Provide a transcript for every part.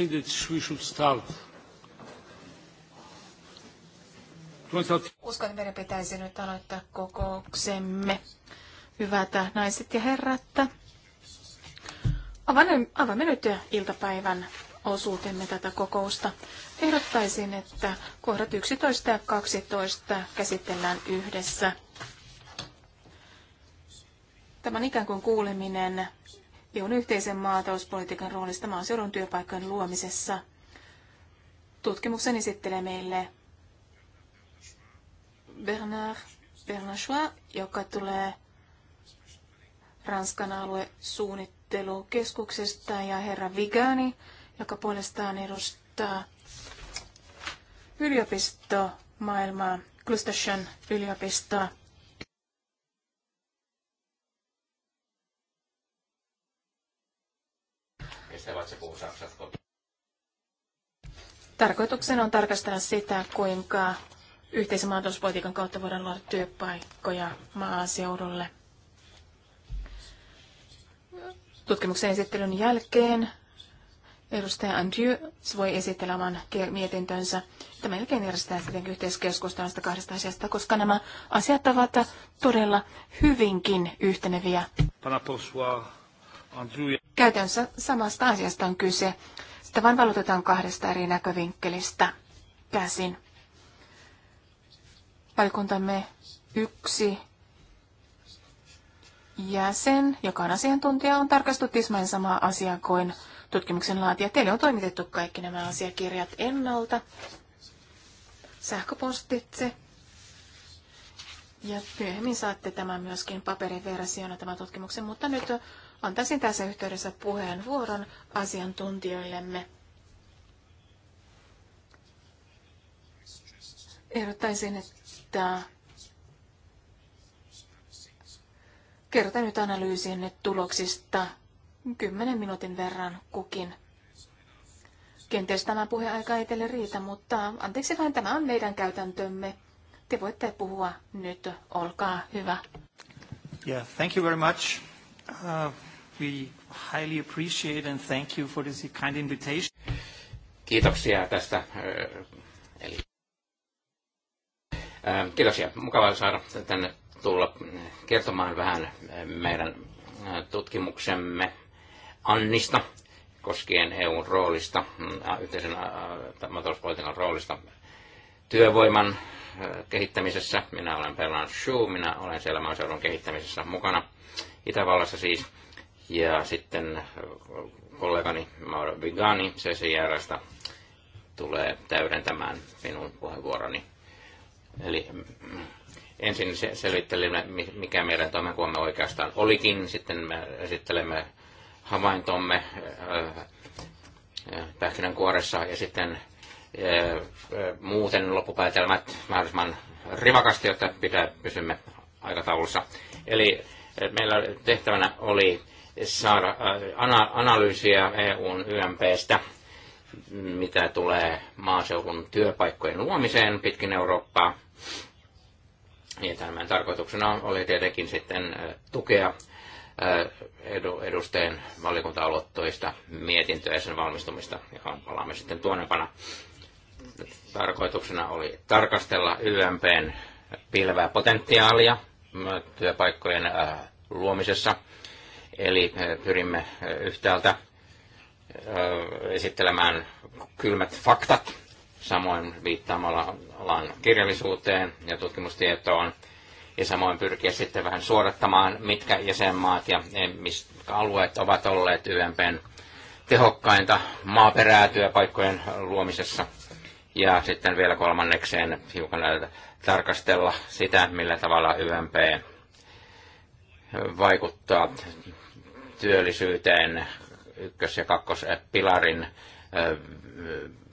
conceded, we should start. Uskon, että meidän pitäisi nyt aloittaa kokouksemme. Hyvät naiset ja herrat. Avaamme nyt iltapäivän osuutemme tätä kokousta. Ehdottaisin, että kohdat 11 ja 12 käsitellään yhdessä. Tämä on ikään kuin kuuleminen EUn yhteisen maatalouspolitiikan roolista maaseudun työpaikkojen luomisessa. Tutkimuksen esittelee meille Bernard Bernachois, joka tulee Ranskan aluesuunnittelukeskuksesta, ja herra Vigani, joka puolestaan edustaa yliopistomaailmaa, Gustafsson yliopistoa. mistä se puhuu Saksasko. Tarkoituksena on tarkastella sitä, kuinka yhteisen maatalouspolitiikan kautta voidaan luoda työpaikkoja maaseudulle. Tutkimuksen esittelyn jälkeen edustaja Andrew voi esitellä oman mietintönsä. Tämä jälkeen järjestetään sitten yhteiskeskustelusta kahdesta asiasta, koska nämä asiat ovat todella hyvinkin yhteneviä. Käytännössä samasta asiasta on kyse. Sitä vain valotetaan kahdesta eri näkövinkkelistä käsin. Valikuntamme yksi jäsen, joka on asiantuntija, on tarkastu tismain samaa asiaa kuin tutkimuksen laatija. Teille on toimitettu kaikki nämä asiakirjat ennalta sähköpostitse. Ja myöhemmin saatte tämän myöskin paperiversiona tämän tutkimuksen, mutta nyt Antaisin tässä yhteydessä puheenvuoron asiantuntijoillemme. Ehdottaisin, että kerrotaan nyt analyysin tuloksista kymmenen minuutin verran kukin. Kenties tämä puheaika ei teille riitä, mutta anteeksi vain, tämä on meidän käytäntömme. Te voitte puhua nyt, olkaa hyvä. Yeah, thank you very much. Uh... Kiitoksia tästä. Eli, kiitoksia. Mukavaa saada tänne tulla kertomaan vähän meidän tutkimuksemme Annista koskien EUn roolista, mm, yhteisen maatalouspolitiikan roolista työvoiman kehittämisessä. Minä olen Perlan Schuh, minä olen siellä maaseudun kehittämisessä mukana Itävallassa siis ja sitten äh, kollegani Mauro Vigani CCRstä tulee täydentämään minun puheenvuoroni. Eli mm, ensin selvittelemme, mikä meidän toimenkuvamme oikeastaan olikin, sitten me esittelemme havaintomme äh, pähkinänkuoressa ja sitten äh, muuten loppupäätelmät mahdollisimman rivakasti, jotta pitää pysymme aikataulussa. Eli meillä tehtävänä oli saada äh, analyysiä EUn YMPstä, mitä tulee maaseudun työpaikkojen luomiseen pitkin Eurooppaa. Ja tämän tarkoituksena oli tietenkin sitten äh, tukea äh, edustajien valiokunta aloittoista mietintöä ja sen valmistumista, johon palaamme sitten tuonnepana. Tarkoituksena oli tarkastella YMPn pilvää potentiaalia työpaikkojen luomisessa – Eli pyrimme yhtäältä esittelemään kylmät faktat, samoin viittaamalla alan kirjallisuuteen ja tutkimustietoon, ja samoin pyrkiä sitten vähän suorattamaan, mitkä jäsenmaat ja e, mistä alueet ovat olleet YMPn tehokkainta maaperää työpaikkojen luomisessa. Ja sitten vielä kolmannekseen hiukan tarkastella sitä, millä tavalla YMP vaikuttaa työllisyyteen ykkös- ja kakkospilarin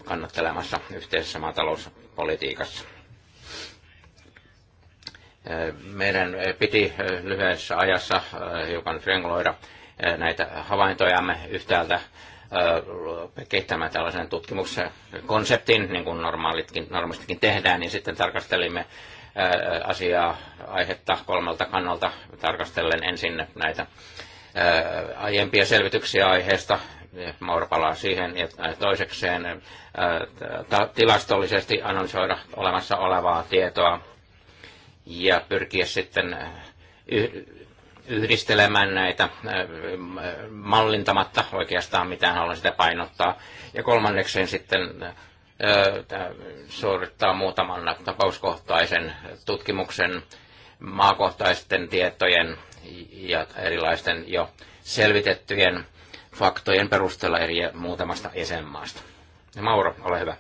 kannattelemassa yhteisessä maatalouspolitiikassa. Meidän piti lyhyessä ajassa hiukan frengloida näitä havaintojamme yhtäältä kehittämään tällaisen tutkimuksen konseptin, niin kuin normaalitkin, normaalistikin tehdään, niin sitten tarkastelimme asiaa, aihetta kolmelta kannalta tarkastellen ensin näitä aiempia selvityksiä aiheesta. Mauro palaa siihen ja toisekseen tilastollisesti analysoida olemassa olevaa tietoa ja pyrkiä sitten yhdistelemään näitä mallintamatta oikeastaan mitään haluan sitä painottaa. Ja kolmannekseen sitten suorittaa muutaman tapauskohtaisen tutkimuksen maakohtaisten tietojen ja erilaisten jo selvitettyjen faktojen perusteella eri muutamasta jäsenmaasta. Ja Mauro, ole hyvä.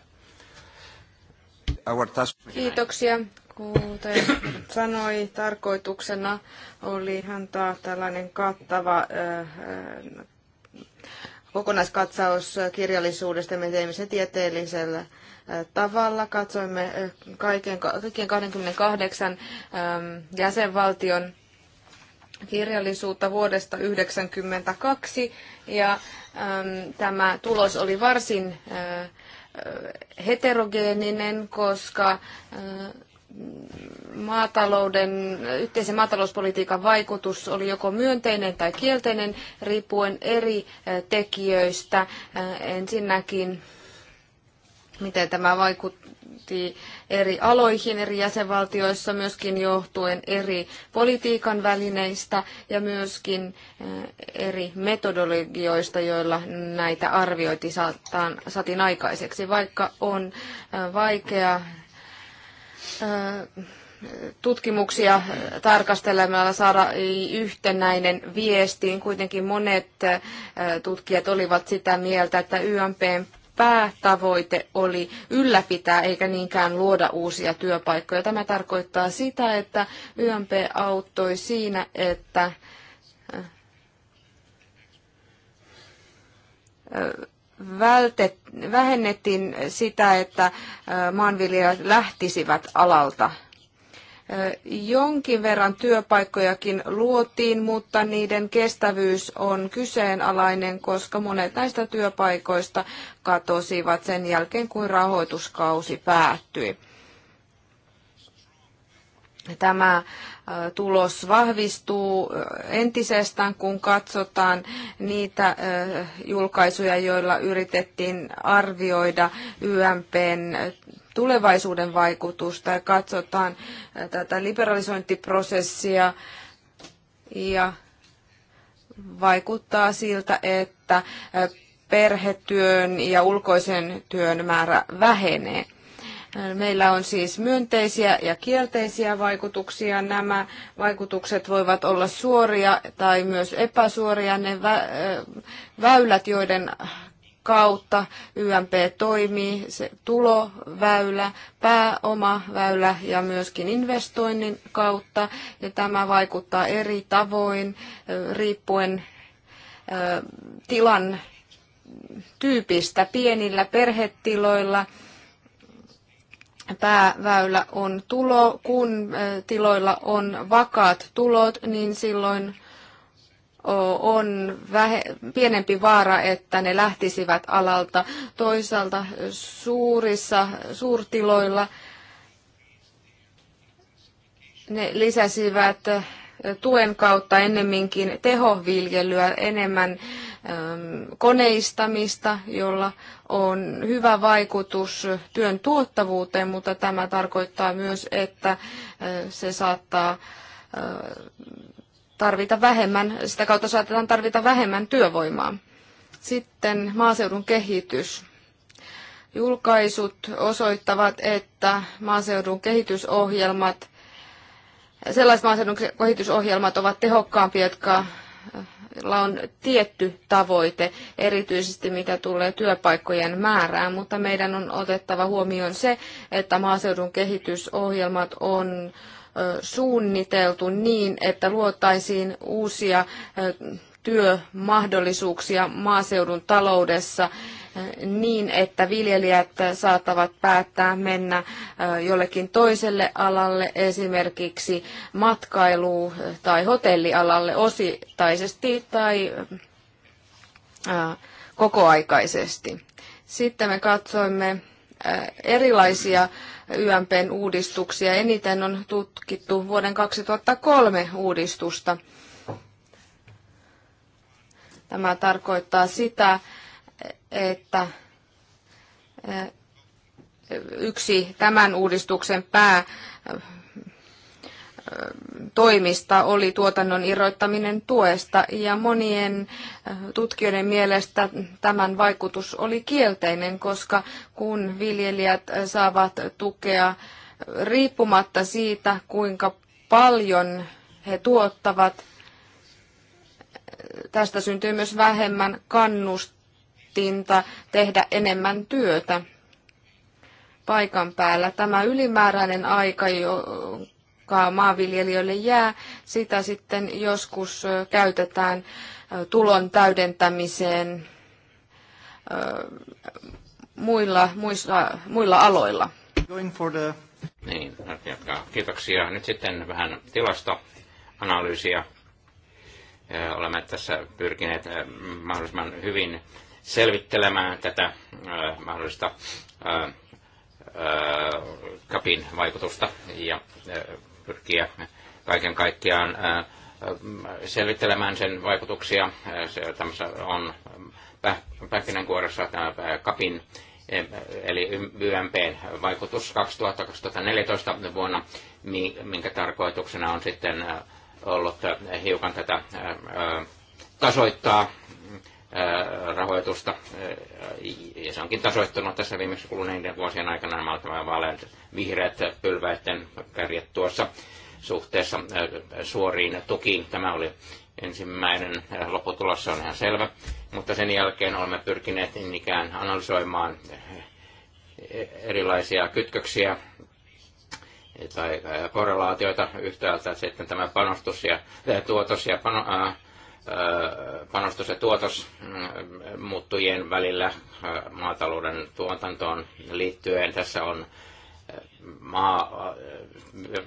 Kiitoksia. Kuten sanoi, tarkoituksena oli antaa tällainen kattava äh, äh, kokonaiskatsaus kirjallisuudesta. Me teimme se tieteellisellä äh, tavalla. Katsoimme kaiken, kaikkien 28 ähm, jäsenvaltion kirjallisuutta vuodesta 1992 ja äm, tämä tulos oli varsin äh, heterogeeninen, koska äh, maatalouden, yhteisen maatalouspolitiikan vaikutus oli joko myönteinen tai kielteinen riippuen eri äh, tekijöistä. Äh, ensinnäkin miten tämä vaikutti tietysti eri aloihin eri jäsenvaltioissa, myöskin johtuen eri politiikan välineistä ja myöskin eh, eri metodologioista, joilla näitä arviointi saatiin aikaiseksi, vaikka on eh, vaikea eh, tutkimuksia tarkastelemalla saada yhtenäinen viestiin, Kuitenkin monet tutkijat olivat sitä mieltä, että YMPn päätavoite oli ylläpitää eikä niinkään luoda uusia työpaikkoja. Tämä tarkoittaa sitä, että YMP auttoi siinä, että äh, vältet, vähennettiin sitä, että äh, maanviljelijät lähtisivät alalta – Jonkin verran työpaikkojakin luotiin, mutta niiden kestävyys on kyseenalainen, koska monet näistä työpaikoista katosivat sen jälkeen, kun rahoituskausi päättyi. Tämä äh, tulos vahvistuu äh, entisestään, kun katsotaan niitä äh, julkaisuja, joilla yritettiin arvioida YMPn tulevaisuuden vaikutusta ja katsotaan tätä liberalisointiprosessia ja vaikuttaa siltä, että perhetyön ja ulkoisen työn määrä vähenee. Meillä on siis myönteisiä ja kielteisiä vaikutuksia. Nämä vaikutukset voivat olla suoria tai myös epäsuoria. Ne väylät, joiden kautta YMP toimii, se tuloväylä, pääomaväylä ja myöskin investoinnin kautta. Ja tämä vaikuttaa eri tavoin riippuen tilan tyypistä pienillä perhetiloilla pääväylä on tulo, kun tiloilla on vakaat tulot, niin silloin on pienempi vaara, että ne lähtisivät alalta. Toisaalta suurissa suurtiloilla ne lisäsivät tuen kautta ennemminkin tehoviljelyä, enemmän koneistamista, jolla on hyvä vaikutus työn tuottavuuteen, mutta tämä tarkoittaa myös, että se saattaa tarvita vähemmän, sitä kautta saatetaan tarvita vähemmän työvoimaa. Sitten maaseudun kehitys. Julkaisut osoittavat, että maaseudun kehitysohjelmat, sellaiset maaseudun kehitysohjelmat ovat tehokkaampia, jotka on tietty tavoite, erityisesti mitä tulee työpaikkojen määrään, mutta meidän on otettava huomioon se, että maaseudun kehitysohjelmat on suunniteltu niin, että luotaisiin uusia työmahdollisuuksia maaseudun taloudessa niin, että viljelijät saattavat päättää mennä jollekin toiselle alalle, esimerkiksi matkailu- tai hotellialalle osittaisesti tai kokoaikaisesti. Sitten me katsoimme Äh, erilaisia YMPn uudistuksia. Eniten on tutkittu vuoden 2003 uudistusta. Tämä tarkoittaa sitä, että äh, yksi tämän uudistuksen pää toimista oli tuotannon irroittaminen tuesta ja monien äh, tutkijoiden mielestä tämän vaikutus oli kielteinen, koska kun viljelijät äh, saavat tukea äh, riippumatta siitä, kuinka paljon he tuottavat, tästä syntyy myös vähemmän kannustinta tehdä enemmän työtä paikan päällä. Tämä ylimääräinen aika, joka maanviljelijöille jää, sitä sitten joskus käytetään tulon täydentämiseen muilla, muissa, muilla aloilla. The... Niin, jatkaa. Kiitoksia. Nyt sitten vähän tilastoanalyysiä. Olemme tässä pyrkineet mahdollisimman hyvin selvittelemään tätä mahdollista kapin vaikutusta ja pyrkiä kaiken kaikkiaan selvittelemään sen vaikutuksia. Se on pähkinänkuoressa tämä kapin eli YMPn vaikutus 2014 vuonna, minkä tarkoituksena on sitten ollut hiukan tätä tasoittaa rahoitusta. Ja se onkin tasoittunut tässä viimeksi kuluneiden vuosien aikana nämä vaaleat vihreät pylväiden kärjet tuossa suhteessa suoriin tukiin. Tämä oli ensimmäinen lopputulos, se on ihan selvä. Mutta sen jälkeen olemme pyrkineet niin ikään analysoimaan erilaisia kytköksiä tai korrelaatioita yhtäältä sitten tämä panostus ja tuotos ja pano, äh, panostus- ja tuotosmuuttujien mm, välillä maatalouden tuotantoon liittyen. Tässä on maa,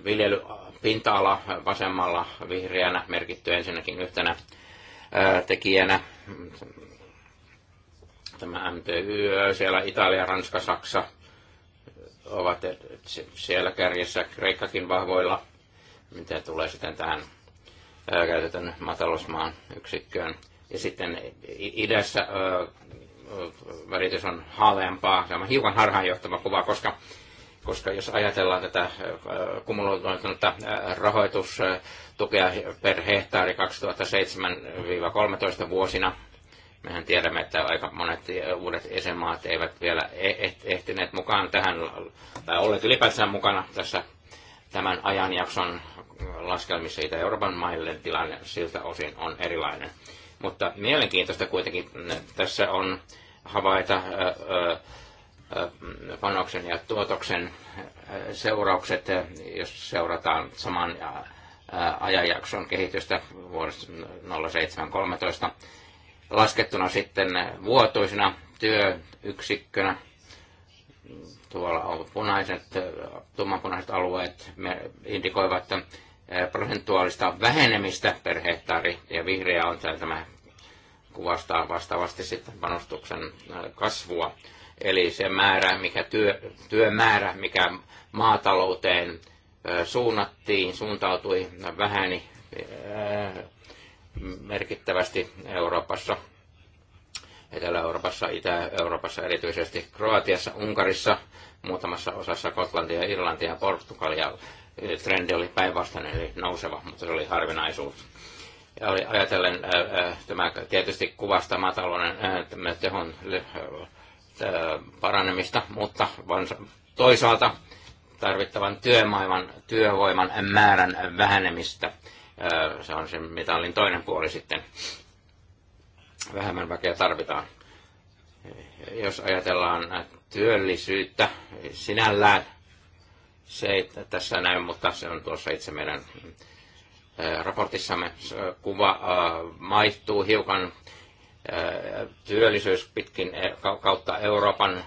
viljelypinta-ala vasemmalla vihreänä merkitty ensinnäkin yhtenä tekijänä. Tämä MTY, siellä Italia, Ranska, Saksa ovat siellä kärjessä, Kreikkakin vahvoilla, mitä tulee sitten tähän käytetyn matalusmaan yksikköön. Ja sitten idässä väritys on haaleampaa, se on hiukan harhaanjohtava kuva, koska koska jos ajatellaan tätä kumuloitunutta rahoitustukea per hehtaari 2007-2013 vuosina, mehän tiedämme, että aika monet uudet jäsenmaat eivät vielä e-, ehtineet mukaan tähän, tai olleet ylipäätään mukana tässä tämän ajanjakson laskelmissa itä Euroopan maille tilanne siltä osin on erilainen. Mutta mielenkiintoista kuitenkin tässä on havaita panoksen ja tuotoksen seuraukset, jos seurataan saman ajanjakson kehitystä vuodesta 0713 laskettuna sitten vuotuisena työyksikkönä Tuolla on punaiset, tummanpunaiset alueet indikoivat prosentuaalista vähenemistä per hehtaari, ja vihreä on tämä kuvastaa vastaavasti sitten panostuksen kasvua. Eli se määrä, mikä työ, työmäärä, mikä maatalouteen suunnattiin, suuntautui, väheni merkittävästi Euroopassa Etelä-Euroopassa, Itä-Euroopassa, erityisesti Kroatiassa, Unkarissa, muutamassa osassa Kotlantia, Irlantia ja Portugalia. Trendi oli päinvastainen, eli nouseva, mutta se oli harvinaisuus. Ja oli ajatellen tämä tietysti kuvasta maatalouden tehon paranemista, mutta toisaalta tarvittavan työmaivan työvoiman määrän vähenemistä. Se on se mitallin toinen puoli sitten vähemmän väkeä tarvitaan. Jos ajatellaan työllisyyttä sinällään, se ei tässä näy, mutta se on tuossa itse meidän raportissamme. Kuva maistuu hiukan työllisyys pitkin kautta Euroopan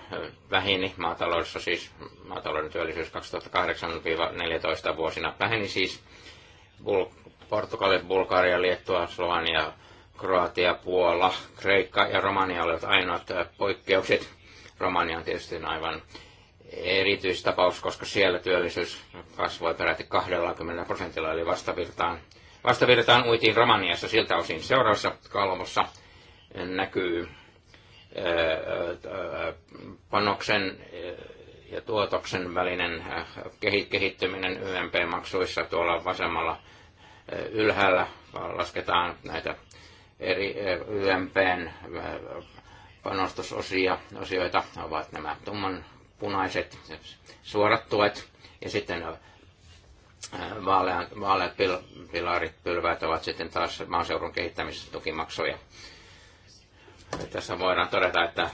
vähini maataloudessa, siis maatalouden työllisyys 2008 2014 vuosina väheni siis Portugali, Bulgaria, Liettua, Slovania, Kroatia, Puola, Kreikka ja Romania olivat ainoat äh, poikkeukset. Romania on tietysti aivan erityistapaus, koska siellä työllisyys kasvoi peräti 20 prosentilla, eli vastavirtaan, vastavirtaan uitiin Romaniassa siltä osin. Seuraavassa kalvossa näkyy äh, äh, panoksen ja tuotoksen välinen kehittyminen YMP-maksuissa tuolla vasemmalla ylhäällä lasketaan näitä eri YMPn panostusosia osioita ovat nämä tumman punaiset suorat tuet ja sitten vaalean, vaaleat pil, pilarit, pylväät ovat sitten taas maaseudun kehittämistukimaksuja. Tässä voidaan todeta, että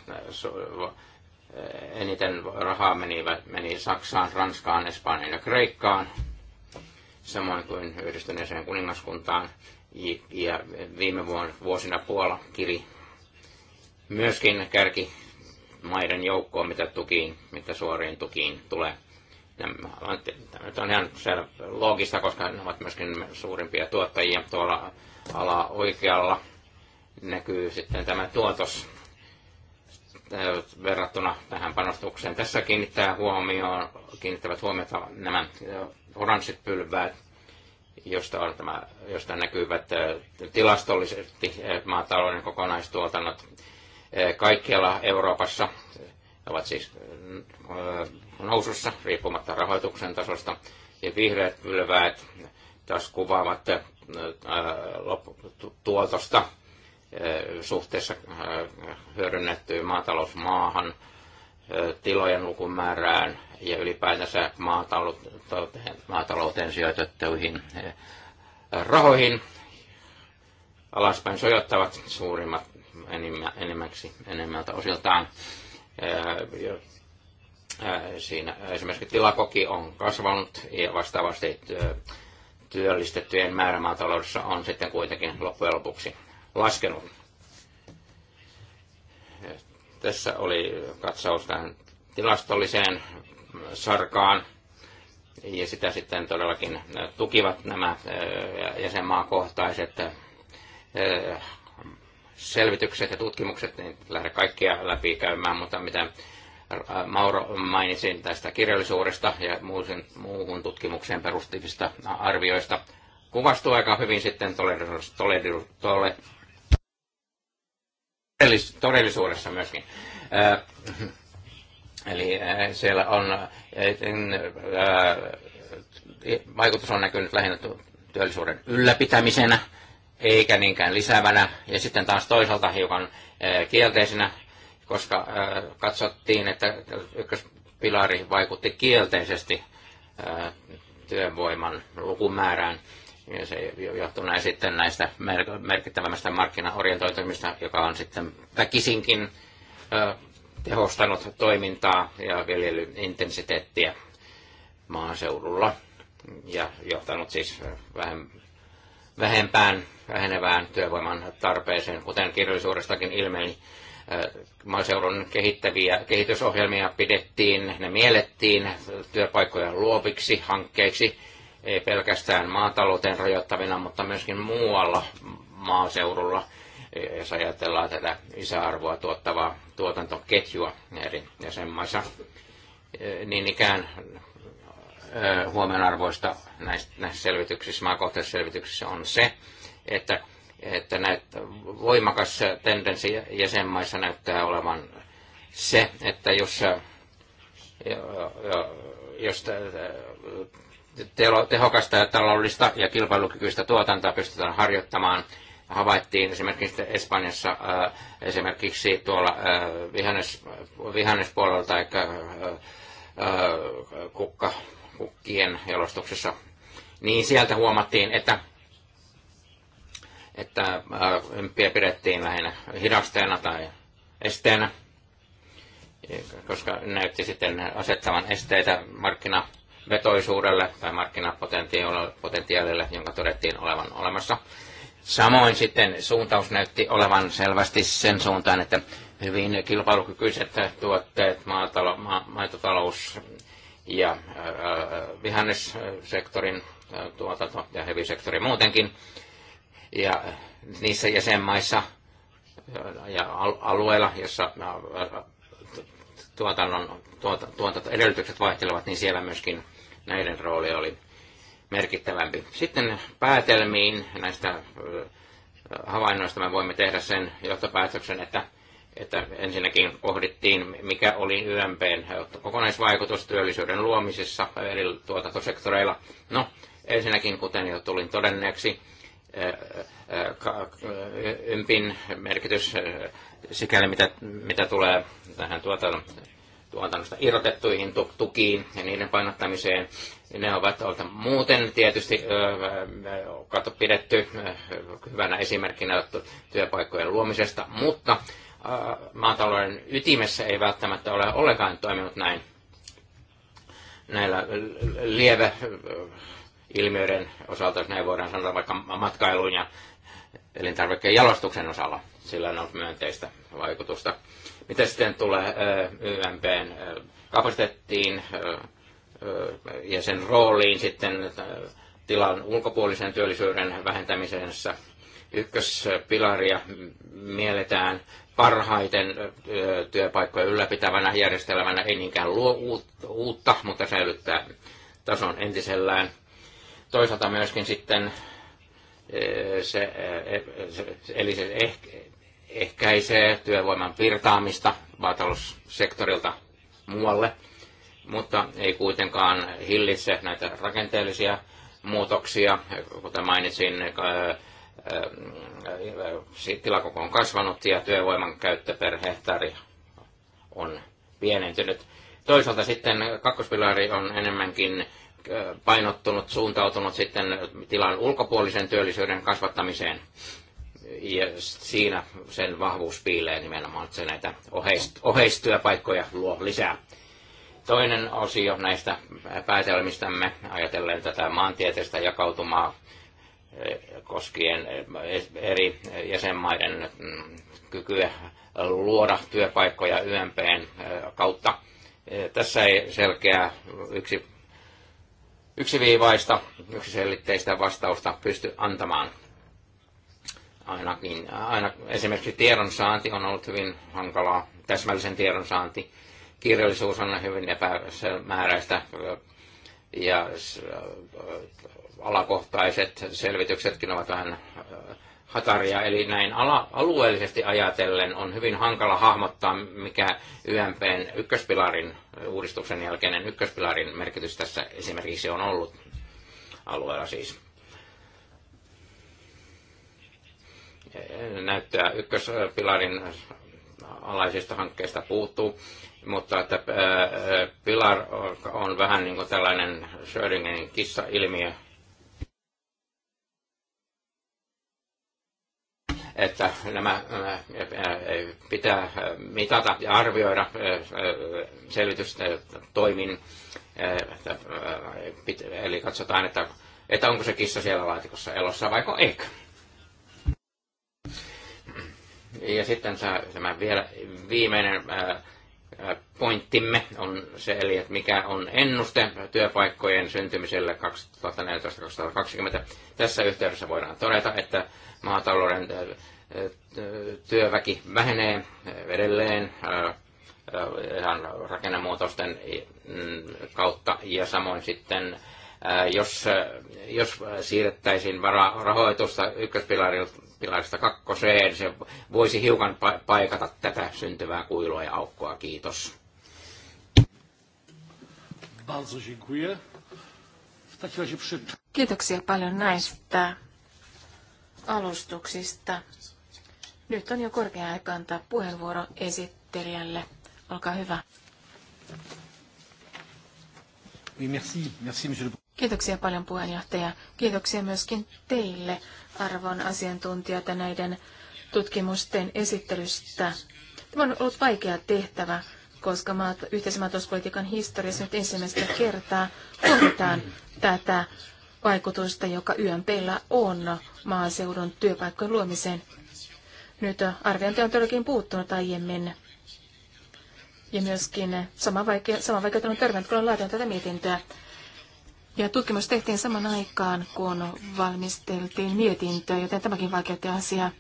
eniten rahaa meni, meni Saksaan, Ranskaan, Espanjaan ja Kreikkaan, samoin kuin yhdistyneeseen kuningaskuntaan ja viime vuosina Puola kiri myöskin kärki maiden joukkoon, mitä tukiin, mitä suoriin tukiin tulee. Tämä on ihan loogista, koska ne ovat myöskin suurimpia tuottajia tuolla ala oikealla. Näkyy sitten tämä tuotos verrattuna tähän panostukseen. Tässä kiinnittää huomioon, kiinnittävät huomiota nämä oranssit pylväät, josta, on tämä, josta näkyvät äh, tilastollisesti äh, maatalouden kokonaistuotannot äh, kaikkialla Euroopassa ovat siis nousussa riippumatta rahoituksen tasosta. Ja niin vihreät pylväät taas kuvaavat tuotosta suhteessa hyödynnettyyn maatalousmaahan – tilojen lukumäärään ja ylipäätänsä maatalouteen, maatalouteen sijoitettuihin rahoihin alaspäin sojottavat suurimmat enimmäksi, enemmältä osiltaan. Siinä esimerkiksi tilakoki on kasvanut ja vastaavasti työllistettyjen määrä maataloudessa on sitten kuitenkin loppujen lopuksi laskenut tässä oli katsaus tähän tilastolliseen sarkaan. Ja sitä sitten todellakin äh, tukivat nämä äh, jäsenmaakohtaiset äh, selvitykset ja tutkimukset, niin lähde kaikkia läpi käymään, mutta mitä Mauro mainitsin tästä kirjallisuudesta ja muuhun, muuhun tutkimukseen perustuvista arvioista, kuvastuu aika hyvin sitten todellisuus, todellisuudessa myöskin. Äh, eli äh, siellä on, äh, vaikutus on näkynyt lähinnä työllisyyden ylläpitämisenä, eikä niinkään lisäävänä, ja sitten taas toisaalta hiukan kielteisenä, koska katsottiin, että ykköspilari vaikutti kielteisesti työvoiman lukumäärään ja se johtuu näin sitten näistä merkittävämmästä markkinaorientoitumista, joka on sitten väkisinkin tehostanut toimintaa ja viljelyintensiteettiä maaseudulla ja johtanut siis vähän vähempään, vähenevään työvoiman tarpeeseen, kuten kirjallisuudestakin ilmeni. Maaseudun kehittäviä kehitysohjelmia pidettiin, ne miellettiin työpaikkoja luoviksi hankkeiksi, ei pelkästään maatalouteen rajoittavina, mutta myöskin muualla maaseudulla, jos ajatellaan tätä isäarvoa tuottavaa tuotantoketjua eri jäsenmaissa, niin ikään huomionarvoista näissä selvityksissä, maakohtaisissa selvityksissä on se, että, että näitä voimakas tendenssi jäsenmaissa näyttää olevan se, että jos, jos tehokasta ja taloudellista ja kilpailukykyistä tuotantoa pystytään harjoittamaan. Havaittiin esimerkiksi Espanjassa äh, esimerkiksi tuolla äh, vihannes, vihannespuolella tai äh, kukka, kukkien jalostuksessa, niin sieltä huomattiin, että että ympiä pidettiin lähinnä hidasteena tai esteenä, koska näytti sitten asettavan esteitä markkina vetoisuudelle tai markkinapotentiaalille, jonka todettiin olevan olemassa. Samoin sitten suuntaus näytti olevan selvästi sen suuntaan, että hyvin kilpailukykyiset tuotteet, maatalo, ma, maitotalous ja äh, vihannessektorin äh, tuotanto ja hevisektori muutenkin. Ja niissä jäsenmaissa ja alueilla, jossa tuotannon tuot, tuotantoedellytykset vaihtelevat, niin siellä myöskin näiden rooli oli merkittävämpi. Sitten päätelmiin näistä havainnoista me voimme tehdä sen johtopäätöksen, että, että ensinnäkin pohdittiin, mikä oli YMPn kokonaisvaikutus työllisyyden luomisessa eri tuotantosektoreilla. No, ensinnäkin, kuten jo tulin todenneeksi, ympin merkitys sikäli, mitä, mitä tulee tähän tuotantoon tuotannosta irrotettuihin tukiin ja niiden painottamiseen. Ne ovat muuten tietysti kato pidetty hyvänä esimerkkinä työpaikkojen luomisesta, mutta maatalouden ytimessä ei välttämättä ole ollenkaan toiminut näin näillä lieve ilmiöiden osalta, jos näin voidaan sanoa, vaikka matkailuun ja elintarvikkeen jalostuksen osalla. Sillä on ollut myönteistä vaikutusta. Mitä sitten tulee YMPn kapasiteettiin ja sen rooliin sitten tilan ulkopuolisen työllisyyden vähentämisessä? Ykköspilaria mielletään parhaiten työpaikkoja ylläpitävänä järjestelmänä, ei niinkään luo uutta, mutta säilyttää tason entisellään. Toisaalta myöskin sitten e, se, eli se ehkäisee työvoiman virtaamista maataloussektorilta muualle, mutta ei kuitenkaan hillitse näitä rakenteellisia muutoksia. Kuten mainitsin, äh, äh, äh, tilakoko on kasvanut ja työvoiman käyttö per hehtaari on pienentynyt. Toisaalta sitten kakkospilari on enemmänkin painottunut, suuntautunut sitten tilan ulkopuolisen työllisyyden kasvattamiseen ja siinä sen vahvuus piilee nimenomaan, että se näitä oheist, oheistyöpaikkoja luo lisää. Toinen osio näistä päätelmistämme ajatellen tätä maantieteistä jakautumaa eh, koskien eh, eri jäsenmaiden mm, kykyä luoda työpaikkoja YMPn eh, kautta. Tässä ei selkeää yksi, yksiviivaista, yksiselitteistä vastausta pysty antamaan ainakin, aina, esimerkiksi tiedonsaanti on ollut hyvin hankalaa, täsmällisen tiedonsaanti. Kirjallisuus on hyvin epämääräistä ja äh, alakohtaiset selvityksetkin ovat vähän äh, hataria. Eli näin ala, alueellisesti ajatellen on hyvin hankala hahmottaa, mikä YMPn ykköspilarin uudistuksen jälkeinen ykköspilarin merkitys tässä esimerkiksi on ollut alueella siis. näyttää ykköspilarin alaisista hankkeista puuttuu, mutta että Pilar on vähän niin kuin tällainen Schrödingerin kissa-ilmiö, että nämä pitää mitata ja arvioida selvitystoimin, eli katsotaan, että, että onko se kissa siellä laatikossa elossa vai ei. Ja sitten tämä vielä viimeinen äh, äh, pointtimme on se, eli että mikä on ennuste työpaikkojen syntymiselle 2014-2020. Tässä yhteydessä voidaan todeta, että maatalouden äh, työväki vähenee edelleen ihan rakennemuutosten mm, kautta ja samoin sitten jos, jos siirrettäisiin rahoitusta ykköspilarilta pilarista kakkoseen. Se voisi hiukan paikata tätä syntyvää kuilua ja aukkoa. Kiitos. Kiitoksia paljon näistä alustuksista. Nyt on jo korkea aika antaa puheenvuoro esittelijälle. Olkaa hyvä. Kiitoksia paljon puheenjohtaja. Kiitoksia myöskin teille arvon asiantuntijoita näiden tutkimusten esittelystä. Tämä on ollut vaikea tehtävä, koska maat, yhteismaatalouspolitiikan historiassa nyt ensimmäistä kertaa kohdataan tätä vaikutusta, joka YMPllä on maaseudun työpaikkojen luomiseen. Nyt arviointi on todellakin puuttunut aiemmin. Ja myöskin sama, vaike- on törmännyt, kun on laatinut tätä mietintöä. Ja tutkimus tehtiin saman aikaan, kun valmisteltiin mietintöä, joten tämäkin vaikeutti asiaa.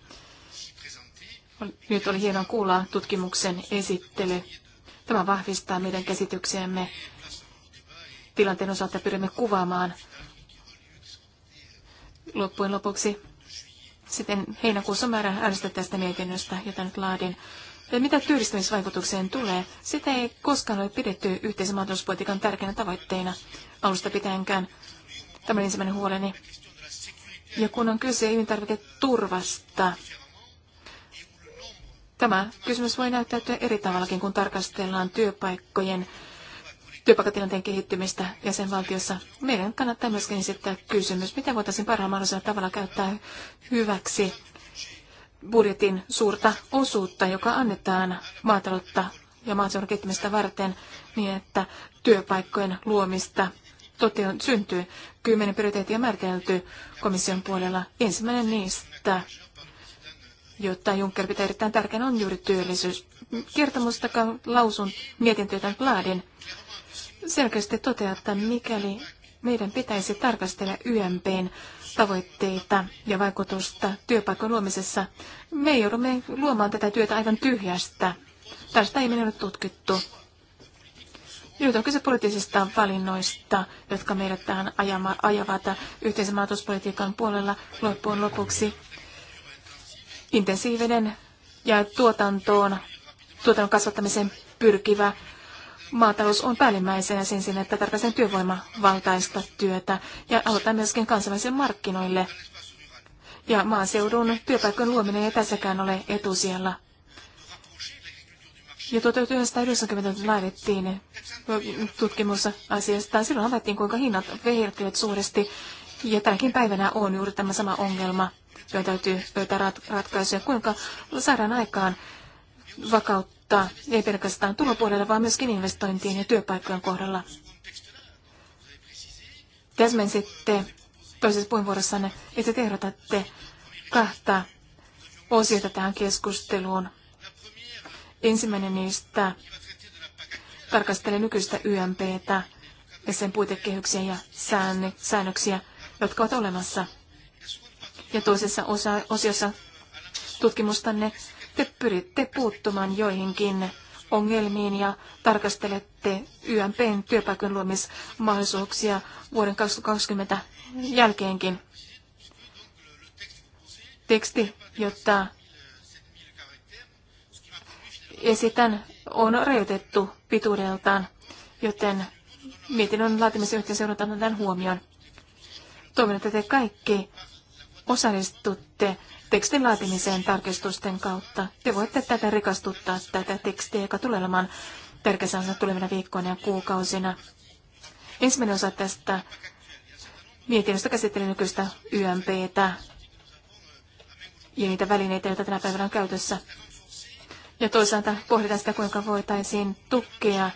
Nyt oli hienoa kuulla tutkimuksen esittely. Tämä vahvistaa meidän käsityksemme tilanteen osalta pyrimme kuvaamaan loppujen lopuksi. Sitten heinäkuussa määrä äänestää tästä mietinnöstä, jota nyt laadin mitä työllistämisvaikutukseen tulee, sitä ei koskaan ole pidetty yhteisen maatalouspolitiikan tärkeänä tavoitteena alusta pitäenkään. Tämä on ensimmäinen huoleni. Ja kun on kyse elintarviketurvasta, tämä kysymys voi näyttäytyä eri tavallakin, kun tarkastellaan työpaikkojen työpaikatilanteen kehittymistä jäsenvaltiossa. Meidän kannattaa myöskin esittää kysymys, miten voitaisiin parhaan mahdollisella tavalla käyttää hyväksi budjetin suurta osuutta, joka annetaan maataloutta ja maatalouden kehittämistä varten niin, että työpaikkojen luomista toteut- syntyy. Kymmenen prioriteettia määritelty komission puolella. Ensimmäinen niistä, jota Juncker pitää erittäin tärkeänä, on juuri työllisyys. Kertomusta lausun mietintöitä laadin. selkeästi toteaa, että mikäli meidän pitäisi tarkastella YMPn tavoitteita ja vaikutusta työpaikan luomisessa. Me joudumme luomaan tätä työtä aivan tyhjästä. Tästä ei meillä ole tutkittu. Nyt on kyse poliittisista valinnoista, jotka meidät tähän ajama, ajavat yhteisen maatalouspolitiikan puolella loppuun lopuksi. Intensiivinen ja tuotantoon, tuotannon kasvattamiseen pyrkivä maatalous on päällimmäisenä sen sinne, että tarkastetaan työvoimavaltaista työtä ja aloitan myöskin kansainvälisille markkinoille. Ja maaseudun työpaikkojen luominen ei tässäkään ole etusijalla. Ja 1990 tuota laadittiin tutkimus asiasta. Silloin havaittiin, kuinka hinnat vehirtelevät suuresti. Ja tänäkin päivänä on juuri tämä sama ongelma, joita täytyy löytää ratkaisuja, kuinka saadaan aikaan vakautta mutta ei pelkästään tulopuolella, vaan myöskin investointien ja työpaikkojen kohdalla. Täsmensitte toisessa puheenvuorossanne, että te ehdotatte kahta osiota tähän keskusteluun. Ensimmäinen niistä tarkastelee nykyistä YMPtä ja sen puitekehyksiä ja säännöksiä, jotka ovat olemassa. Ja toisessa osa, osiossa tutkimustanne te pyritte puuttumaan joihinkin ongelmiin ja tarkastelette YMPn työpaikan luomismahdollisuuksia vuoden 2020 jälkeenkin. Teksti, jota esitän, on rajoitettu pituudeltaan, joten mietinnön laatimisen yhteen seurataan tämän huomioon. Toivon, että te kaikki osallistutte tekstin laatimiseen tarkistusten kautta. Te voitte tätä rikastuttaa tätä tekstiä, joka tulee olemaan tärkeässä tulevina viikkoina ja kuukausina. Ensimmäinen osa tästä mietinnöstä käsitteli nykyistä YMPtä ja niitä välineitä, joita tänä päivänä on käytössä. Ja toisaalta pohditaan sitä, kuinka voitaisiin tukea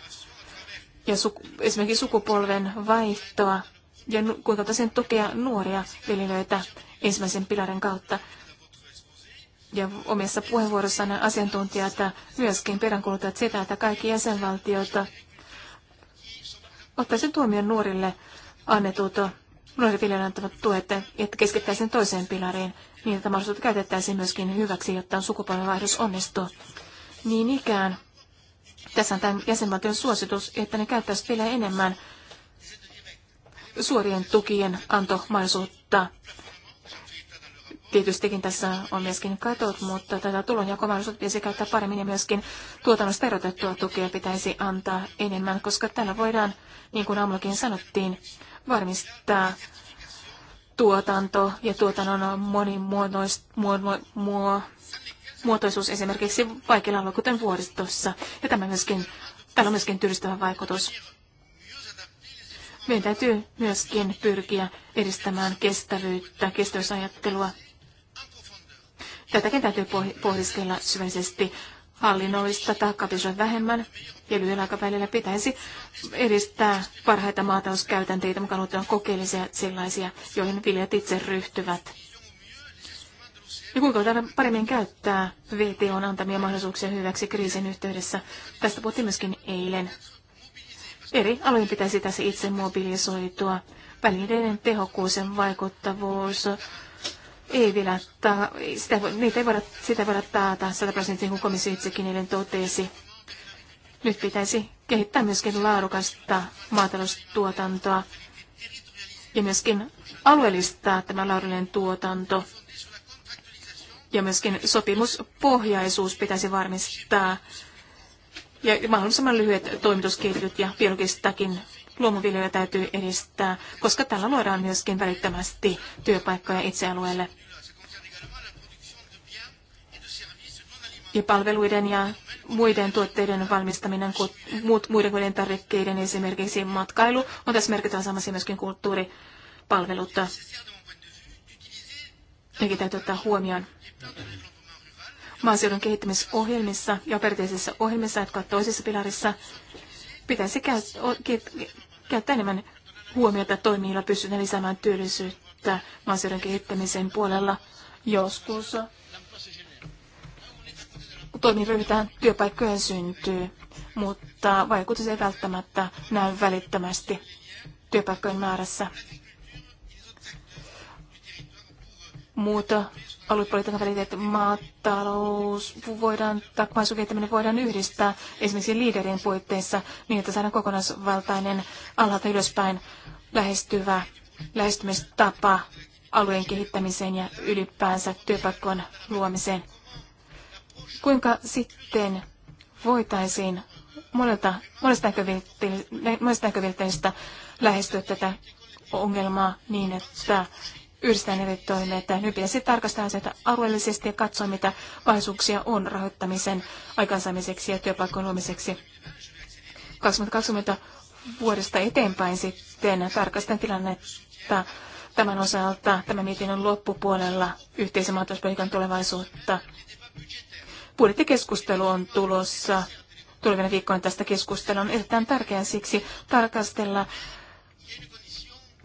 ja suku, esimerkiksi sukupolven vaihtoa ja kuinka voitaisiin tukea nuoria viljelijöitä ensimmäisen pilarin kautta ja omissa puheenvuoroissaan asiantuntijat myöskin peräänkuuluttavat sitä, että kaikki jäsenvaltiot ottaisivat tuomion nuorille annetut nuorille viljelijöille antavat tuet, että keskittäisiin toiseen pilariin, niin että mahdollisuutta käytettäisiin myöskin hyväksi, jotta sukupolvenvaihdos onnistuu. Niin ikään, tässä on tämän jäsenvaltion suositus, että ne käyttäisivät vielä enemmän suorien tukien antomaisuutta Tietystikin tässä on myöskin katot, mutta tätä tulonjakomahdollisuutta pitäisi käyttää paremmin ja myöskin tuotannosta erotettua tukea pitäisi antaa enemmän, koska tällä voidaan, niin kuin aamullakin sanottiin, varmistaa tuotanto ja tuotannon monimuotoisuus esimerkiksi vaikeilla alueilla, kuten vuoristossa. Ja tämä myöskin, tällä on myöskin tyydyttävä vaikutus. Meidän täytyy myöskin pyrkiä edistämään kestävyyttä, kestävyysajattelua Tätäkin täytyy pohdiskella syvällisesti hallinnollista taakkaa pitäisi vähemmän ja lyhyellä aikavälillä pitäisi edistää parhaita maatalouskäytänteitä, mukaan on kokeellisia sellaisia, joihin viljat itse ryhtyvät. Ja kuinka voidaan paremmin käyttää VTOn antamia mahdollisuuksia hyväksi kriisin yhteydessä? Tästä puhuttiin myöskin eilen. Eri alojen pitäisi tässä itse mobilisoitua. Välineiden tehokkuus ja vaikuttavuus ei vielä, ta, sitä, niitä ei voida, sitä ei voida taata 100 prosenttia, kun komissio itsekin eilen totesi. Nyt pitäisi kehittää myöskin laadukasta maataloustuotantoa ja myöskin alueellistaa tämä laadullinen tuotanto. Ja myöskin sopimuspohjaisuus pitäisi varmistaa ja mahdollisimman lyhyet toimitusketjut ja biologistakin luomuviljelyä täytyy edistää, koska tällä luodaan myöskin välittömästi työpaikkoja itse alueelle. ja palveluiden ja muiden tuotteiden valmistaminen, muut, muiden kuin tarvikkeiden, esimerkiksi matkailu, on tässä merkittävässä samassa myöskin kulttuuripalvelut. Nekin täytyy ottaa huomioon. Maaseudun kehittämisohjelmissa ja perinteisissä ohjelmissa, jotka ovat toisessa pilarissa, pitäisi käyttää enemmän huomiota toimiilla pystytään lisäämään työllisyyttä maaseudun kehittämisen puolella joskus. Toimiin ryhdytään, työpaikkojen syntyy, mutta vaikutus ei välttämättä näy välittömästi työpaikkojen määrässä. Muuta aluepolitiikan välineet, maatalous, voidaan, takmaisuviettäminen voidaan yhdistää esimerkiksi liiderien puitteissa niin, että saadaan kokonaisvaltainen alhaalta ylöspäin lähestyvä lähestymistapa alueen kehittämiseen ja ylipäänsä työpaikkojen luomiseen. Kuinka sitten voitaisiin monesta näkövinkkelistä lähestyä tätä ongelmaa niin, että yhdistetään eri toimet. Nyt pitäisi tarkastaa asioita alueellisesti ja katsoa, mitä vaisuuksia on rahoittamisen aikaansaamiseksi ja työpaikkojen luomiseksi. 2020 vuodesta eteenpäin sitten tarkastan tilannetta tämän osalta tämän mietinnön loppupuolella yhteisen maatalouspolitiikan tulevaisuutta. Budjettikeskustelu on tulossa. Tulevina viikkoina tästä keskustelua on erittäin tärkeää siksi tarkastella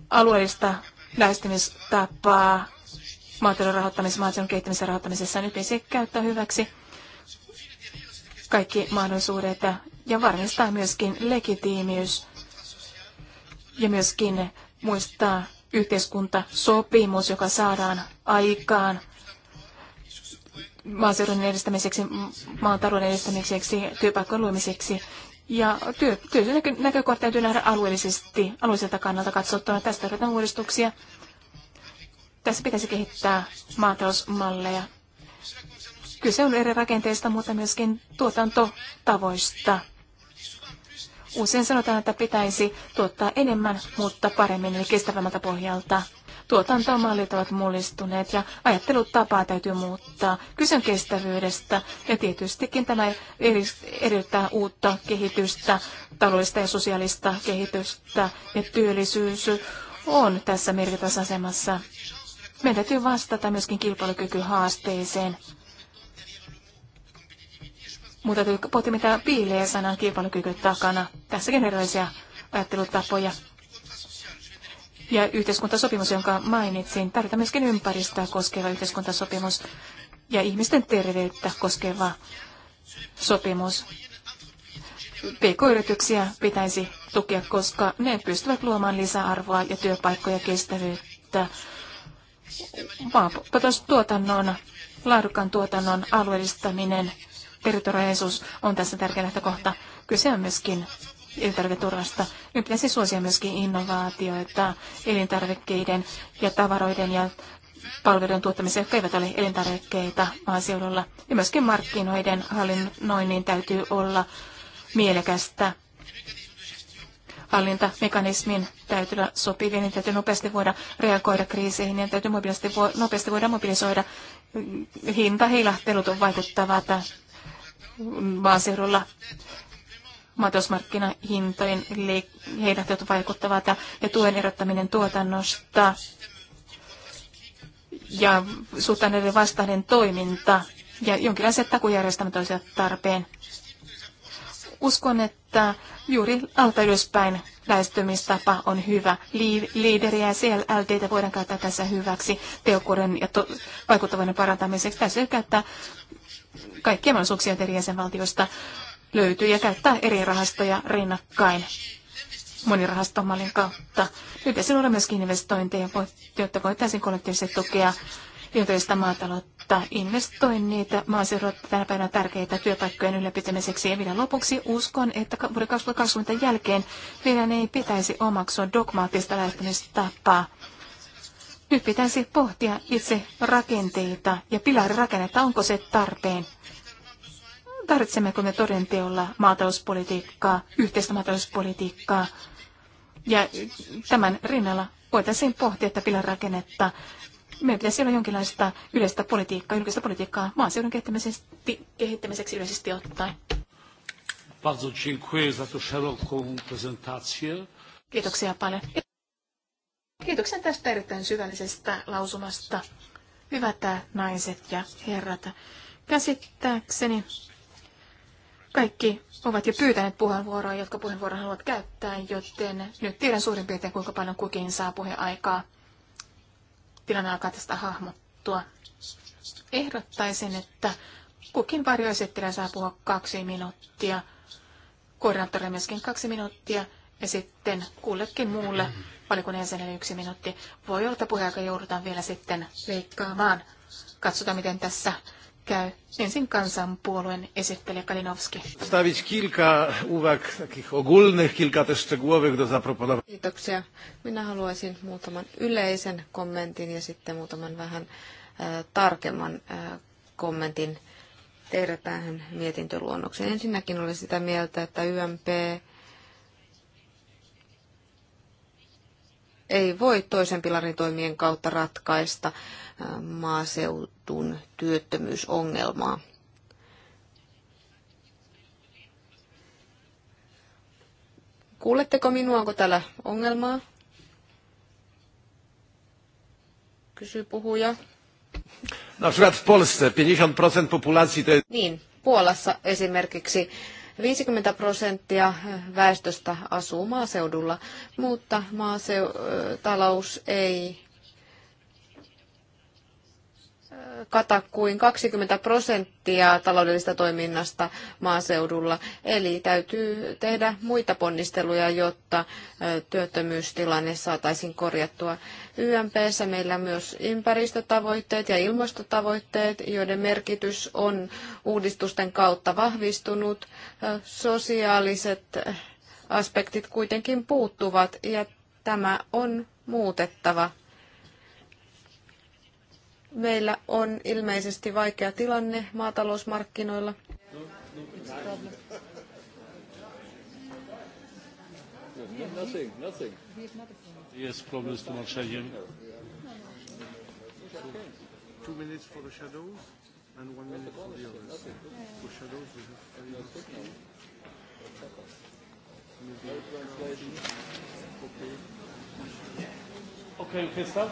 alueellista lähestymistapaa maatalouden rahoittamisessa, maatalouden kehittämisen rahoittamisessa. Nyt se käyttää hyväksi kaikki mahdollisuudet ja varmistaa myöskin legitiimiys ja myöskin muistaa yhteiskuntasopimus, joka saadaan aikaan maaseudun edistämiseksi, maatalouden edistämiseksi, työpaikkojen luomiseksi ja työ, näkö, näkökohta täytyy nähdä alueellisesti, alueelliselta kannalta katsottuna. Tästä tarvitaan uudistuksia. Tässä pitäisi kehittää maatalousmalleja. Kyse on eri rakenteista, mutta myöskin tuotantotavoista. Usein sanotaan, että pitäisi tuottaa enemmän, mutta paremmin eli kestävämmältä pohjalta tuotantomallit ovat mullistuneet ja ajattelutapaa täytyy muuttaa. Kysyn kestävyydestä ja tietystikin tämä edellyttää uutta kehitystä, taloudellista ja sosiaalista kehitystä ja työllisyys on tässä merkittävässä asemassa. Meidän täytyy vastata myöskin kilpailukykyhaasteeseen. Mutta täytyy pohtia, mitä piilee sanan kilpailukyky takana. Tässäkin erilaisia ajattelutapoja. Ja yhteiskuntasopimus, jonka mainitsin, tarvitaan myöskin ympäristöä koskeva yhteiskuntasopimus ja ihmisten terveyttä koskeva sopimus. PK-yrityksiä pitäisi tukea, koska ne pystyvät luomaan lisäarvoa ja työpaikkoja kestävyyttä tuotannon, laadukkaan tuotannon alueellistaminen, territoriaalisuus on tässä tärkeä lähtökohta. Kyse on myöskin elintarviketurvasta. Nyt pitäisi suosia myöskin innovaatioita elintarvikkeiden ja tavaroiden ja palveluiden tuottamiseen, jotka eivät ole elintarvikkeita maaseudulla. Ja myöskin markkinoiden hallinnoinnin täytyy olla mielekästä. Hallintamekanismin täytyy olla sopivia, niin täytyy nopeasti voida reagoida kriiseihin, niin täytyy vo- nopeasti voida mobilisoida. Hinta heilahtelut vaikuttavaa maaseudulla maatalousmarkkinahintojen heilahtelut vaikuttavat ja tuen erottaminen tuotannosta ja suhtaneiden vastainen toiminta ja jonkinlaiset takujärjestelmät olisivat tarpeen. Uskon, että juuri alta ylöspäin lähestymistapa on hyvä. Liideriä ja CLLDtä voidaan käyttää tässä hyväksi tehokkuuden ja to- vaikuttavuuden parantamiseksi. Tässä käyttää kaikkia mahdollisuuksia eri jäsenvaltioista löytyy ja käyttää eri rahastoja rinnakkain monirahastomallin kautta. Nyt esillä on myöskin investointeja, jotta voitaisiin kollektiivisesti tukea hyödyllistä maataloutta, investoinnit, maaseudut tänä päivänä tärkeitä työpaikkojen ylläpitämiseksi. Ja vielä lopuksi uskon, että vuoden 2020 jälkeen meidän ei pitäisi omaksua dogmaattista lähtemistapaa. Nyt pitäisi pohtia itse rakenteita ja pilarirakennetta, onko se tarpeen Tarvitsemmeko me teolla maatalouspolitiikkaa, yhteistä maatalouspolitiikkaa? Ja tämän rinnalla voitaisiin pohtia, että rakennetta. Meidän pitäisi olla jonkinlaista yleistä politiikkaa, julkista politiikkaa maaseudun kehittämiseksi, kehittämiseksi yleisesti ottaen. Kiitoksia paljon. Kiitoksia tästä erittäin syvällisestä lausumasta. Hyvät naiset ja herrat. Käsittääkseni kaikki ovat jo pyytäneet puheenvuoroa, jotka puheenvuoron haluavat käyttää, joten nyt tiedän suurin piirtein, kuinka paljon kukin saa puheaikaa. Tilanne alkaa tästä hahmottua. Ehdottaisin, että kukin varjoesittelijä saa puhua kaksi minuuttia, koordinaattori myöskin kaksi minuuttia ja sitten kullekin muulle valikunnan jäsenelle yksi minuutti. Voi olla, että puheaika joudutaan vielä sitten leikkaamaan. Katsotaan, miten tässä käy. Ensin kansanpuolueen esittelijä Kalinowski. Stawić kilka uwag takich ogólnych, kilka też szczegółowych do zaproponowania. Kiitoksia. Minä haluaisin muutaman yleisen kommentin ja sitten muutaman vähän äh, tarkemman äh, kommentin tehdä tähän mietintöluonnokseen. Ensinnäkin olen sitä mieltä, että YMP ei voi toisen pilarin toimien kautta ratkaista äh, maaseutun työttömyysongelmaa. Kuuletteko minua, onko täällä ongelmaa? Kysyy puhuja. No, przykład Polsce 50% populacji Niin, Puolassa esimerkiksi 50 prosenttia väestöstä asuu maaseudulla, mutta maatalous ei kata kuin 20 prosenttia taloudellisesta toiminnasta maaseudulla. Eli täytyy tehdä muita ponnisteluja, jotta työttömyystilanne saataisiin korjattua. YMPssä meillä on myös ympäristötavoitteet ja ilmastotavoitteet, joiden merkitys on uudistusten kautta vahvistunut. Sosiaaliset aspektit kuitenkin puuttuvat ja tämä on muutettava Meillä on ilmeisesti vaikea tilanne maatalousmarkkinoilla. Nothing, we Okay. Okay, okay, stop.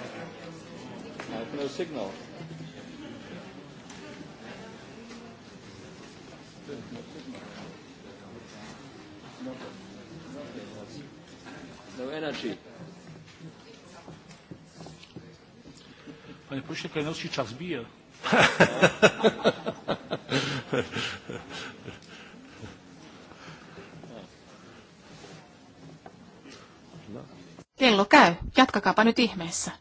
I have no signal. no energy. Panie pośle Kalinowski, czas bije. Kello käy. Jatkakaapa nyt ihmeessä.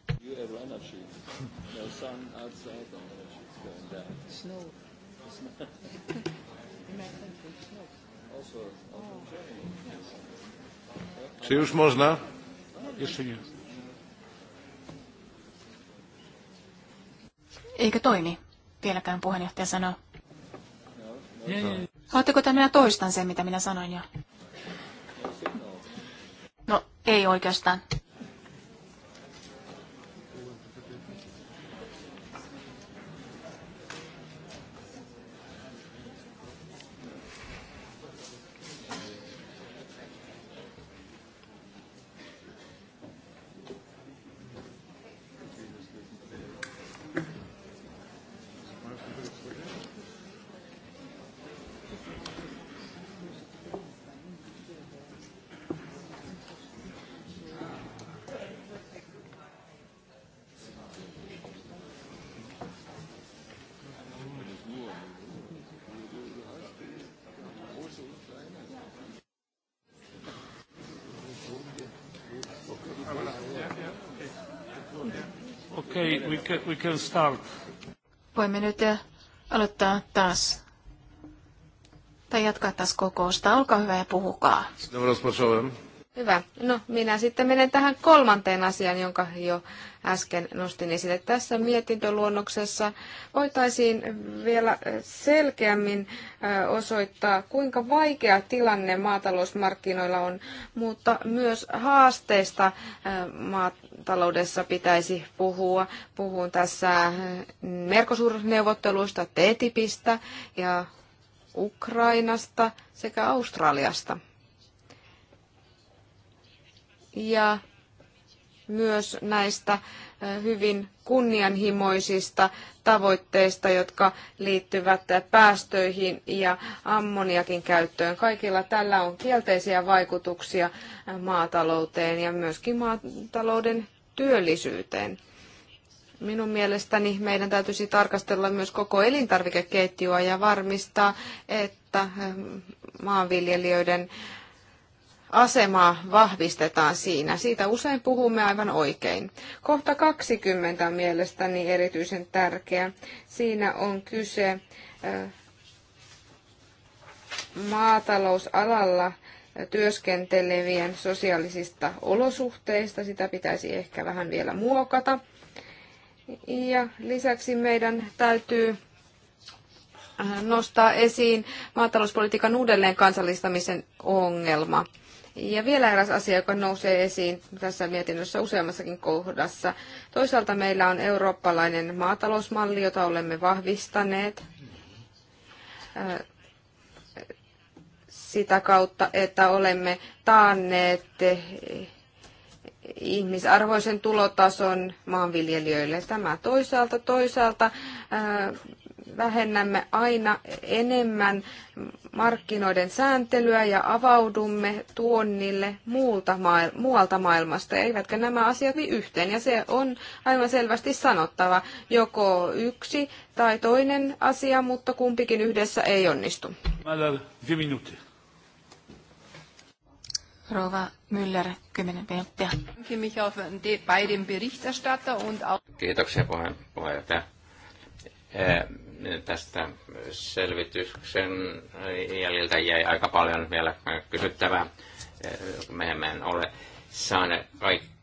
Czy już można? Jeszcze nie. Eikö toimi? Vieläkään puheenjohtaja sanoo. Haluatteko, että minä toistan sen, mitä minä sanoin jo? No, ei oikeastaan. Okay, we can, we can start. Voimme nyt eh, aloittaa taas tai jatkaa taas kokousta. Olkaa hyvä ja puhukaa. Hyvä. No, minä sitten menen tähän kolmanteen asiaan, jonka jo äsken nostin esille. Tässä mietintöluonnoksessa voitaisiin vielä eh, selkeämmin eh, osoittaa, kuinka vaikea tilanne maatalousmarkkinoilla on, mutta myös haasteista taloudessa pitäisi puhua. Puhun tässä Mercosur-neuvotteluista, TTIPistä ja Ukrainasta sekä Australiasta. Ja myös näistä hyvin kunnianhimoisista tavoitteista, jotka liittyvät päästöihin ja ammoniakin käyttöön. Kaikilla tällä on kielteisiä vaikutuksia maatalouteen ja myöskin maatalouden työllisyyteen. Minun mielestäni meidän täytyisi tarkastella myös koko elintarvikeketjua ja varmistaa, että ähm, maanviljelijöiden asemaa vahvistetaan siinä. Siitä usein puhumme aivan oikein. Kohta 20 on mielestäni erityisen tärkeä. Siinä on kyse äh, maatalousalalla työskentelevien sosiaalisista olosuhteista. Sitä pitäisi ehkä vähän vielä muokata. Ja lisäksi meidän täytyy äh, nostaa esiin maatalouspolitiikan uudelleen kansallistamisen ongelma. Ja vielä eräs asia, joka nousee esiin tässä mietinnössä useammassakin kohdassa. Toisaalta meillä on eurooppalainen maatalousmalli, jota olemme vahvistaneet äh, sitä kautta, että olemme taanneet ihmisarvoisen tulotason maanviljelijöille. Tämä toisaalta toisaalta äh, vähennämme aina enemmän markkinoiden sääntelyä ja avaudumme tuonnille muulta maail- muualta maailmasta. Eivätkä nämä asiat niin yhteen ja se on aivan selvästi sanottava joko yksi tai toinen asia, mutta kumpikin yhdessä ei onnistu. Dwie minuty. Rova Müller, 10 minuuttia. Kiitoksia puheenjohtaja tästä selvityksen jäljiltä jäi aika paljon vielä kysyttävää. Me emme ole saaneet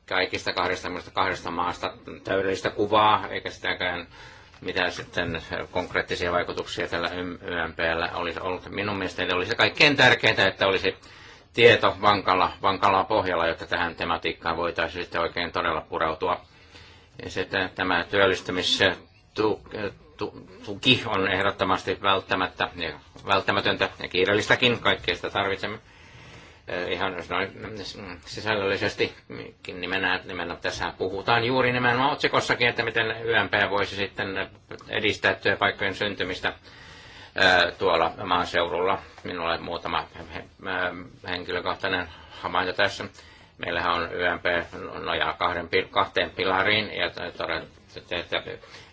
kaikista kahdesta, kahdesta maasta täydellistä kuvaa, eikä sitäkään mitä sitten konkreettisia vaikutuksia tällä YMPllä olisi ollut. Minun mielestäni olisi kaikkein tärkeintä, että olisi tieto vankalla, vankalla pohjalla, jotta tähän tematiikkaan voitaisiin sitten oikein todella pureutua. Ja sitten tämä työllistymistuki on ehdottomasti välttämättä, ja välttämätöntä ja kiireellistäkin, kaikkea sitä tarvitsemme ihan noin sisällöllisestikin nimenä, nimenä tässä puhutaan juuri nimenomaan otsikossakin, että miten YMP voisi sitten edistää työpaikkojen syntymistä tuolla maaseudulla. Minulla on muutama henkilökohtainen havainto tässä. Meillähän on YMP nojaa kahden, kahteen pilariin ja että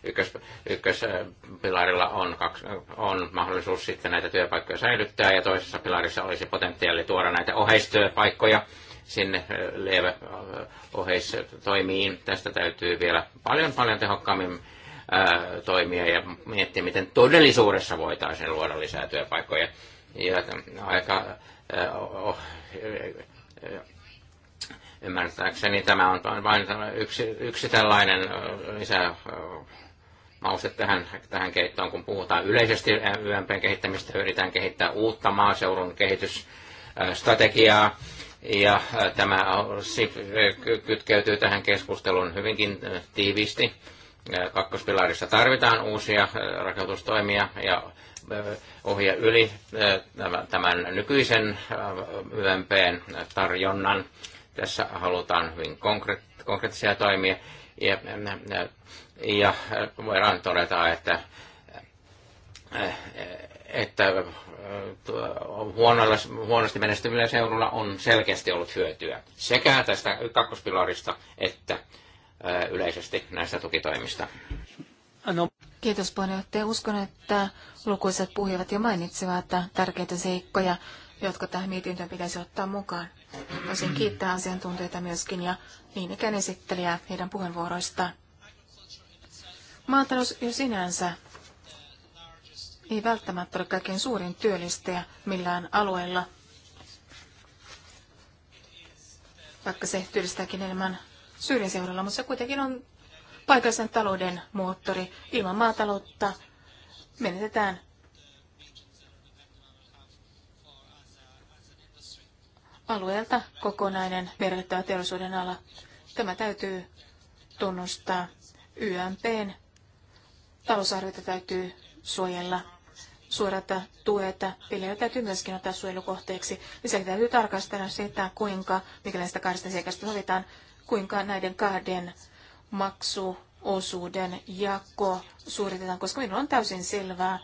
ykkös, ykköspilarilla on, kaksi, on mahdollisuus sitten näitä työpaikkoja säilyttää ja toisessa pilarissa olisi potentiaali tuoda näitä oheistyöpaikkoja sinne lieve oheistoimiin. Tästä täytyy vielä paljon paljon tehokkaammin toimia ja miettiä, miten todellisuudessa voitaisiin luoda lisää työpaikkoja. Ja aika ymmärtääkseni tämä on vain yksi, yksi tällainen lisää mauste tähän, tähän keittoon, kun puhutaan yleisesti YMPn kehittämistä, yritetään kehittää uutta maaseudun kehitysstrategiaa, ja tämä kytkeytyy tähän keskusteluun hyvinkin tiiviisti kakkospilarissa tarvitaan uusia äh, rakennustoimia ja äh, ohje yli äh, tämän nykyisen YMPn tarjonnan. Tässä halutaan hyvin konkreettisia toimia ja, ja voidaan todeta, että, että huonoilla, huonosti menestyvillä seudulla on selkeästi ollut hyötyä sekä tästä kakkospilarista että yleisesti näistä tukitoimista. Kiitos puheenjohtaja. Uskon, että lukuisat puhujat jo mainitsivat tärkeitä seikkoja, jotka tähän mietintöön pitäisi ottaa mukaan. Voisin kiittää asiantuntijoita myöskin ja niin ikään esittelijää heidän puheenvuoroistaan. Maatalous jo sinänsä ei välttämättä ole kaikkein suurin työllistäjä millään alueella, vaikka se työllistääkin enemmän syrjäseudulla, mutta se kuitenkin on paikallisen talouden moottori. Ilman maataloutta menetetään alueelta kokonainen merkittävä teollisuuden ala. Tämä täytyy tunnustaa. YMPn talousarviota täytyy suojella suorata tueta. Viljelijä täytyy myöskin ottaa suojelukohteeksi. Lisäksi täytyy tarkastella sitä, kuinka, mikälaista kahdesta seikasta sovitaan kuinka näiden kahden maksuosuuden jako suoritetaan, koska minulla on täysin selvää,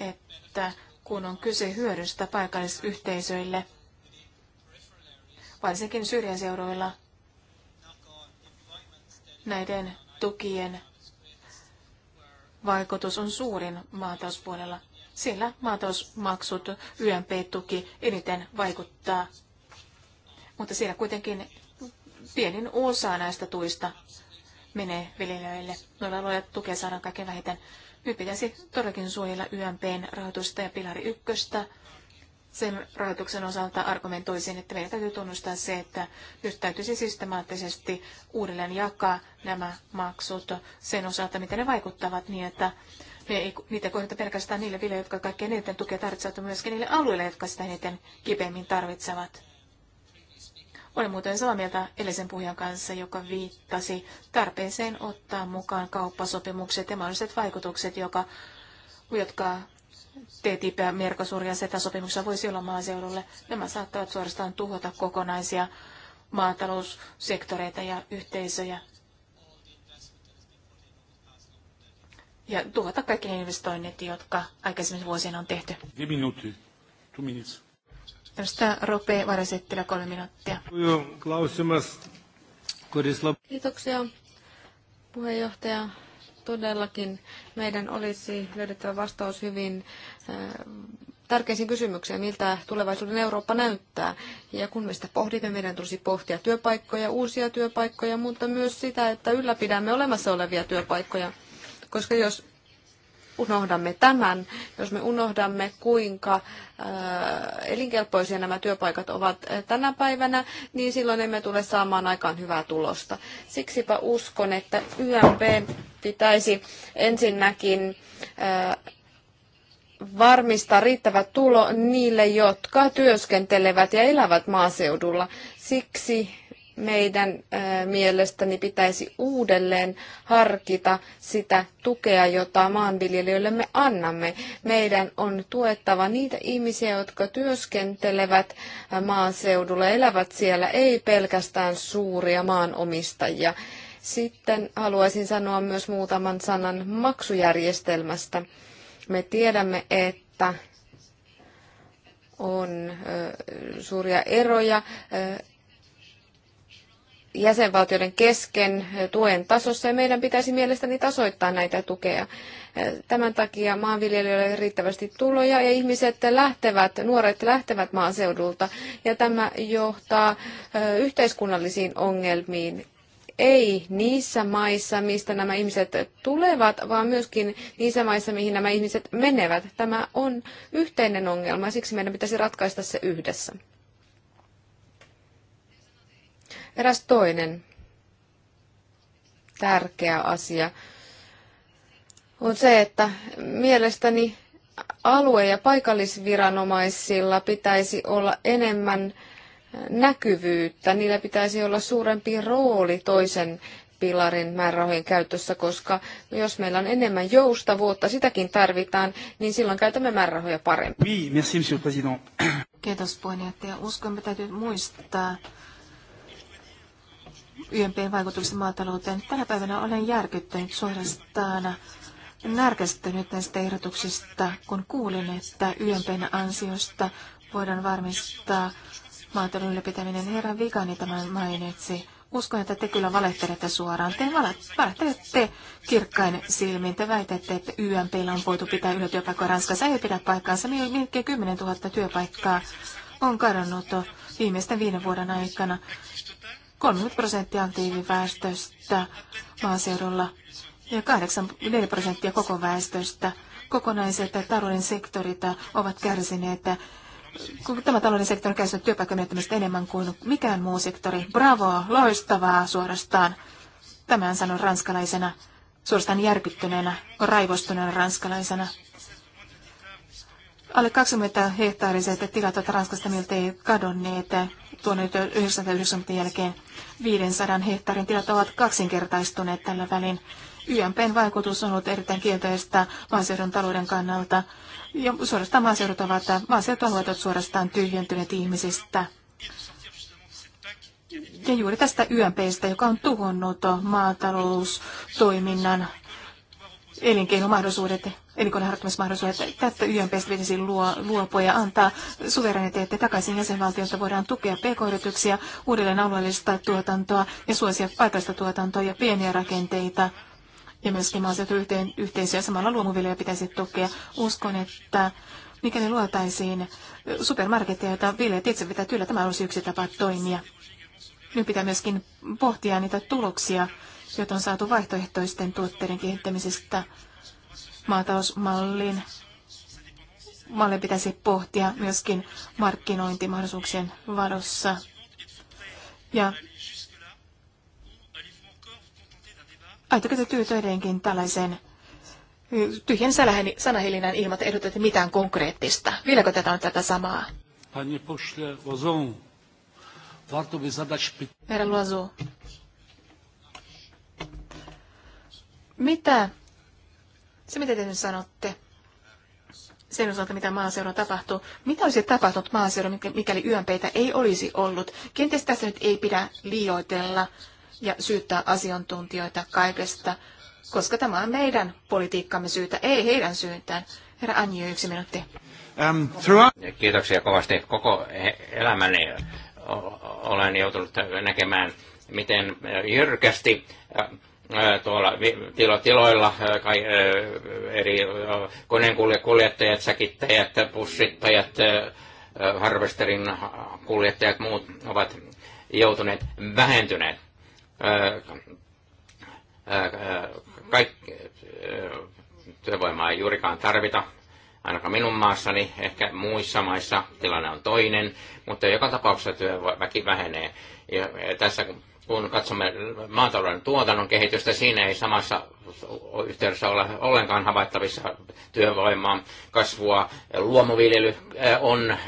että kun on kyse hyödystä paikallisyhteisöille, varsinkin syrjäseuroilla, näiden tukien vaikutus on suurin maatalouspuolella. Siellä maatalousmaksut, YMP-tuki eniten vaikuttaa. Mutta siellä kuitenkin pienin osa näistä tuista menee viljelijöille. Noilla aloilla tukea saadaan kaiken vähiten. Nyt pitäisi todellakin suojella YMPn rahoitusta ja pilari ykköstä. Sen rahoituksen osalta argumentoisin, että meidän täytyy tunnustaa se, että nyt täytyisi systemaattisesti uudelleen jakaa nämä maksut sen osalta, miten ne vaikuttavat niin, että ne ei, niitä kohdata pelkästään niille viljelijöille, jotka kaikkein eniten tukea tarvitsevat, mutta myöskin niille alueille, jotka sitä eniten kipeimmin tarvitsevat. Olen muuten samaa mieltä Elisen puhujan kanssa, joka viittasi tarpeeseen ottaa mukaan kauppasopimukset ja mahdolliset vaikutukset, joka, jotka TTIP ja Merkosur ja SETA-sopimuksessa voisi olla maaseudulle. Nämä saattavat suorastaan tuhota kokonaisia maataloussektoreita ja yhteisöjä. Ja tuhota kaikki ne investoinnit, jotka aikaisemmin vuosina on tehty. Two minutes. Edustaja Rope, varasittele kolme minuuttia. Kiitoksia puheenjohtaja. Todellakin meidän olisi löydettävä vastaus hyvin tärkeisiin kysymyksiin, miltä tulevaisuuden Eurooppa näyttää. Ja kun me sitä pohdimme, meidän tulisi pohtia työpaikkoja, uusia työpaikkoja, mutta myös sitä, että ylläpidämme olemassa olevia työpaikkoja. Koska jos unohdamme tämän, jos me unohdamme kuinka äh, elinkelpoisia nämä työpaikat ovat äh, tänä päivänä, niin silloin emme tule saamaan aikaan hyvää tulosta. Siksipä uskon, että YMP pitäisi ensinnäkin äh, varmistaa riittävä tulo niille, jotka työskentelevät ja elävät maaseudulla. Siksi meidän mielestäni pitäisi uudelleen harkita sitä tukea, jota maanviljelijöille me annamme. Meidän on tuettava niitä ihmisiä, jotka työskentelevät maaseudulla, elävät siellä, ei pelkästään suuria maanomistajia. Sitten haluaisin sanoa myös muutaman sanan maksujärjestelmästä. Me tiedämme, että on suuria eroja jäsenvaltioiden kesken tuen tasossa ja meidän pitäisi mielestäni tasoittaa näitä tukea. Tämän takia maanviljelijöille ei riittävästi tuloja ja ihmiset lähtevät, nuoret lähtevät maaseudulta ja tämä johtaa yhteiskunnallisiin ongelmiin. Ei niissä maissa, mistä nämä ihmiset tulevat, vaan myöskin niissä maissa, mihin nämä ihmiset menevät. Tämä on yhteinen ongelma, siksi meidän pitäisi ratkaista se yhdessä. Eräs toinen tärkeä asia on se, että mielestäni alue- ja paikallisviranomaisilla pitäisi olla enemmän näkyvyyttä. Niillä pitäisi olla suurempi rooli toisen pilarin määrärahojen käytössä, koska jos meillä on enemmän joustavuutta, sitäkin tarvitaan, niin silloin käytämme määrärahoja paremmin. Oui, merci, monsieur le président. Kiitos puheenjohtaja. Uskon, että täytyy muistaa, YMPn vaikutuksen maatalouteen. Tänä päivänä olen järkyttänyt suorastaan närkästynyt näistä ehdotuksista, kun kuulin, että YMPn ansiosta voidaan varmistaa maatalouden ylläpitäminen. Herra Vigani tämän mainitsi. Uskon, että te kyllä valehtelette suoraan. Te valehtelette kirkkain silmin. Te väitätte, että YMPllä on voitu pitää yhden työpaikkoja Ranskassa. Ei pidä paikkaansa. Minkin 10 000 työpaikkaa on kadonnut viimeisten viiden vuoden aikana. 30 prosenttia aktiiviväestöstä maaseudulla ja 84 prosenttia koko väestöstä. Kokonaiset talouden sektorit ovat kärsineet Tämä talouden sektori on kärsinyt työpaikkamenettämistä enemmän kuin mikään muu sektori. Bravo, loistavaa suorastaan. Tämän sanon ranskalaisena, suorastaan järkyttyneenä, raivostuneena ranskalaisena. Alle 20 hehtaariset tilat ovat Ranskasta miltei kadonneet tuonne 1990 jälkeen 500 hehtaarin tilat ovat kaksinkertaistuneet tällä välin. YMPn vaikutus on ollut erittäin kielteistä maaseudun talouden kannalta. Ja suorastaan maaseudut ovat, maaseudut ovat suorastaan tyhjentyneet ihmisistä. Ja juuri tästä YMPstä, joka on tuhonnut maataloustoiminnan elinkeinomahdollisuudet, elinkeinoharjoittamismahdollisuudet, tästä YMPstä pitäisi luopua ja antaa suvereniteetti takaisin jäsenvaltiolta. Voidaan tukea pk-yrityksiä, uudelleen alueellista tuotantoa ja suosia paikallista tuotantoa ja pieniä rakenteita. Ja myöskin maaseutuyhteisöjä yhteisöjä samalla luomuviljaa pitäisi tukea. Uskon, että mikäli luotaisiin supermarketteja, joita viljelijät itse pitää kyllä, tämä olisi yksi tapa toimia. Nyt pitää myöskin pohtia niitä tuloksia, joita on saatu vaihtoehtoisten tuotteiden kehittämisestä maatalousmallin malle pitäisi pohtia myöskin markkinointimahdollisuuksien varossa. Ja Aitteko te tyytyä edelleenkin tällaisen tyhjän sanahelinän ilman, että ehdotatte mitään konkreettista? Vieläkö tätä on tätä samaa? Herra Luazu, Mitä, se mitä te nyt sanotte, sen osalta, mitä maaseudulla tapahtuu. Mitä olisi tapahtunut maaseudulla, mikäli yönpeitä ei olisi ollut? Kenties tässä nyt ei pidä liioitella ja syyttää asiantuntijoita kaikesta, koska tämä on meidän politiikkamme syytä, ei heidän syyntään. Herra Anjio, yksi minuutti. Um, Kiitoksia kovasti. Koko elämäni olen joutunut näkemään, miten jyrkästi äh, tuolla tilo, tiloilla kai, eri koneenkuljettajat, säkittäjät, pussittajat, harvesterin kuljettajat muut ovat joutuneet vähentyneet. Kaikki työvoimaa ei juurikaan tarvita, ainakaan minun maassani, ehkä muissa maissa tilanne on toinen, mutta joka tapauksessa työväki vähenee. Ja tässä kun kun katsomme maatalouden tuotannon kehitystä, siinä ei samassa yhteydessä ole ollenkaan havaittavissa työvoimaa kasvua. Luomuviljely eh, on eh,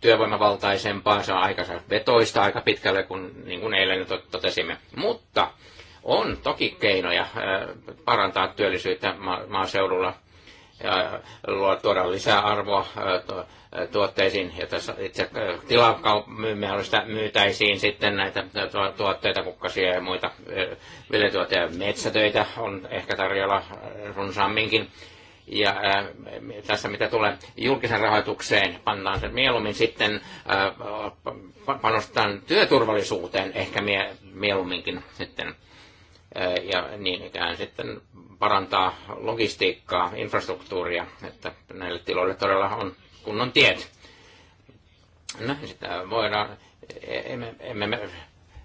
työvoimavaltaisempaa, se on aika vetoista aika pitkälle kuin, niin kuin eilen totesimme. Mutta on toki keinoja eh, parantaa työllisyyttä maaseudulla tuoda lisää arvoa tuotteisiin, ja tässä itse tilamyymällistä myytäisiin sitten näitä tuotteita, kukkasia ja muita viljatuotteita. Metsätöitä on ehkä tarjolla runsaamminkin. Ja tässä mitä tulee julkisen rahoitukseen, pannaan sen mieluummin sitten ää, panostan työturvallisuuteen ehkä mie, mieluumminkin sitten. ja niin ikään sitten parantaa logistiikkaa, infrastruktuuria, että näille tiloille todella on kunnon tiet. No, sitä voidaan, emme, emme,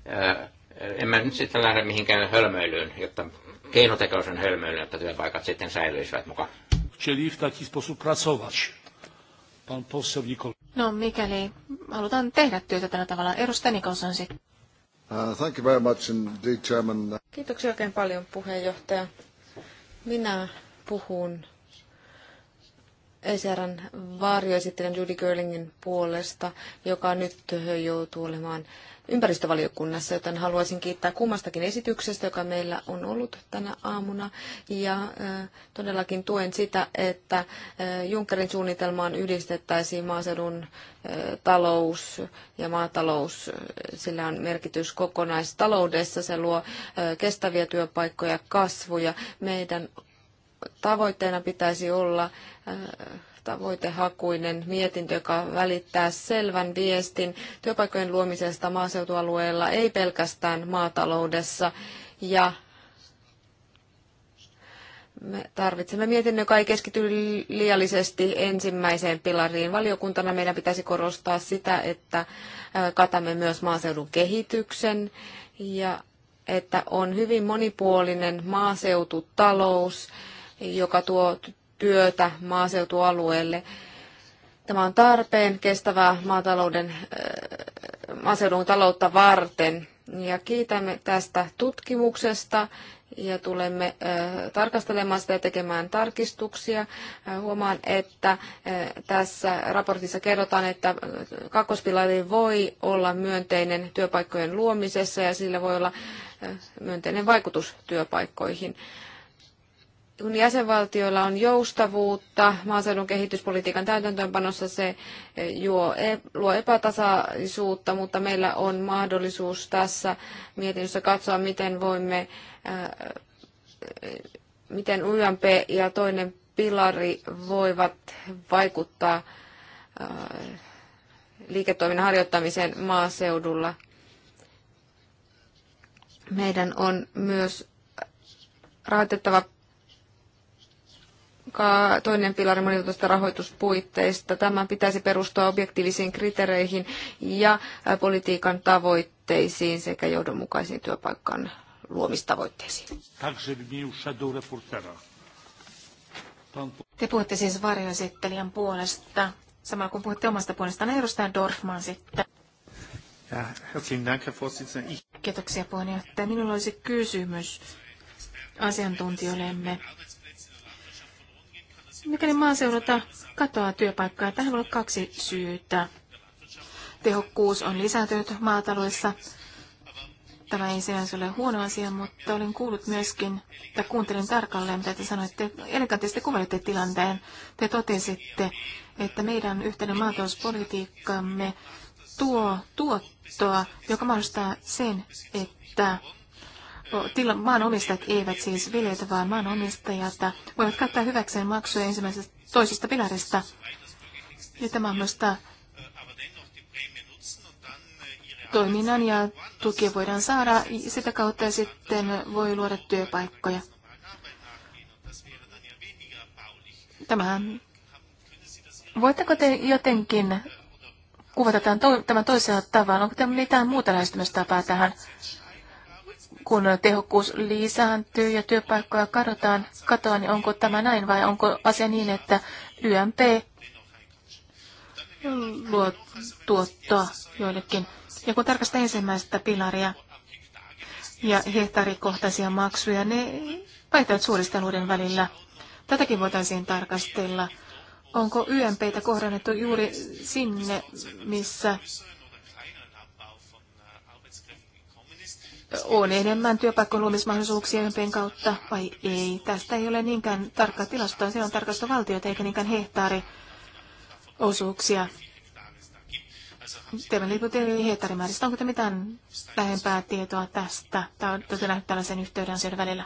emme, emme nyt sitten lähde mihinkään hölmöilyyn, jotta keinotekoisen hölmöilyyn, jotta työpaikat sitten säilyisivät mukaan. No, mikäli halutaan tehdä työtä tällä tavalla, edustaja Nikolson sitten. Uh, thank you very much indeed, Chairman. Kiitoksia oikein paljon puheenjohtaja. Minä puhun E varjo esittelen Judy Girlingin puolesta, joka nyt joutuu olemaan ympäristövaliokunnassa, joten haluaisin kiittää kummastakin esityksestä, joka meillä on ollut tänä aamuna. Ja todellakin tuen sitä, että Junckerin suunnitelmaan yhdistettäisiin maaseudun talous ja maatalous. Sillä on merkitys kokonaistaloudessa. Se luo kestäviä työpaikkoja, kasvuja. Meidän tavoitteena pitäisi olla äh, tavoitehakuinen mietintö, joka välittää selvän viestin työpaikojen luomisesta maaseutualueella, ei pelkästään maataloudessa. Ja me tarvitsemme mietinnön, joka ei keskity liiallisesti ensimmäiseen pilariin. Valiokuntana meidän pitäisi korostaa sitä, että äh, katamme myös maaseudun kehityksen ja että on hyvin monipuolinen maaseututalous, talous joka tuo työtä maaseutualueelle. Tämä on tarpeen kestävää maatalouden, äh, maaseudun taloutta varten. Ja kiitämme tästä tutkimuksesta ja tulemme äh, tarkastelemaan sitä ja tekemään tarkistuksia. Äh, huomaan, että tässä raportissa kerrotaan, että kakkospilari voi olla myönteinen työpaikkojen luomisessa ja sillä voi olla myönteinen vaikutus työpaikkoihin kun jäsenvaltioilla on joustavuutta maaseudun kehityspolitiikan täytäntöönpanossa, se eh, juo, e, luo epätasaisuutta, mutta meillä on mahdollisuus tässä mietinnössä katsoa, miten voimme, eh, miten UMP ja toinen pilari voivat vaikuttaa eh, liiketoiminnan harjoittamiseen maaseudulla. Meidän on myös rahoitettava toinen pilari monitoista rahoituspuitteista. Tämän pitäisi perustua objektiivisiin kriteereihin ja politiikan tavoitteisiin sekä johdonmukaisiin työpaikan luomistavoitteisiin. Te puhutte siis varjoesittelijän puolesta, samalla kun puhutte omasta puolestaan, edustaja Dorfman sitten. Ja, Kiitoksia puheenjohtaja. Minulla olisi kysymys asiantuntijoillemme Mikäli maaseudulta katoaa työpaikkaa, tähän voi olla kaksi syytä. Tehokkuus on lisääntynyt maataloissa. Tämä ei sinänsä ole huono asia, mutta olin kuullut myöskin, tai kuuntelin tarkalleen, mitä te sanoitte. Elegantisti kuvailitte tilanteen. Te totesitte, että meidän yhteinen maatalouspolitiikkamme tuo tuottoa, joka mahdollistaa sen, että tila, maanomistajat eivät siis viljelijät, vaan maanomistajat voivat käyttää hyväkseen maksuja ensimmäisestä toisesta pilarista. Ja tämä on myös toiminnan ja tukia voidaan saada. Sitä kautta sitten voi luoda työpaikkoja. Tämähän. Voitteko te jotenkin kuvata tämän, to- tämän toisella tavalla? Onko teillä mitään muuta lähestymistapaa tähän? kun tehokkuus lisääntyy ja työpaikkoja kadotaan, katoa, niin onko tämä näin vai onko asia niin, että YMP luo tuottoa joillekin. Ja kun tarkastaa ensimmäistä pilaria ja hehtaarikohtaisia maksuja, ne vaihtavat suuristeluiden välillä. Tätäkin voitaisiin tarkastella. Onko YMPtä kohdannettu juuri sinne, missä on enemmän työpaikkojen luomismahdollisuuksia ympien kautta vai ei. Tästä ei ole niinkään tarkkaa tilastoa, se on tarkasta valtiota eikä niinkään hehtaariosuuksia. osuuksia. liputelin hehtaarimääristä, onko te mitään lähempää tietoa tästä? Tämä on tosiaan tällaisen yhteyden asioiden välillä.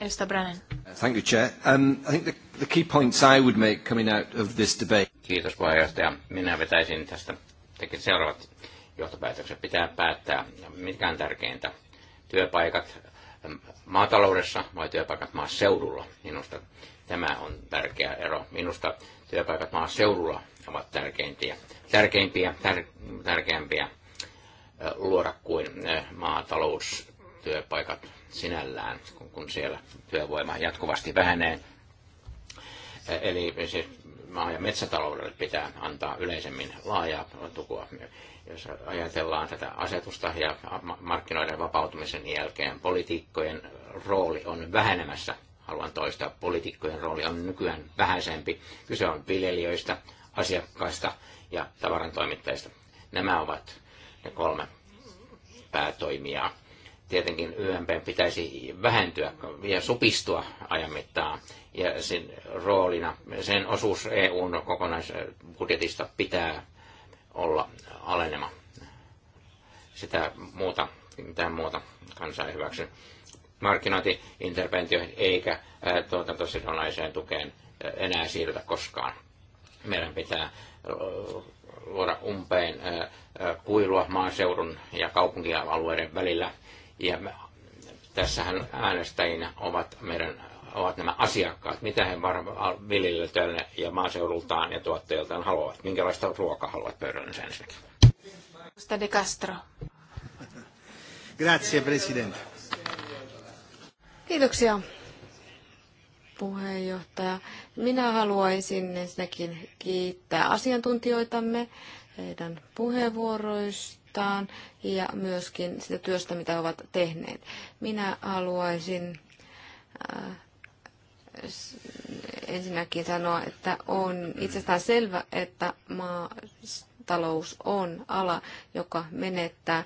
Edustaja Brennan. Thank you, Chair. Um, I think the, the key points I would make coming out of this debate. Kiitos puheenjohtaja. Minä vetäisin tästä tekin seuraavat johtopäätökset pitää päättää, mitkä on tärkeintä. Työpaikat maataloudessa vai työpaikat maaseudulla. Minusta tämä on tärkeä ero. Minusta työpaikat maaseudulla ovat tärkeimpiä, tärkeimpiä tär, tärkeimpiä luoda kuin maataloustyöpaikat sinällään, kun, kun siellä työvoima jatkuvasti vähenee. Eli siis maa- ja metsätaloudelle pitää antaa yleisemmin laajaa tukua jos ajatellaan tätä asetusta ja markkinoiden vapautumisen jälkeen politiikkojen rooli on vähenemässä. Haluan toistaa, poliitikkojen rooli on nykyään vähäisempi. Kyse on viljelijöistä, asiakkaista ja tavarantoimittajista. Nämä ovat ne kolme päätoimijaa. Tietenkin YMP pitäisi vähentyä ja supistua ajan mittaan. Ja sen roolina, sen osuus EUn kokonaisbudjetista pitää olla alenema. Sitä muuta, mitään muuta kansa ei hyväksy. eikä tuotantosidonnaiseen tukeen enää siirrytä koskaan. Meidän pitää luoda umpeen kuilua maaseudun ja kaupunkialueiden välillä. Ja tässähän äänestäjinä ovat meidän ovat nämä asiakkaat, mitä he viljelijöiltään ja maaseudultaan ja tuotteiltaan haluavat, minkälaista ruokaa haluavat sen ensinnäkin. De Castro. Grazie, Presidente. Kiitoksia, puheenjohtaja. Minä haluaisin ensinnäkin kiittää asiantuntijoitamme heidän puheenvuoroistaan ja myöskin sitä työstä, mitä ovat tehneet. Minä haluaisin äh, ensinnäkin sanoa, että on itsestään selvä, että maatalous on ala, joka menettää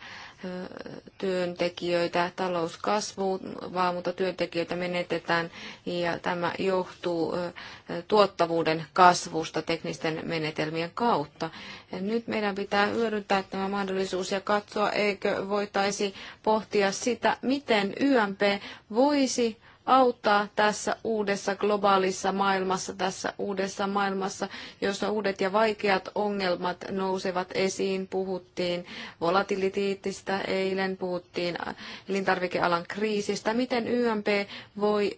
työntekijöitä, talouskasvu, vaan mutta työntekijöitä menetetään ja tämä johtuu tuottavuuden kasvusta teknisten menetelmien kautta. Nyt meidän pitää hyödyntää tämä mahdollisuus ja katsoa, eikö voitaisi pohtia sitä, miten YMP voisi auttaa tässä uudessa globaalissa maailmassa, tässä uudessa maailmassa, jossa uudet ja vaikeat ongelmat nousevat esiin. Puhuttiin volatiliteetistä eilen, puhuttiin elintarvikealan kriisistä. Miten YMP voi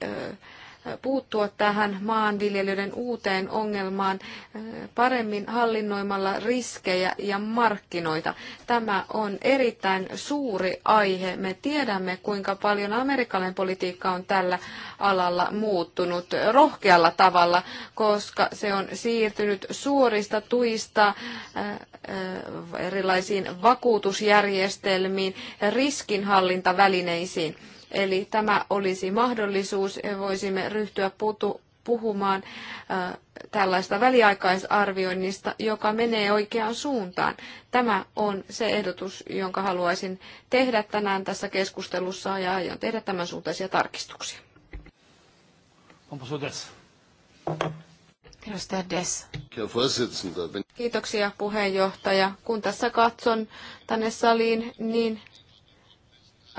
puuttua tähän maanviljelijöiden uuteen ongelmaan eh, paremmin hallinnoimalla riskejä ja markkinoita. Tämä on erittäin suuri aihe. Me tiedämme, kuinka paljon amerikkalainen politiikka on tällä alalla muuttunut rohkealla tavalla, koska se on siirtynyt suorista tuista eh, eh, erilaisiin vakuutusjärjestelmiin, riskinhallintavälineisiin. Eli tämä olisi mahdollisuus, voisimme ryhtyä putu, puhumaan ä, äh, tällaista väliaikaisarvioinnista, joka menee oikeaan suuntaan. Tämä on se ehdotus, jonka haluaisin tehdä tänään tässä keskustelussa ja aion tehdä tämän suuntaisia tarkistuksia. Onpa Kiitoksia puheenjohtaja. Kun tässä katson tänne saliin, niin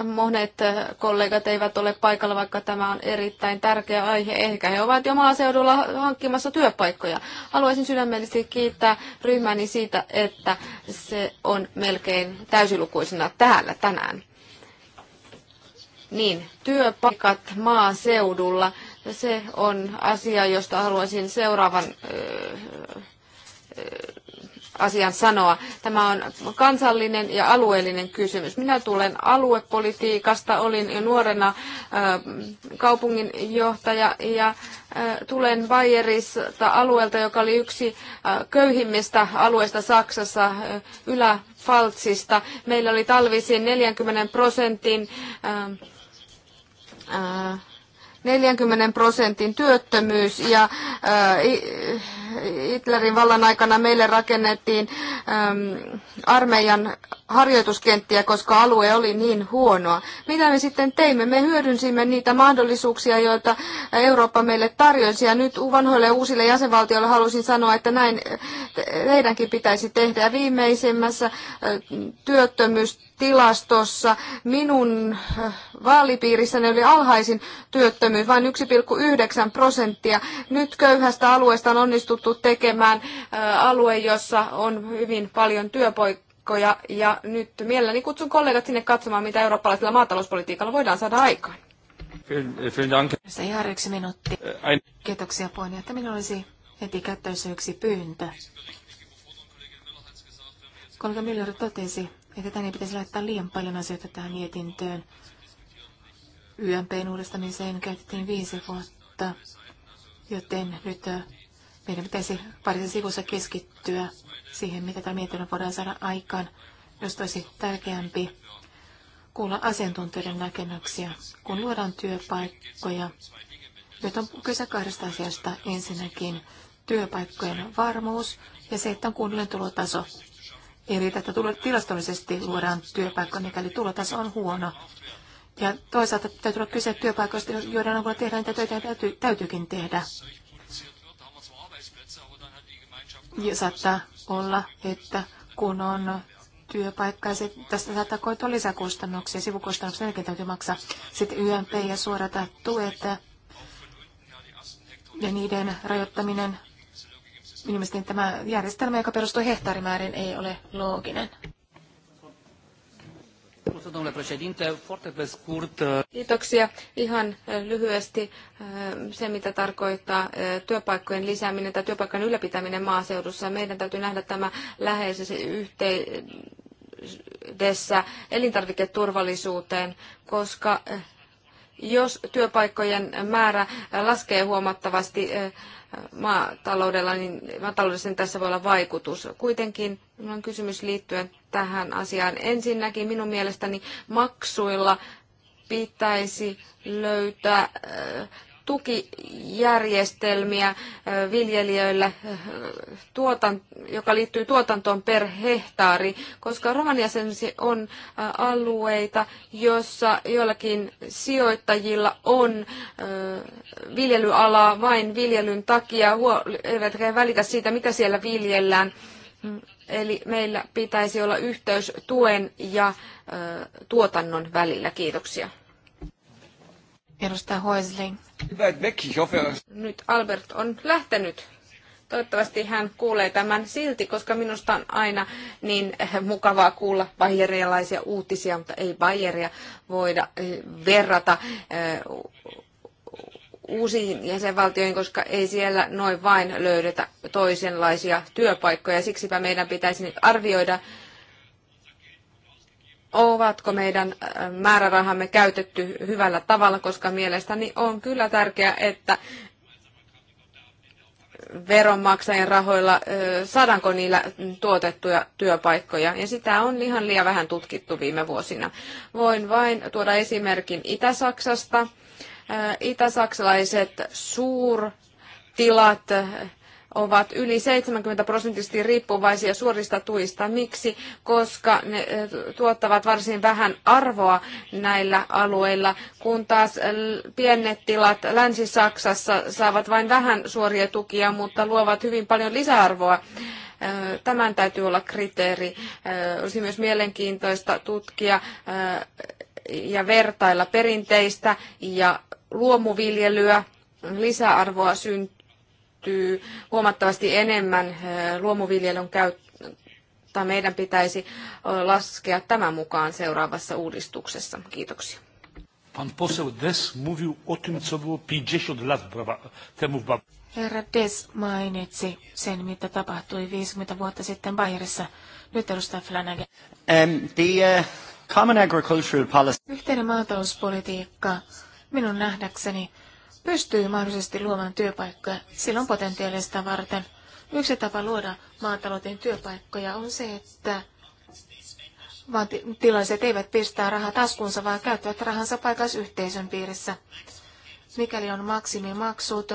monet eh, kollegat eivät ole paikalla, vaikka tämä on erittäin tärkeä aihe. Ehkä he ovat jo maaseudulla hankkimassa työpaikkoja. Haluaisin sydämellisesti kiittää ryhmäni siitä, että se on melkein täysilukuisena täällä tänään. Niin, työpaikat maaseudulla, se on asia, josta haluaisin seuraavan öö, öö, asian sanoa. Tämä on kansallinen ja alueellinen kysymys. Minä tulen aluepolitiikasta, olin jo nuorena kaupunginjohtaja ja tulen Bayerista alueelta, joka oli yksi köyhimmistä alueista Saksassa, Yläfaltsista. Meillä oli talvisin 40 prosentin 40 prosentin työttömyys ja äh, Hitlerin vallan aikana meille rakennettiin äm, armeijan harjoituskenttiä, koska alue oli niin huonoa. Mitä me sitten teimme? Me hyödynsimme niitä mahdollisuuksia, joita Eurooppa meille tarjosi. Ja nyt vanhoille uusille jäsenvaltioille halusin sanoa, että näin heidänkin äh, pitäisi tehdä. Ja viimeisimmässä äh, työttömyystilastossa minun äh, vaalipiirissäni oli alhaisin työttömyys, vain 1,9 prosenttia. Nyt köyhästä alueesta on onnistuttu jouduttu tekemään alue, jossa on hyvin paljon työpaikkoja. Ja nyt mielelläni kutsun kollegat sinne katsomaan, mitä eurooppalaisella maatalouspolitiikalla voidaan saada aikaan. Se järjeksi minuutti. Kiitoksia puheenjohtaja. Minulla olisi heti käyttöissä yksi pyyntö. Kollega Miller totesi, että tänne pitäisi laittaa liian paljon asioita tähän mietintöön. YMPn uudistamiseen käytettiin viisi vuotta, joten nyt meidän pitäisi parissa sivussa keskittyä siihen, mitä tämä mietinnön voidaan saada aikaan, jos olisi tärkeämpi kuulla asiantuntijoiden näkemyksiä, kun luodaan työpaikkoja. Nyt on kyse kahdesta asiasta. Ensinnäkin työpaikkojen varmuus ja se, että on kunnollinen tulotaso. Ei riitä, että tilastollisesti luodaan työpaikka, mikäli tulotaso on huono. Ja toisaalta täytyy olla kyse työpaikoista, joiden avulla tehdään niitä töitä täytyy, täytyykin tehdä. Ja saattaa olla, että kun on työpaikkaa, se, tästä saattaa koitua lisäkustannuksia, sivukustannuksia, nekin täytyy maksaa. Sitten YMP ja suorata tuet ja niiden rajoittaminen. Mielestäni tämä järjestelmä, joka perustuu hehtaarimäärin, ei ole looginen. Uh, Kiitoksia. Ihan äh, lyhyesti äh, se, mitä tarkoittaa äh, työpaikkojen lisääminen tai työpaikkojen ylläpitäminen maaseudussa. Meidän täytyy nähdä tämä läheisessä yhteydessä elintarviketurvallisuuteen, koska jos työpaikkojen määrä laskee huomattavasti eh, maataloudella, niin maataloudessa niin tässä voi olla vaikutus. Kuitenkin minulla on kysymys liittyen tähän asiaan. Ensinnäkin minun mielestäni maksuilla pitäisi löytää eh, tukijärjestelmiä viljelijöillä, tuotant, joka liittyy tuotantoon per hehtaari, koska Romaniassa on alueita, jossa joillakin sijoittajilla on viljelyalaa vain viljelyn takia, eivätkä he välitä siitä, mitä siellä viljellään. Mm, eli meillä pitäisi olla yhteys tuen ja tuotannon välillä. Kiitoksia. Edustaja Hoisling. Nyt Albert on lähtenyt. Toivottavasti hän kuulee tämän silti, koska minusta on aina niin mukavaa kuulla bayerialaisia uutisia, mutta ei bayeria voida eh, verrata eh, uusiin jäsenvaltioihin, koska ei siellä noin vain löydetä toisenlaisia työpaikkoja. Siksipä meidän pitäisi nyt arvioida ovatko meidän äh, määrärahamme käytetty hyvällä tavalla, koska mielestäni on kyllä tärkeää, että veronmaksajien rahoilla, äh, saadaanko niillä tuotettuja työpaikkoja. Ja sitä on ihan liian vähän tutkittu viime vuosina. Voin vain tuoda esimerkin Itä-Saksasta. Äh, Itä-saksalaiset suurtilat ovat yli 70 prosenttisesti riippuvaisia suorista tuista. Miksi? Koska ne eh, tuottavat varsin vähän arvoa näillä alueilla, kun taas eh, pienet tilat Länsi-Saksassa saavat vain vähän suoria tukia, mutta luovat hyvin paljon lisäarvoa. Eh, tämän täytyy olla kriteeri. Olisi myös mielenkiintoista tutkia ja vertailla perinteistä ja luomuviljelyä. Lisäarvoa syntyy liittyy huomattavasti enemmän luomuviljelyn käyttöä. Meidän pitäisi laskea tämän mukaan seuraavassa uudistuksessa. Kiitoksia. Pan poseł Des mówił o tym, co było 50 lat temu w Herra Des mainitsi sen, mitä tapahtui 50 vuotta sitten Bayerissa. Nyt edustaa Flanagan. Um, the, uh, common agricultural policy... Yhteinen maatalouspolitiikka minun nähdäkseni pystyy mahdollisesti luomaan työpaikkoja, silloin potentiaalista varten. Yksi tapa luoda maatalouteen työpaikkoja on se, että tilaiset eivät pistää rahaa taskuunsa, vaan käyttävät rahansa paikallisyhteisön piirissä. Mikäli on maksimimaksut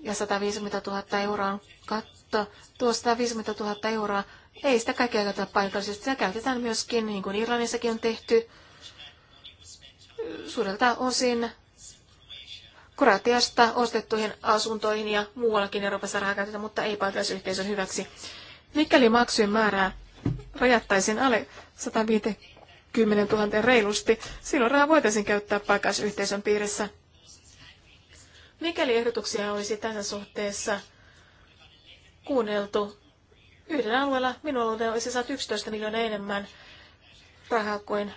ja 150 000 euroa on katto, tuo 150 000 euroa ei sitä kaikkea käytetä paikallisesti. Sitä käytetään myöskin, niin kuin Irlannissakin on tehty, suurelta osin Kroatiasta ostettuihin asuntoihin ja muuallakin Euroopassa rahaa käytetään, mutta ei paikallisyhteisön hyväksi. Mikäli maksujen määrää rajattaisiin alle 150 000 reilusti, silloin rahaa voitaisiin käyttää paikallisyhteisön piirissä. Mikäli ehdotuksia olisi tässä suhteessa kuunneltu, yhdellä alueella minulla olisi saatu 11 miljoonaa enemmän rahaa kuin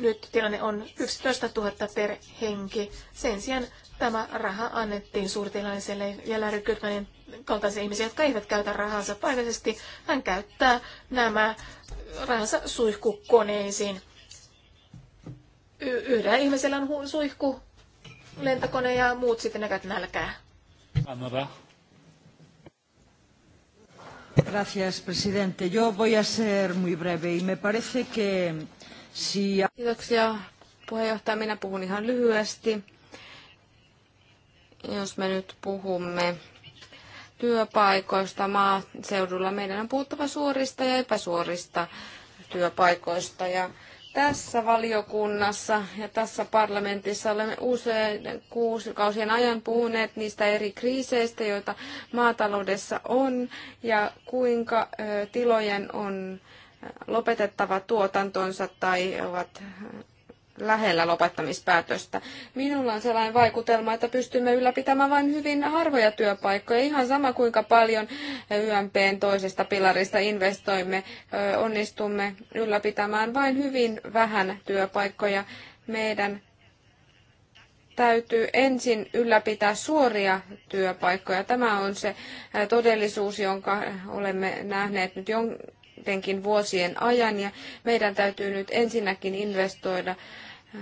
nyt tilanne on 11 000 per henki. Sen sijaan tämä raha annettiin suurtilaiselle ja Larry Goodmanin kaltaisia ihmisiä, jotka eivät käytä rahansa paikallisesti. Hän käyttää nämä rahansa suihkukoneisiin. Y- yhdellä ihmisellä on suihku, lentokone ja muut sitten näkät nälkää. Anna Gracias, presidente. Yo voy a ser muy breve y me parece que Kiitoksia puheenjohtaja. Minä puhun ihan lyhyesti. Jos me nyt puhumme työpaikoista maaseudulla, meidän on puhuttava suorista ja epäsuorista työpaikoista. Ja tässä valiokunnassa ja tässä parlamentissa olemme usein kuukausien ajan puhuneet niistä eri kriiseistä, joita maataloudessa on ja kuinka tilojen on lopetettava tuotantonsa tai ovat lähellä lopettamispäätöstä. Minulla on sellainen vaikutelma, että pystymme ylläpitämään vain hyvin harvoja työpaikkoja. Ihan sama kuinka paljon YMPn toisesta pilarista investoimme, onnistumme ylläpitämään vain hyvin vähän työpaikkoja. Meidän täytyy ensin ylläpitää suoria työpaikkoja. Tämä on se todellisuus, jonka olemme nähneet nyt jonkin kuitenkin vuosien ajan ja meidän täytyy nyt ensinnäkin investoida äh,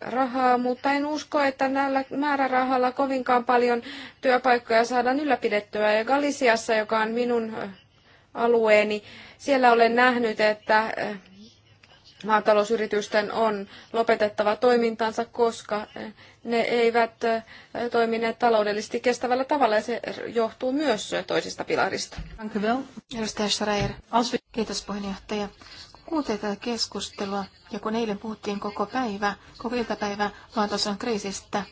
rahaa, mutta en usko, että näillä määrärahalla kovinkaan paljon työpaikkoja saadaan ylläpidettyä. Ja Galisiassa, joka on minun äh, alueeni, siellä olen nähnyt, että äh, maatalousyritysten on lopetettava toimintansa, koska ne eivät toimineet taloudellisesti kestävällä tavalla ja se johtuu myös toisista pilarista. Edustaja Schreier. Kiitos puheenjohtaja. Kun tätä keskustelua ja kun eilen puhuttiin koko päivä, koko iltapäivä maatalousan kriisistä,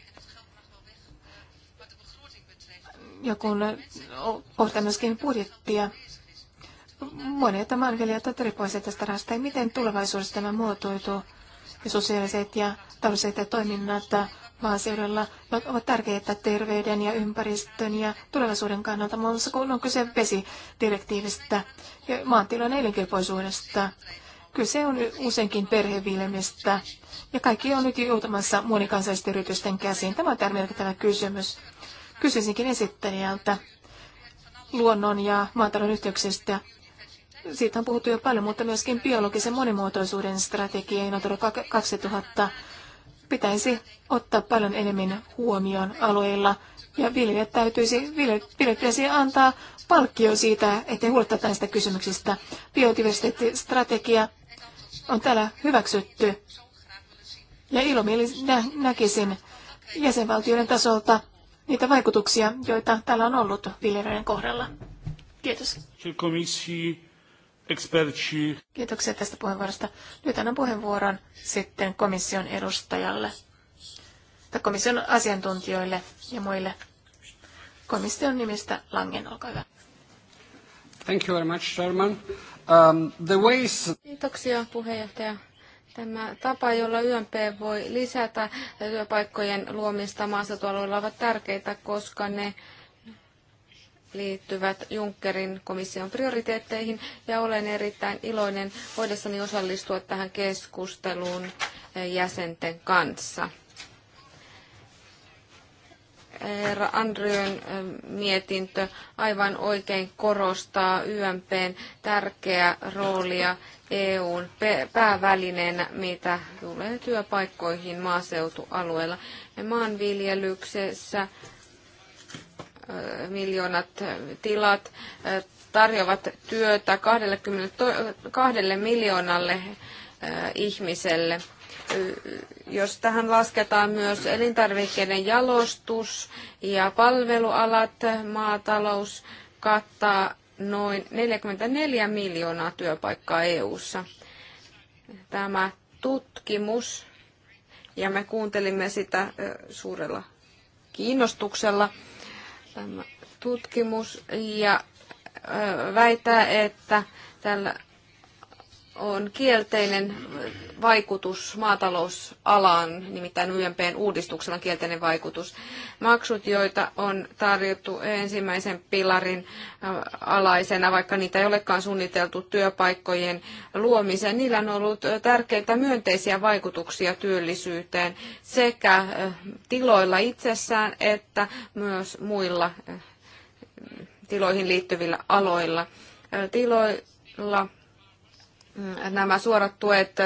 ja kun pohditaan myöskin budjettia, monet maanviljelijät ovat riippuvaisia tästä rahasta. Miten tulevaisuudessa tämä muotoituu? Ja sosiaaliset ja taloudelliset toiminnat maaseudulla ovat tärkeitä terveyden ja ympäristön ja tulevaisuuden kannalta, muun muassa kun on kyse vesidirektiivistä ja maantilan elinkelpoisuudesta. Kyse on useinkin perheviljelmistä ja kaikki on nyt joutumassa monikansallisten yritysten käsiin. Tämä on tärkeä merkittävä kysymys. Kysyisinkin esittelijältä luonnon ja maatalouden yhteyksistä siitä on puhuttu jo paljon, mutta myöskin biologisen monimuotoisuuden strategia Inotoro 2000 pitäisi ottaa paljon enemmän huomioon alueilla. Ja viljelijät täytyisi, viljelijät antaa palkkio siitä, ettei huolettavat näistä kysymyksistä. Biodiversiteettistrategia on täällä hyväksytty. Ja ilomielisesti nä- näkisin jäsenvaltioiden tasolta niitä vaikutuksia, joita täällä on ollut viljelijöiden kohdalla. Kiitos eksperci. Kiitoksia tästä puheenvuorosta. Nyt annan puheenvuoron sitten komission edustajalle, tai komission asiantuntijoille ja muille. Komission nimistä Langen, olkaa hyvä. Thank you very much, Chairman. Um, the ways... Kiitoksia puheenjohtaja. Tämä tapa, jolla YMP voi lisätä työpaikkojen luomista maaseutualueilla ovat tärkeitä, koska ne liittyvät Junckerin komission prioriteetteihin ja olen erittäin iloinen voidessani osallistua tähän keskusteluun eh, jäsenten kanssa. Herra Andryön eh, mietintö aivan oikein korostaa YMPn tärkeää roolia EUn päävälineenä, mitä tulee työpaikkoihin maaseutualueella. Maanviljelyksessä miljoonat tilat tarjoavat työtä 22 miljoonalle ihmiselle. Jos tähän lasketaan myös elintarvikkeiden jalostus ja palvelualat, maatalous kattaa noin 44 miljoonaa työpaikkaa EU:ssa. Tämä tutkimus, ja me kuuntelimme sitä suurella kiinnostuksella, tutkimus ja väittää, että tällä on kielteinen vaikutus maatalousalaan, nimittäin YMPn uudistuksella on kielteinen vaikutus. Maksut, joita on tarjottu ensimmäisen pilarin äh, alaisena, vaikka niitä ei olekaan suunniteltu työpaikkojen luomiseen, niillä on ollut äh, tärkeitä myönteisiä vaikutuksia työllisyyteen sekä äh, tiloilla itsessään että myös muilla tiloihin liittyvillä aloilla. Tiloilla nämä suorat tuet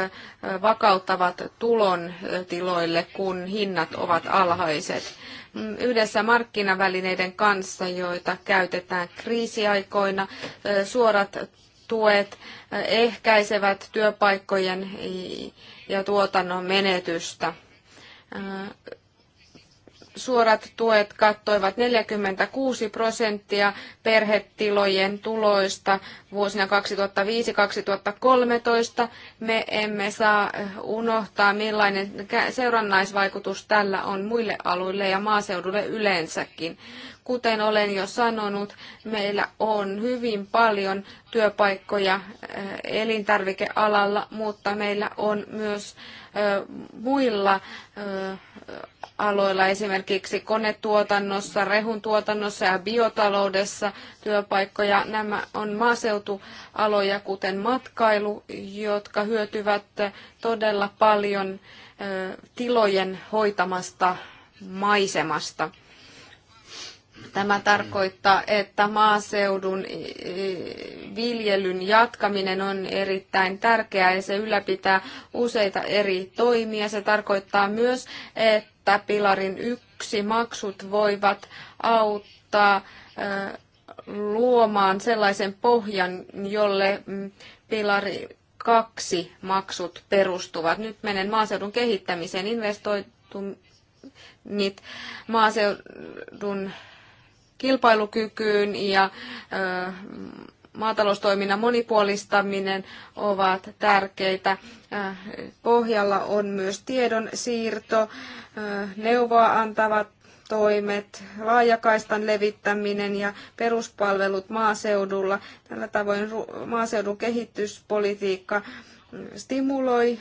vakauttavat tulon tiloille, kun hinnat ovat alhaiset. Mm, yhdessä markkinavälineiden kanssa, joita käytetään kriisiaikoina, suorat tuet ehkäisevät työpaikkojen ja tuotannon menetystä suorat tuet kattoivat 46 prosenttia perhetilojen tuloista vuosina 2005-2013. Me emme saa eh, unohtaa, millainen seurannaisvaikutus tällä on muille alueille ja maaseudulle yleensäkin. Kuten olen jo sanonut, meillä on hyvin paljon työpaikkoja äh, elintarvikealalla, mutta meillä on myös äh, muilla äh, aloilla, esimerkiksi konetuotannossa, rehuntuotannossa ja biotaloudessa työpaikkoja. Nämä on maaseutualoja, kuten matkailu, jotka hyötyvät todella paljon tilojen hoitamasta maisemasta. Tämä tarkoittaa, että maaseudun viljelyn jatkaminen on erittäin tärkeää ja se ylläpitää useita eri toimia. Se tarkoittaa myös, että pilarin yksi maksut voivat auttaa luomaan sellaisen pohjan, jolle mm, pilari kaksi maksut perustuvat. Nyt menen maaseudun kehittämiseen investoitu maaseudun kilpailukykyyn ja maataloustoiminnan monipuolistaminen ovat tärkeitä. Pohjalla on myös tiedon siirto, neuvoa antavat toimet, laajakaistan levittäminen ja peruspalvelut maaseudulla. Tällä tavoin maaseudun kehityspolitiikka stimuloi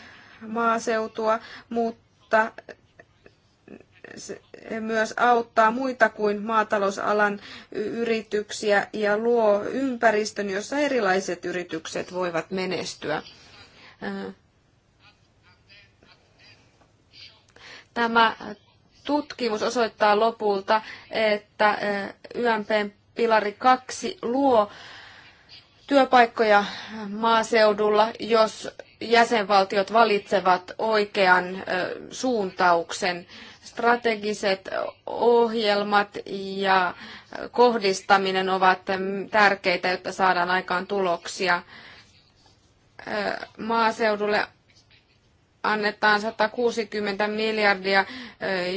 maaseutua, mutta se myös auttaa muita kuin maatalousalan yrityksiä ja luo ympäristön, jossa erilaiset yritykset voivat menestyä. Tämä tutkimus osoittaa lopulta, että e, YMP pilari 2 luo työpaikkoja maaseudulla, jos jäsenvaltiot valitsevat oikean e, suuntauksen strategiset ohjelmat ja kohdistaminen ovat tärkeitä, jotta saadaan aikaan tuloksia. Maaseudulle annetaan 160 miljardia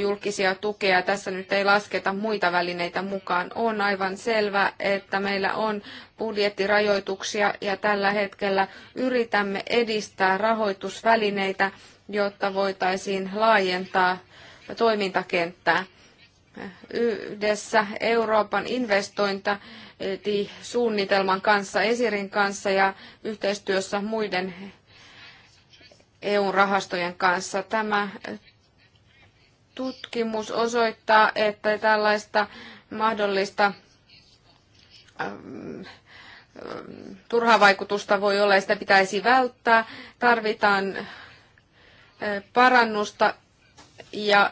julkisia tukea. Tässä nyt ei lasketa muita välineitä mukaan. On aivan selvä, että meillä on budjettirajoituksia ja tällä hetkellä yritämme edistää rahoitusvälineitä, jotta voitaisiin laajentaa toimintakenttää. Yhdessä Euroopan investointa suunnitelman kanssa, Esirin kanssa ja yhteistyössä muiden EU-rahastojen kanssa. Tämä tutkimus osoittaa, että tällaista mahdollista ähm, äh, turhavaikutusta voi olla ja sitä pitäisi välttää. Tarvitaan äh, parannusta ja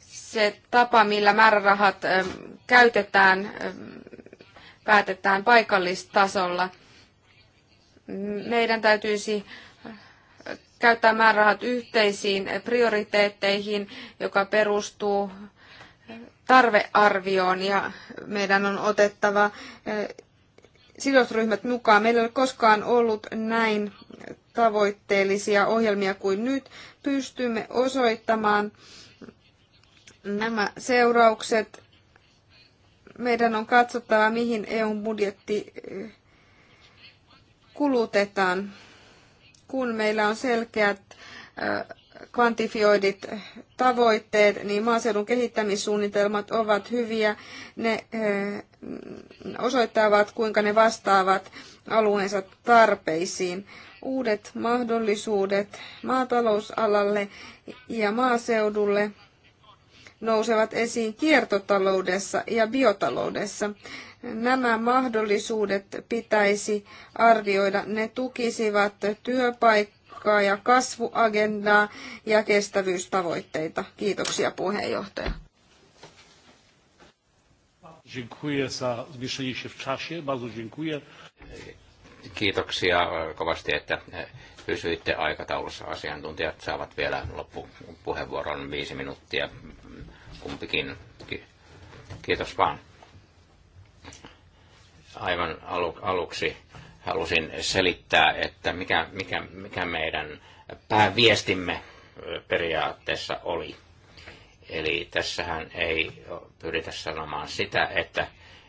se tapa, millä määrärahat käytetään, päätetään paikallistasolla. Meidän täytyisi käyttää määrärahat yhteisiin prioriteetteihin, joka perustuu tarvearvioon ja meidän on otettava sidosryhmät mukaan. Meillä ei ole koskaan ollut näin tavoitteellisia ohjelmia kuin nyt, pystymme osoittamaan nämä seuraukset. Meidän on katsottava, mihin EUn budjetti eh, kulutetaan, kun meillä on selkeät eh, kvantifioidit tavoitteet, niin maaseudun kehittämissuunnitelmat ovat hyviä. Ne osoittavat, kuinka ne vastaavat alueensa tarpeisiin. Uudet mahdollisuudet maatalousalalle ja maaseudulle nousevat esiin kiertotaloudessa ja biotaloudessa. Nämä mahdollisuudet pitäisi arvioida. Ne tukisivat työpaikkoja uhkaa ja kasvuagendaa ja kestävyystavoitteita. Kiitoksia puheenjohtaja. Dziękuję za zmieszczenie się w czasie. Bardzo dziękuję. Kiitoksia kovasti, että pysyitte aikataulussa. Asiantuntijat saavat vielä loppupuheenvuoron viisi minuuttia kumpikin. Kiitos vaan. Aivan alu, aluksi halusin selittää, että mikä, mikä, mikä meidän pääviestimme periaatteessa oli. Eli tässähän ei pyritä sanomaan sitä, että,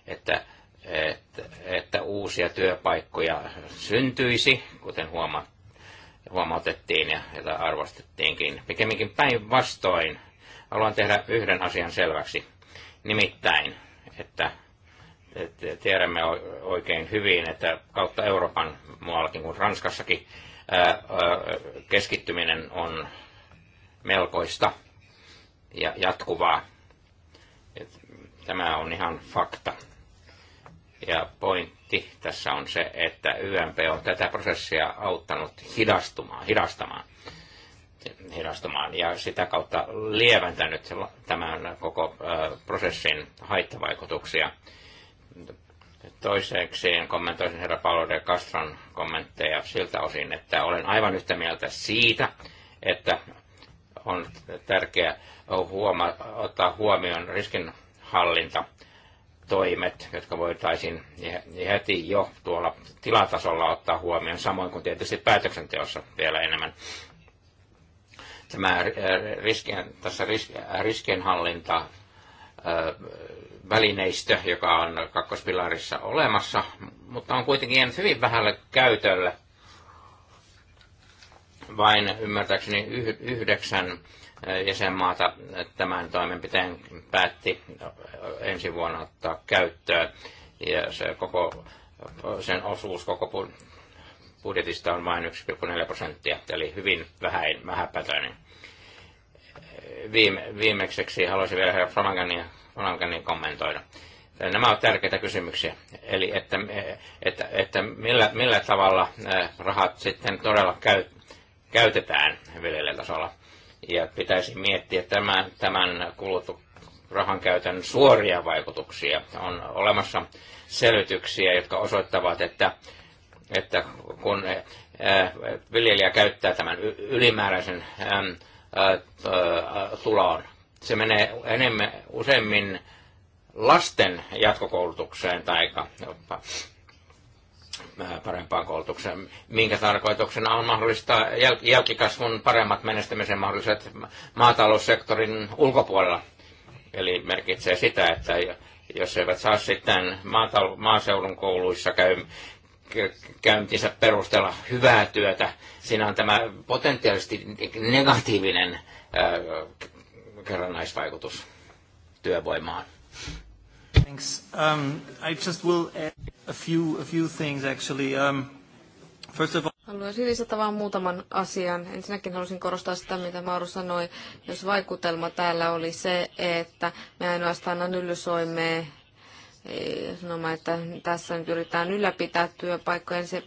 että, että, että uusia työpaikkoja syntyisi, kuten huoma, huomautettiin ja jota arvostettiinkin. Pikemminkin päinvastoin haluan tehdä yhden asian selväksi. Nimittäin, että tiedämme oikein hyvin, että kautta Euroopan muuallakin kuin Ranskassakin keskittyminen on melkoista ja jatkuvaa. Tämä on ihan fakta. Ja pointti tässä on se, että YMP on tätä prosessia auttanut hidastumaan, hidastamaan, hidastamaan ja sitä kautta lieventänyt tämän koko prosessin haittavaikutuksia – Toiseksi kommentoisin herra Paolo de Castron kommentteja siltä osin, että olen aivan yhtä mieltä siitä, että on tärkeää huoma- ottaa huomioon riskinhallinta toimet, jotka voitaisiin heti jo tuolla tilatasolla ottaa huomioon, samoin kuin tietysti päätöksenteossa vielä enemmän. Tämä riskien, tässä riskienhallinta välineistö, joka on kakkospilarissa olemassa, mutta on kuitenkin jäänyt hyvin vähälle käytölle. Vain ymmärtääkseni yhdeksän eh, jäsenmaata tämän toimenpiteen päätti eh, ensi vuonna ottaa käyttöön. Ja se koko, sen osuus koko budjetista on vain 1,4 prosenttia, eli hyvin vähäpätöinen. Viime, viimeiseksi haluaisin vielä herra Flamangania on alkanut niin kommentoida. Nämä ovat tärkeitä kysymyksiä. Eli että, että, että millä, millä tavalla rahat sitten todella käy, käytetään viljelijätasolla. Ja pitäisi miettiä tämän, tämän kulutuksen rahan käytön suoria vaikutuksia. On olemassa selvityksiä, jotka osoittavat, että, että kun viljelijä käyttää tämän ylimääräisen tulon se menee enemmän, useimmin lasten jatkokoulutukseen tai parempaan koulutukseen, minkä tarkoituksena on mahdollistaa jäl- jälkikasvun paremmat menestymisen mahdolliset maataloussektorin ulkopuolella. Eli merkitsee sitä, että jos eivät saa sitten maatal- maaseudun kouluissa käy, käyntinsä perusteella hyvää työtä, siinä on tämä potentiaalisesti negatiivinen kerrannaisvaikutus työvoimaan. Thanks. Um, I just will add a few, a few things actually. Um, first of all, Haluaisin lisätä vain muutaman asian. Ensinnäkin halusin korostaa sitä, mitä Mauru sanoi. Jos vaikutelma täällä oli se, että me ainoastaan analysoimme sanomaan, että tässä nyt yritetään ylläpitää työpaikkojen se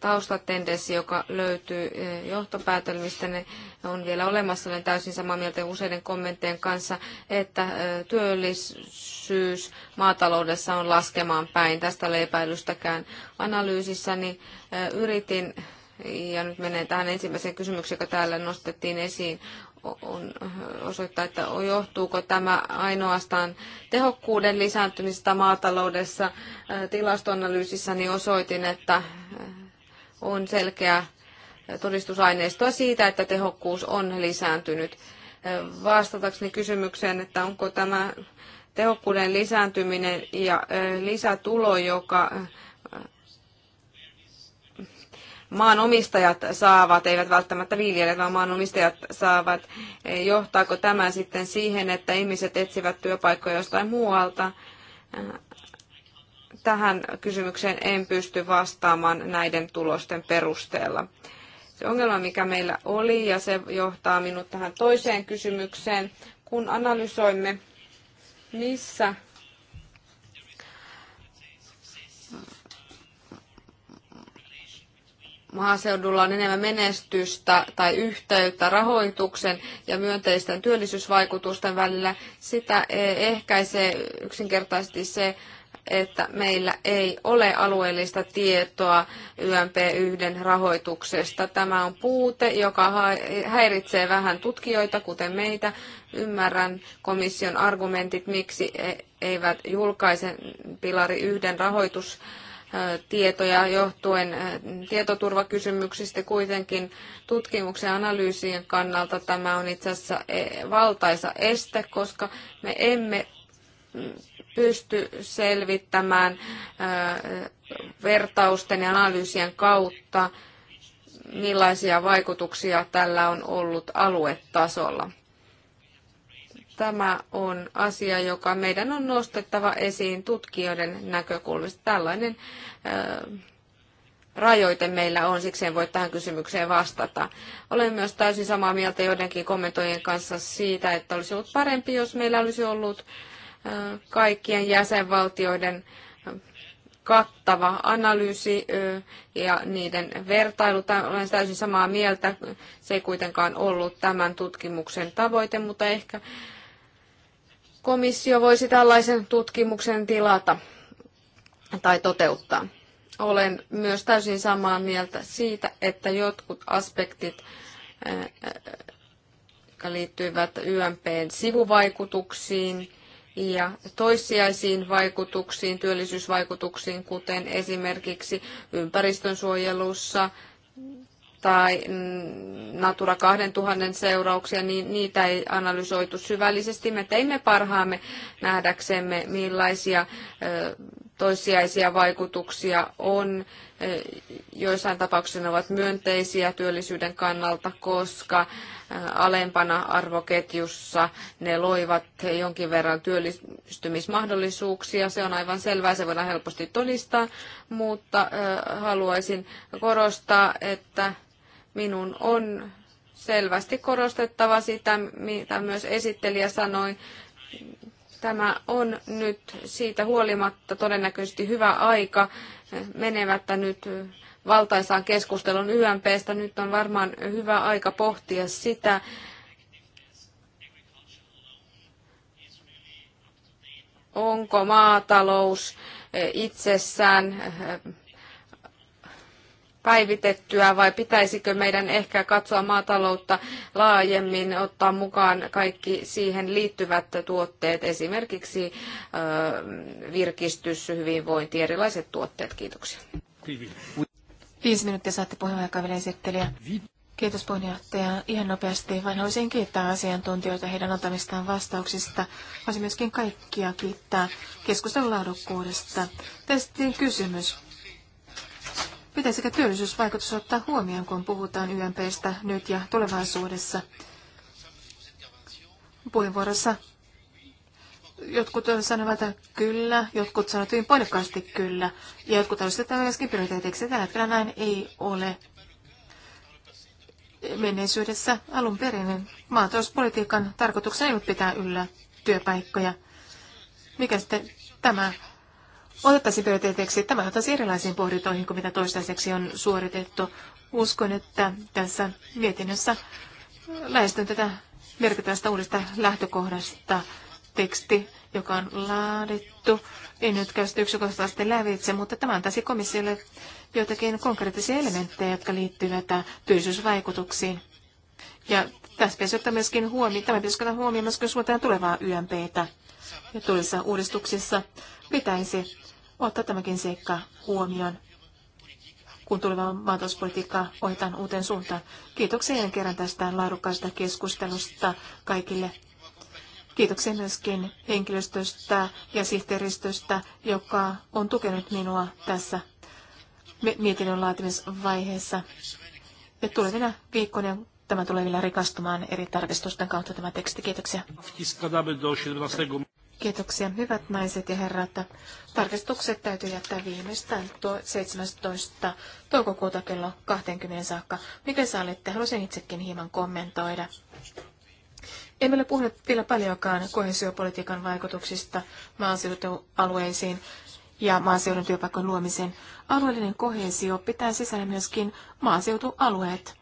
taustatendenssi, joka löytyy johtopäätelmistä, ne on vielä olemassa. Olen täysin samaa mieltä useiden kommenttien kanssa, että työllisyys maataloudessa on laskemaan päin. Tästä ei epäilystäkään Niin Yritin ja nyt menee tähän ensimmäiseen kysymykseen, joka täällä nostettiin esiin on osoittaa, että johtuuko tämä ainoastaan tehokkuuden lisääntymisestä maataloudessa. Tilastoanalyysissä niin osoitin, että on selkeä todistusaineistoa siitä, että tehokkuus on lisääntynyt. Vastatakseni kysymykseen, että onko tämä tehokkuuden lisääntyminen ja lisätulo, joka maanomistajat saavat, eivät välttämättä viljelijät, vaan maanomistajat saavat. Johtaako tämä sitten siihen, että ihmiset etsivät työpaikkoja jostain muualta? Tähän kysymykseen en pysty vastaamaan näiden tulosten perusteella. Se ongelma, mikä meillä oli, ja se johtaa minut tähän toiseen kysymykseen, kun analysoimme, missä maaseudulla on enemmän menestystä tai yhteyttä rahoituksen ja myönteisten työllisyysvaikutusten välillä, sitä ehkäisee yksinkertaisesti se, että meillä ei ole alueellista tietoa YMP1 rahoituksesta. Tämä on puute, joka häiritsee vähän tutkijoita, kuten meitä. Ymmärrän komission argumentit, miksi e- eivät julkaise pilari yhden rahoitus tietoja johtuen tietoturvakysymyksistä kuitenkin tutkimuksen ja analyysien kannalta tämä on itse asiassa e, valtaisa este, koska me emme mm, pysty selvittämään vertausten ja analyysien kautta, millaisia vaikutuksia tällä on ollut aluetasolla. Tämä on asia, joka meidän on nostettava esiin tutkijoiden näkökulmasta. Tällainen rajoite meillä on, siksi en voi tähän kysymykseen vastata. Olen myös täysin samaa mieltä joidenkin kommentoijien kanssa siitä, että olisi ollut parempi, jos meillä olisi ollut kaikkien jäsenvaltioiden kattava analyysi ja niiden vertailu. Olen täysin samaa mieltä. Se ei kuitenkaan ollut tämän tutkimuksen tavoite, mutta ehkä komissio voisi tällaisen tutkimuksen tilata tai toteuttaa. Olen myös täysin samaa mieltä siitä, että jotkut aspektit, eh, jotka liittyvät YMPn sivuvaikutuksiin ja toissijaisiin vaikutuksiin, työllisyysvaikutuksiin, kuten esimerkiksi ympäristönsuojelussa, tai Natura 2000 seurauksia, niin niitä ei analysoitu syvällisesti. Me teimme parhaamme nähdäksemme, millaisia toissijaisia vaikutuksia on. Joissain tapauksissa ne ovat myönteisiä työllisyyden kannalta, koska alempana arvoketjussa ne loivat jonkin verran työllistymismahdollisuuksia. Se on aivan selvää, se voidaan helposti todistaa, mutta haluaisin korostaa, että minun on selvästi korostettava sitä, mitä myös esittelijä sanoi. Tämä on nyt siitä huolimatta todennäköisesti hyvä aika menevättä nyt valtaisaan keskustelun YMPstä. Nyt on varmaan hyvä aika pohtia sitä, onko maatalous itsessään päivitettyä vai pitäisikö meidän ehkä katsoa maataloutta laajemmin, ottaa mukaan kaikki siihen liittyvät tuotteet, esimerkiksi virkistys, hyvinvointi, erilaiset tuotteet. Kiitoksia. Viisi minuuttia saatte puheenjohtaja vielä esittelijä. Kiitos puheenjohtaja. Ihan nopeasti vain haluaisin kiittää asiantuntijoita heidän antamistaan vastauksista. Haluaisin myöskin kaikkia kiittää keskustelun laadukkuudesta. Testin kysymys Pitäisikö työllisyysvaikutus ottaa huomioon, kun puhutaan YMPstä nyt ja tulevaisuudessa? Puheenvuorossa jotkut sanovat että kyllä, jotkut sanovat hyvin painokkaasti kyllä, ja jotkut alustetaan myöskin prioriteetiksi. Tällä hetkellä näin ei ole. Menneisyydessä alun perin maatalouspolitiikan tarkoituksena ei ollut pitää yllä työpaikkoja. Mikä sitten tämä otettaisiin prioriteetiksi. Tämä ottaisi erilaisiin pohdintoihin kuin mitä toistaiseksi on suoritettu. Uskon, että tässä mietinnössä lähestyn tätä merkittävästä uudesta lähtökohdasta teksti, joka on laadittu. En nyt käy yksikohtaisesti lävitse, mutta tämä antaisi komissiolle joitakin konkreettisia elementtejä, jotka liittyvät työllisyysvaikutuksiin. Ja tässä pitäisi ottaa myöskin huomioon, tämä pitäisi ottaa huomioon myöskin suuntaan tulevaa YMPtä. Ja tulissa uudistuksissa pitäisi ottaa tämäkin seikka huomioon, kun tuleva maatalouspolitiikka ohjataan uuteen suuntaan. Kiitoksia jälleen kerran tästä laadukkaasta keskustelusta kaikille. Kiitoksia myöskin henkilöstöstä ja sihteeristöstä, joka on tukenut minua tässä mietinnön laatimisvaiheessa. Ja tulevina viikkoina tämä tulee vielä rikastumaan eri tarkistusten kautta tämä teksti. Kiitoksia. Kiitoksia, hyvät naiset ja herrat. Tarkistukset täytyy jättää viimeistään 17. toukokuuta kello 20 saakka. Mikä olette? haluaisin itsekin hieman kommentoida. Emme ole puhuneet vielä paljonkaan kohesiopolitiikan vaikutuksista maaseutualueisiin ja maaseudun työpaikan luomiseen. Alueellinen kohesio pitää sisällä myöskin maaseutualueet.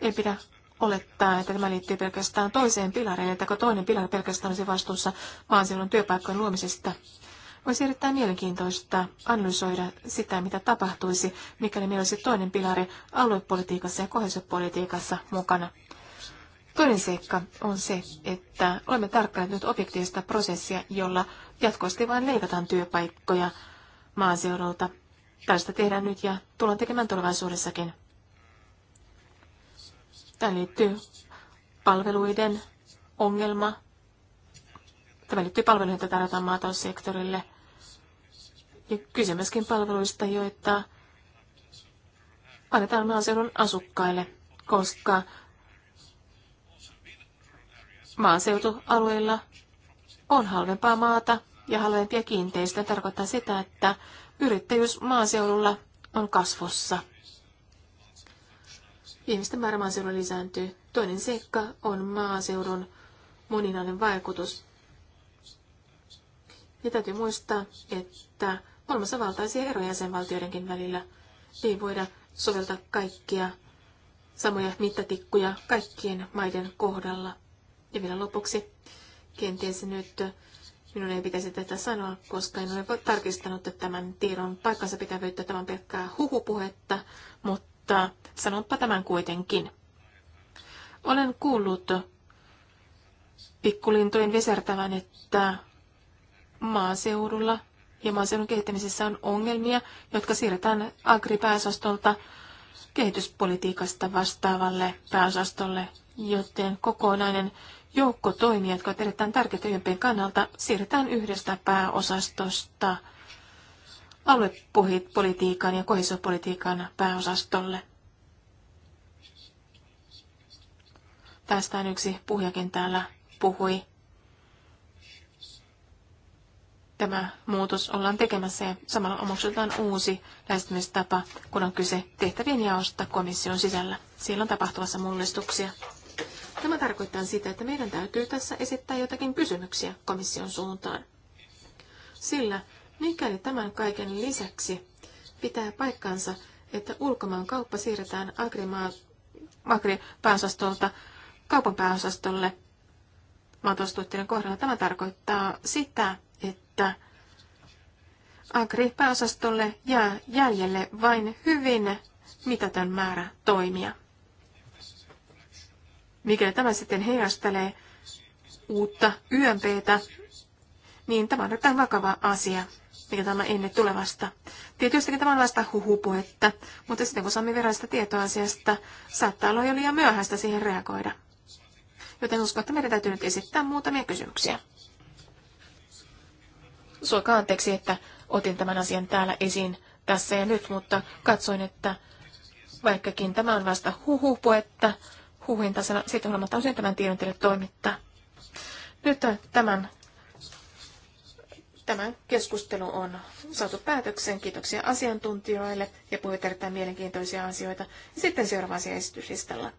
Ei pidä olettaa, että tämä liittyy pelkästään toiseen pilareen, että toinen pilari pelkästään olisi vastuussa vaan silloin työpaikkojen luomisesta. Olisi erittäin mielenkiintoista analysoida sitä, mitä tapahtuisi, mikäli meillä olisi toinen pilari aluepolitiikassa ja kohesiopolitiikassa mukana. Toinen seikka on se, että olemme tarkkailleet nyt objektiivista prosessia, jolla jatkuvasti vain leikataan työpaikkoja maaseudulta. Tällaista tehdään nyt ja tullaan tekemään tulevaisuudessakin. Tämä liittyy palveluiden ongelma. Tämä liittyy palveluihin, joita tarjotaan maataloussektorille. Ja kyse myöskin palveluista, joita annetaan maaseudun asukkaille, koska maaseutualueilla on halvempaa maata ja halvempia kiinteistöjä. Tarkoittaa sitä, että yrittäjyys maaseudulla on kasvussa. Ihmisten määrä maaseudulla lisääntyy. Toinen seikka on maaseudun moninainen vaikutus. Ja täytyy muistaa, että olemassa valtaisia eroja jäsenvaltioidenkin välillä. Ei voida soveltaa kaikkia samoja mittatikkuja kaikkien maiden kohdalla. Ja vielä lopuksi, kenties nyt minun ei pitäisi tätä sanoa, koska en ole tarkistanut tämän tiedon paikkansa pitävyyttä, tämän pelkkää huhupuhetta, mutta mutta sanonpa tämän kuitenkin. Olen kuullut pikkulintojen vesertävän, että maaseudulla ja maaseudun kehittämisessä on ongelmia, jotka siirretään agripääosastolta kehityspolitiikasta vastaavalle pääosastolle, joten kokonainen joukko toimia, jotka ovat erittäin tärkeitä kannalta, siirretään yhdestä pääosastosta – aluepolitiikan ja kohesiopolitiikan pääosastolle. Tästä yksi puhujakin täällä puhui. Tämä muutos ollaan tekemässä ja samalla omaksutaan uusi lähestymistapa, kun on kyse tehtävien jaosta komission sisällä. Siellä on tapahtuvassa mullistuksia. Tämä tarkoittaa sitä, että meidän täytyy tässä esittää jotakin kysymyksiä komission suuntaan. Sillä Mikäli tämän kaiken lisäksi pitää paikkansa, että ulkomaan kauppa siirretään Agri-pääosastolta kaupan pääosastolle maataloustuotteiden kohdalla, tämä tarkoittaa sitä, että Agri-pääosastolle jää jäljelle vain hyvin mitätön määrä toimia. Mikäli tämä sitten heijastelee uutta YMPtä, niin tämä on vakava asia mikä tämä ennen tulevasta. Tietysti tämä on laista huhupuhetta, mutta sitten kun saamme virallista tietoa asiasta, saattaa olla jo liian myöhäistä siihen reagoida. Joten uskon, että meidän täytyy nyt esittää muutamia kysymyksiä. Suoka anteeksi, että otin tämän asian täällä esiin tässä ja nyt, mutta katsoin, että vaikkakin tämä on vasta huhupuetta, huuhinta, sitten huolimatta osin tämän tiedon teille toimittaa. Nyt tämän Tämän keskustelu on saatu päätökseen. Kiitoksia asiantuntijoille ja puhuit erittäin mielenkiintoisia asioita. Sitten seuraava asia esityslistalla.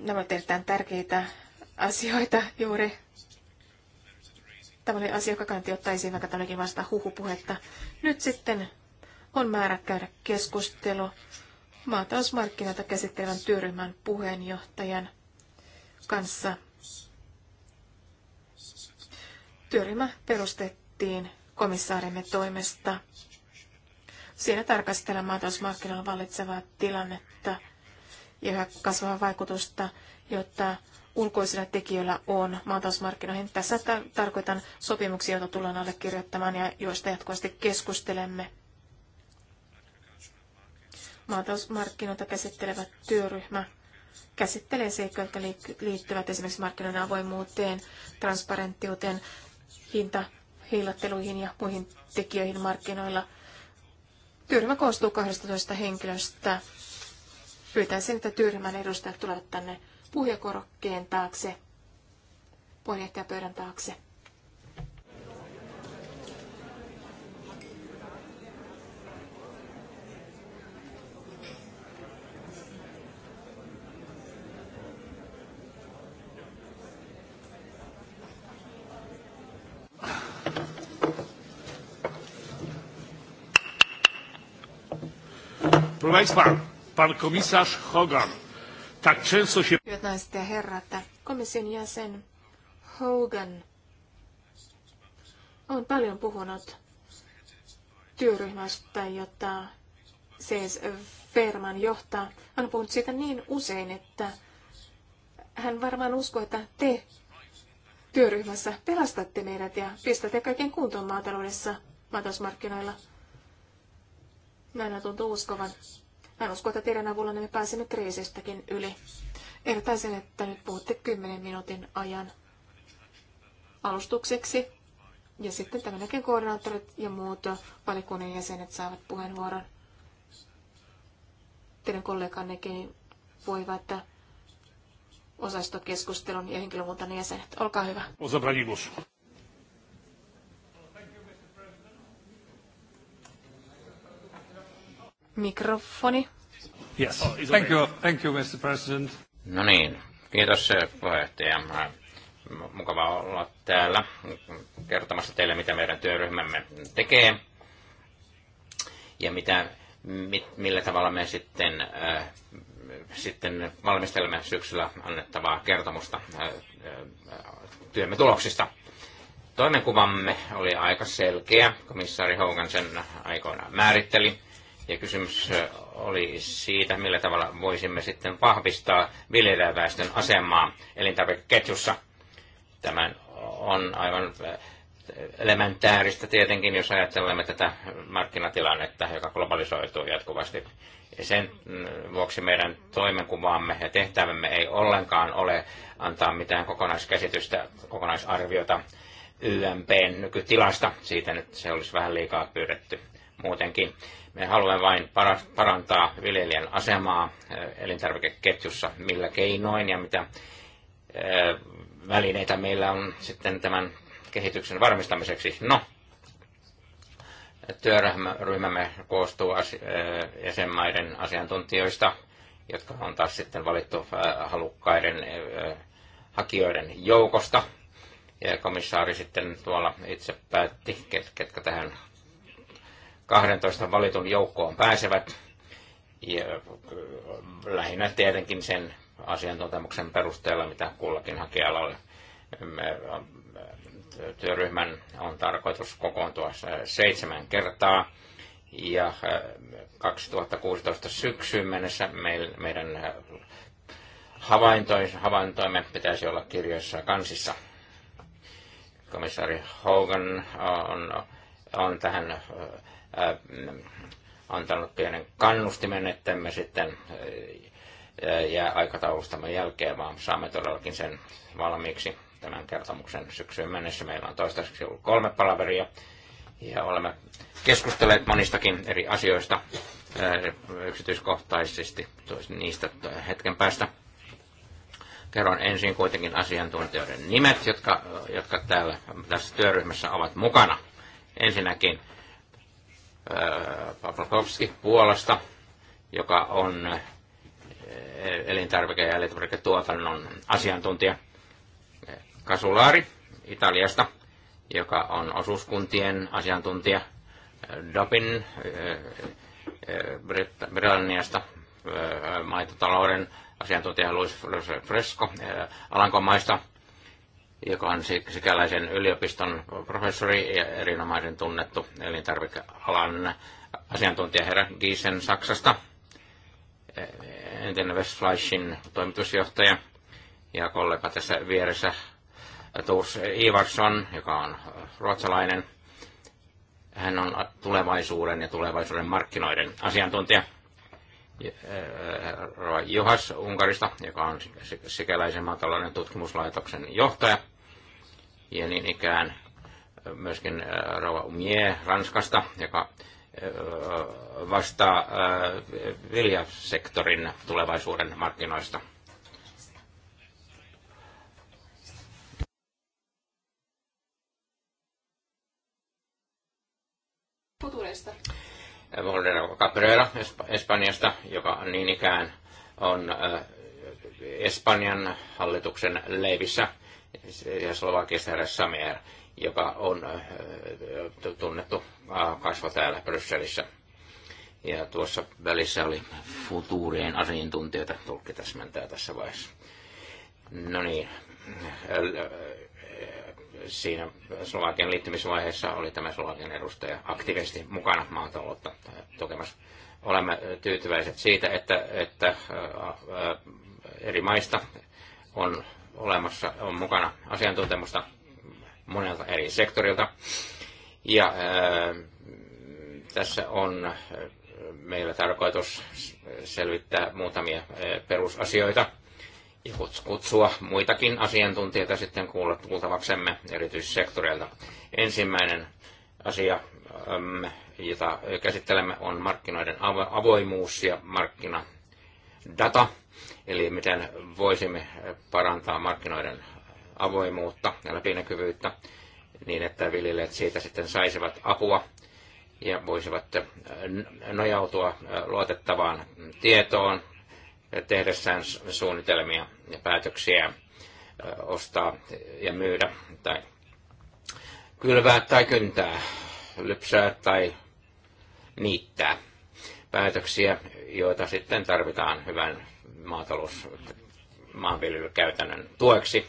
Nämä ovat erittäin tärkeitä asioita juuri. Tämä oli asia, joka kannatti ottaa esiin, vaikka tämä vasta huhupuhetta. Nyt sitten on määrä käydä keskustelu maatalousmarkkinoita käsittelevän työryhmän puheenjohtajan kanssa. Työryhmä perustettiin komissaarimme toimesta. Siinä tarkastellaan maatalousmarkkinoilla vallitsevaa tilannetta ja yhä kasvavaa vaikutusta, jotta ulkoisilla tekijöillä on maatalousmarkkinoihin. Tässä tarkoitan sopimuksia, joita tullaan allekirjoittamaan ja joista jatkuvasti keskustelemme maatalousmarkkinoita käsittelevä työryhmä käsittelee seikkoja, jotka liittyvät esimerkiksi markkinoiden avoimuuteen, transparenttiuteen, hinta, ja muihin tekijöihin markkinoilla. Työryhmä koostuu 12 henkilöstä. Pyytäisin, että työryhmän edustajat tulevat tänne puhujakorokkeen taakse, puheenjohtajapöydän taakse. Proszę Państwa, pan komisarz Hogan tak często się... Hyvät herrat, komission jäsen Hogan on paljon puhunut työryhmästä, jota CS Ferman johtaa. Hän on puhunut siitä niin usein, että hän varmaan uskoo, että te työryhmässä pelastatte meidät ja pistätte kaiken kuntoon maataloudessa, maatalousmarkkinoilla. Näin tuntuu uskovan. Mä usko, että teidän avulla me pääsemme kriisistäkin yli. Ehdottaisin, että nyt puhutte 10 minuutin ajan alustukseksi. Ja sitten tämänkin koordinaattorit ja muut valikunnan jäsenet saavat puheenvuoron. Teidän kolleganekin voivat osastokeskustelun ja henkilökuntanne jäsenet. Olkaa hyvä. Osa Mikrofoni. Yes. Oh, thank you, thank you, Mr. President. No niin, kiitos eh, puheenjohtaja. Mukava olla täällä kertomassa teille, mitä meidän työryhmämme tekee ja mitä, mit, millä tavalla me sitten, äh, sitten valmistelemme syksyllä annettavaa kertomusta äh, työmme tuloksista. Toimenkuvamme oli aika selkeä, komissaari Hogan sen aikoinaan määritteli ja kysymys äh, oli siitä, millä tavalla voisimme sitten vahvistaa viljelijäväestön asemaa elintarvikeketjussa. Tämän on aivan äh, elementääristä tietenkin, jos ajattelemme tätä markkinatilannetta, joka globalisoituu jatkuvasti. Ja Sen mm, vuoksi meidän toimenkuvaamme ja tehtävämme ei ollenkaan ole antaa mitään kokonaiskäsitystä, kokonaisarviota YMPn nykytilasta. Siitä nyt se olisi vähän liikaa pyydetty muutenkin. Me haluamme vain parantaa viljelijän asemaa elintarvikeketjussa, millä keinoin ja mitä välineitä meillä on sitten tämän kehityksen varmistamiseksi. No, työryhmämme koostuu jäsenmaiden asiantuntijoista, jotka on taas sitten valittu halukkaiden hakijoiden joukosta. Ja komissaari sitten tuolla itse päätti, ketkä tähän 12 valitun joukkoon pääsevät, ja lähinnä tietenkin sen asiantuntemuksen perusteella, mitä kullakin hakijalla oli. Mm, äh, työryhmän on tarkoitus kokoontua seitsemän kertaa ja 2016 äh, syksyyn mennessä meidän äh, havaintoimme pitäisi olla kirjoissa kansissa. Komissaari Hogan on, on tähän Äh, antanut pienen kannustimen, että me sitten äh, jää aikataulustamme jälkeen, vaan saamme todellakin sen valmiiksi tämän kertomuksen syksyyn mennessä. Meillä on toistaiseksi ollut kolme palaveria ja olemme keskustelleet monistakin eri asioista äh, yksityiskohtaisesti niistä hetken päästä. Kerron ensin kuitenkin asiantuntijoiden nimet, jotka, jotka täällä tässä työryhmässä ovat mukana. Ensinnäkin Äh, Pavlovski Puolasta, joka on äh, elintarvike- ja elintarviketuotannon asiantuntija. Äh, Kasulaari Italiasta, joka on osuuskuntien asiantuntija. Dopin Britanniasta, maitotalouden asiantuntija Luis Fresco Alankomaista – joka on sikäläisen yliopiston professori ja erinomaisen tunnettu elintarvikealan asiantuntija herra Giesen Saksasta, entinen Westfleischin toimitusjohtaja ja kollega tässä vieressä Tuus Ivarsson, joka on ruotsalainen. Hän on tulevaisuuden ja tulevaisuuden markkinoiden asiantuntija. Eh, Juhas Unkarista, joka on sikäläisen maatalouden tutkimuslaitoksen johtaja ja niin ikään myöskin Rova Umie Ranskasta, joka vastaa viljasektorin tulevaisuuden markkinoista. Futureista. Moldero Cabrera Espanjasta, joka niin ikään on Espanjan hallituksen leivissä – ja Slovakiassa herra Samer, joka on äh, tunnettu äh, kasva täällä Brysselissä. Ja tuossa välissä oli futuurien asiantuntijoita, tulkki täsmentää tässä vaiheessa. No niin, äh, siinä Slovakian liittymisvaiheessa oli tämä Slovakian edustaja aktiivisesti mukana maataloutta tukemassa. Olemme tyytyväiset siitä, että, että eri maista on olemassa, on mukana asiantuntemusta monelta eri sektorilta. Ja ää, tässä on meillä tarkoitus selvittää muutamia perusasioita ja kutsua muitakin asiantuntijoita sitten kuultavaksemme erityissektoreilta. Ensimmäinen asia, jota käsittelemme, on markkinoiden avoimuus ja markkinadata. Eli miten voisimme parantaa markkinoiden avoimuutta ja läpinäkyvyyttä niin, että viljelijät siitä sitten saisivat apua ja voisivat äh, nojautua äh, luotettavaan tietoon tehdessään suunnitelmia ja päätöksiä äh, ostaa ja myydä tai kylvää tai kyntää, lypsää tai niittää päätöksiä, joita sitten tarvitaan hyvän maatalous maanviljelykäytännön tueksi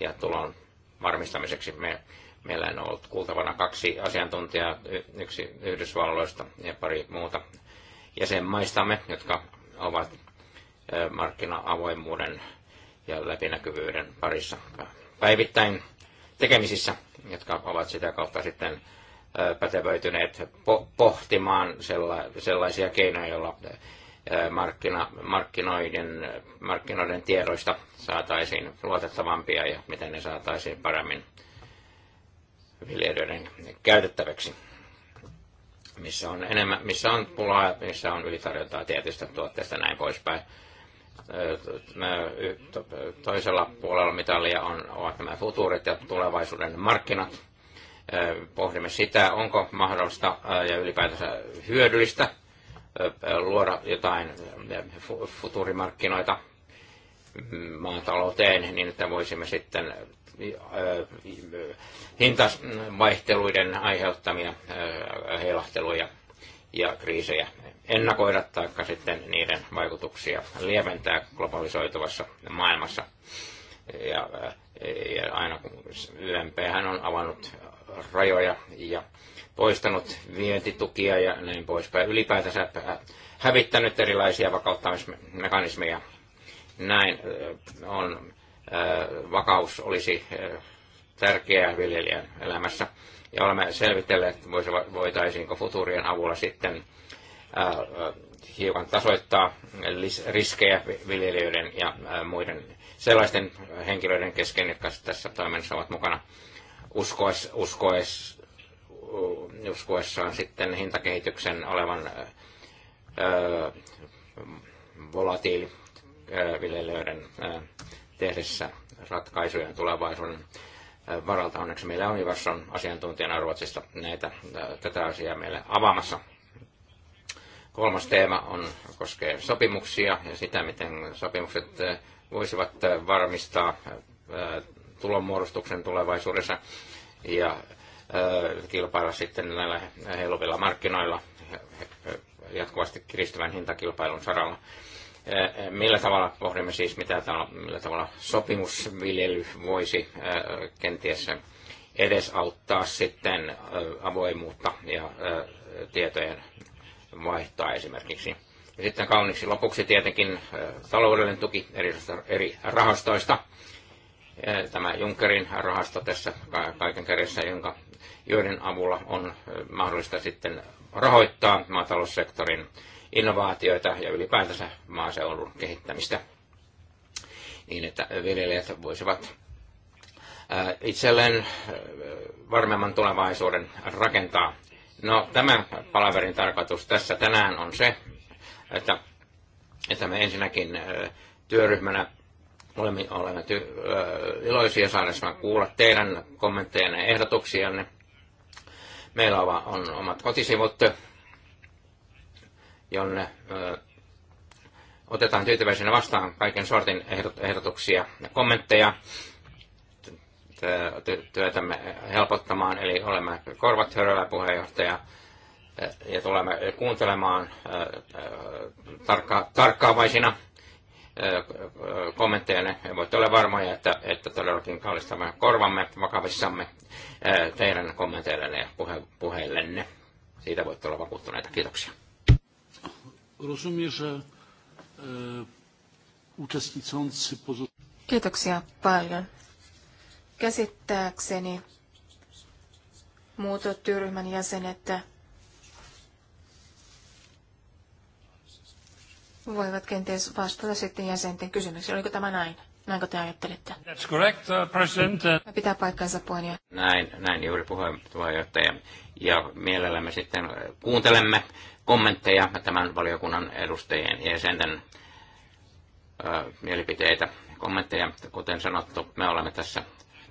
ja tulon varmistamiseksi. Me, meillä on ollut kuultavana kaksi asiantuntijaa, yksi Yhdysvalloista ja pari muuta jäsenmaistamme, jotka ovat markkina-avoimuuden ja läpinäkyvyyden parissa päivittäin tekemisissä, jotka ovat sitä kautta sitten pätevöityneet pohtimaan sellaisia keinoja, joilla markkina, markkinoiden, markkinoiden tiedoista saataisiin luotettavampia ja miten ne saataisiin paremmin viljelijöiden käytettäväksi. Missä on, enemmän, missä on pulaa, missä on ylitarjontaa tietystä tuotteesta näin poispäin. Toisella puolella mitalia on, ovat nämä futuurit ja tulevaisuuden markkinat. Pohdimme sitä, onko mahdollista ja ylipäätänsä hyödyllistä – luoda jotain futurimarkkinoita maatalouteen, niin että voisimme sitten hintavaihteluiden aiheuttamia heilahteluja ja kriisejä ennakoida tai sitten niiden vaikutuksia lieventää globalisoituvassa maailmassa. Ja, ja aina kun YMP on avannut rajoja ja poistanut vientitukia ja näin poispäin. Ylipäätänsä hävittänyt erilaisia vakauttamismekanismeja. Näin äh, on. Äh, vakaus olisi äh, tärkeää viljelijän elämässä. Ja olemme selvitelleet, että voitaisiinko futurien avulla sitten hiukan tasoittaa riskejä viljelijöiden ja muiden sellaisten henkilöiden kesken, jotka tässä toiminnassa ovat mukana uskoes, uskoes uskuessaan sitten hintakehityksen olevan volatiili viljelijöiden tehdessä ratkaisujen tulevaisuuden varalta. Onneksi meillä on Jyvässön asiantuntijana Ruotsista näitä, tätä asiaa meille avaamassa. Kolmas teema on, koskee sopimuksia ja sitä, miten sopimukset voisivat varmistaa tulonmuodostuksen tulevaisuudessa ja kilpailla sitten näillä heiluvilla markkinoilla jatkuvasti kiristyvän hintakilpailun saralla. Millä tavalla pohdimme siis, mitä täällä, millä tavalla sopimusviljely voisi kenties edesauttaa sitten avoimuutta ja tietojen vaihtoa esimerkiksi. Ja sitten kauniksi lopuksi tietenkin taloudellinen tuki eri rahastoista. Tämä Junckerin rahasto tässä kaiken kärjessä, jonka joiden avulla on mahdollista sitten rahoittaa maataloussektorin innovaatioita ja ylipäätänsä maaseudun kehittämistä niin, että viljelijät voisivat itselleen varmemman tulevaisuuden rakentaa. No, tämän palaverin tarkoitus tässä tänään on se, että, että me ensinnäkin työryhmänä Olemme, olemme ty, ö, iloisia saadessamme kuulla teidän kommenttejanne ja ehdotuksianne. Meillä on, on omat kotisivut, jonne ö, otetaan tyytyväisenä vastaan kaiken sortin ehdot, ehdotuksia ja kommentteja työtämme helpottamaan, eli olemme korvat hörölä puheenjohtaja ja tulemme kuuntelemaan tarkka, tarkkaavaisina kommenttejanne. Voitte olla varmoja, että, että todellakin kallistamme korvamme vakavissamme teidän kommenteillenne ja puhe, puheillenne. Siitä voitte olla vakuuttuneita. Kiitoksia. E, Kiitoksia paljon. Käsittääkseni muutotyöryhmän työryhmän jäsenet voivat kenties vastata sitten jäsenten kysymyksiin. Oliko tämä näin? Näinkö te ajattelitte? That's correct, uh, president. Uh, pitää paikkansa puheenjohtaja. Näin, näin juuri puheenjohtaja. Ja mielellämme sitten uh, kuuntelemme kommentteja tämän valiokunnan edustajien ja jäsenten uh, mielipiteitä, kommentteja. Kuten sanottu, me olemme tässä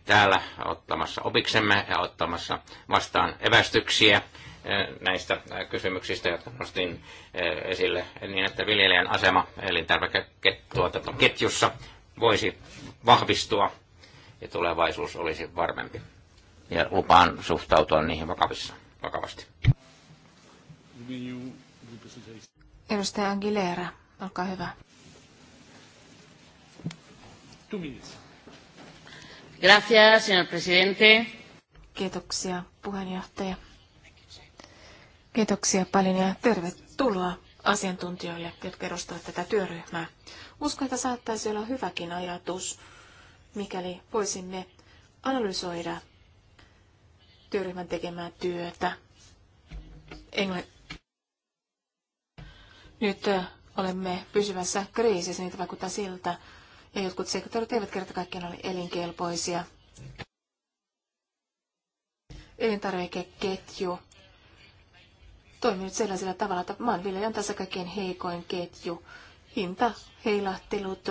täällä ottamassa opiksemme ja ottamassa vastaan evästyksiä Eh, näistä eh, kysymyksistä, jotka nostin eh, esille, niin että viljelijän asema elintarvikeketjussa voisi vahvistua ja tulevaisuus olisi varmempi. Ja lupaan suhtautua niihin vakavissa, vakavasti. Edustaja Angileera, olkaa hyvä. Gracias, señor presidente. Kiitoksia, puheenjohtaja. Kiitoksia paljon ja tervetuloa asiantuntijoille, jotka edustavat tätä työryhmää. Uskon, että saattaisi olla hyväkin ajatus, mikäli voisimme analysoida työryhmän tekemää työtä. Engl... Nyt olemme pysyvässä kriisissä, niitä vaikuttaa siltä, ja jotkut sektorit eivät kerta kaikkiaan ole elinkelpoisia. Elintarvikeketju toiminut sellaisella tavalla, että maanviljelijä on tässä kaikkein heikoin ketju. Hinta, heilahtelut,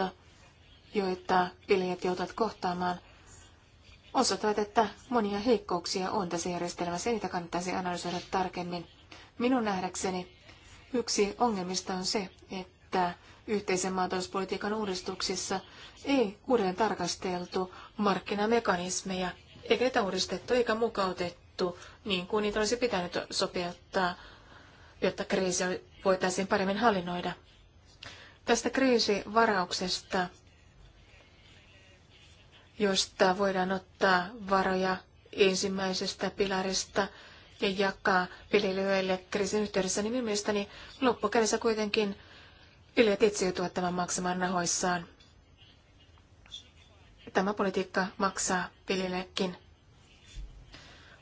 joita viljelijät joutuvat kohtaamaan, osoittavat, että monia heikkouksia on tässä järjestelmässä, ja niitä kannattaisi analysoida tarkemmin. Minun nähdäkseni yksi ongelmista on se, että yhteisen maatalouspolitiikan uudistuksissa ei uudelleen tarkasteltu markkinamekanismeja, eikä niitä uudistettu eikä mukautettu niin kuin niitä olisi pitänyt sopeuttaa jotta kriisi voitaisiin paremmin hallinnoida. Tästä kriisivarauksesta, josta voidaan ottaa varoja ensimmäisestä pilarista ja jakaa viljelijöille kriisin yhteydessä, niin mielestäni loppukädessä kuitenkin viljelijät itse joutuvat tämän maksamaan rahoissaan. Tämä politiikka maksaa viljelijäkin.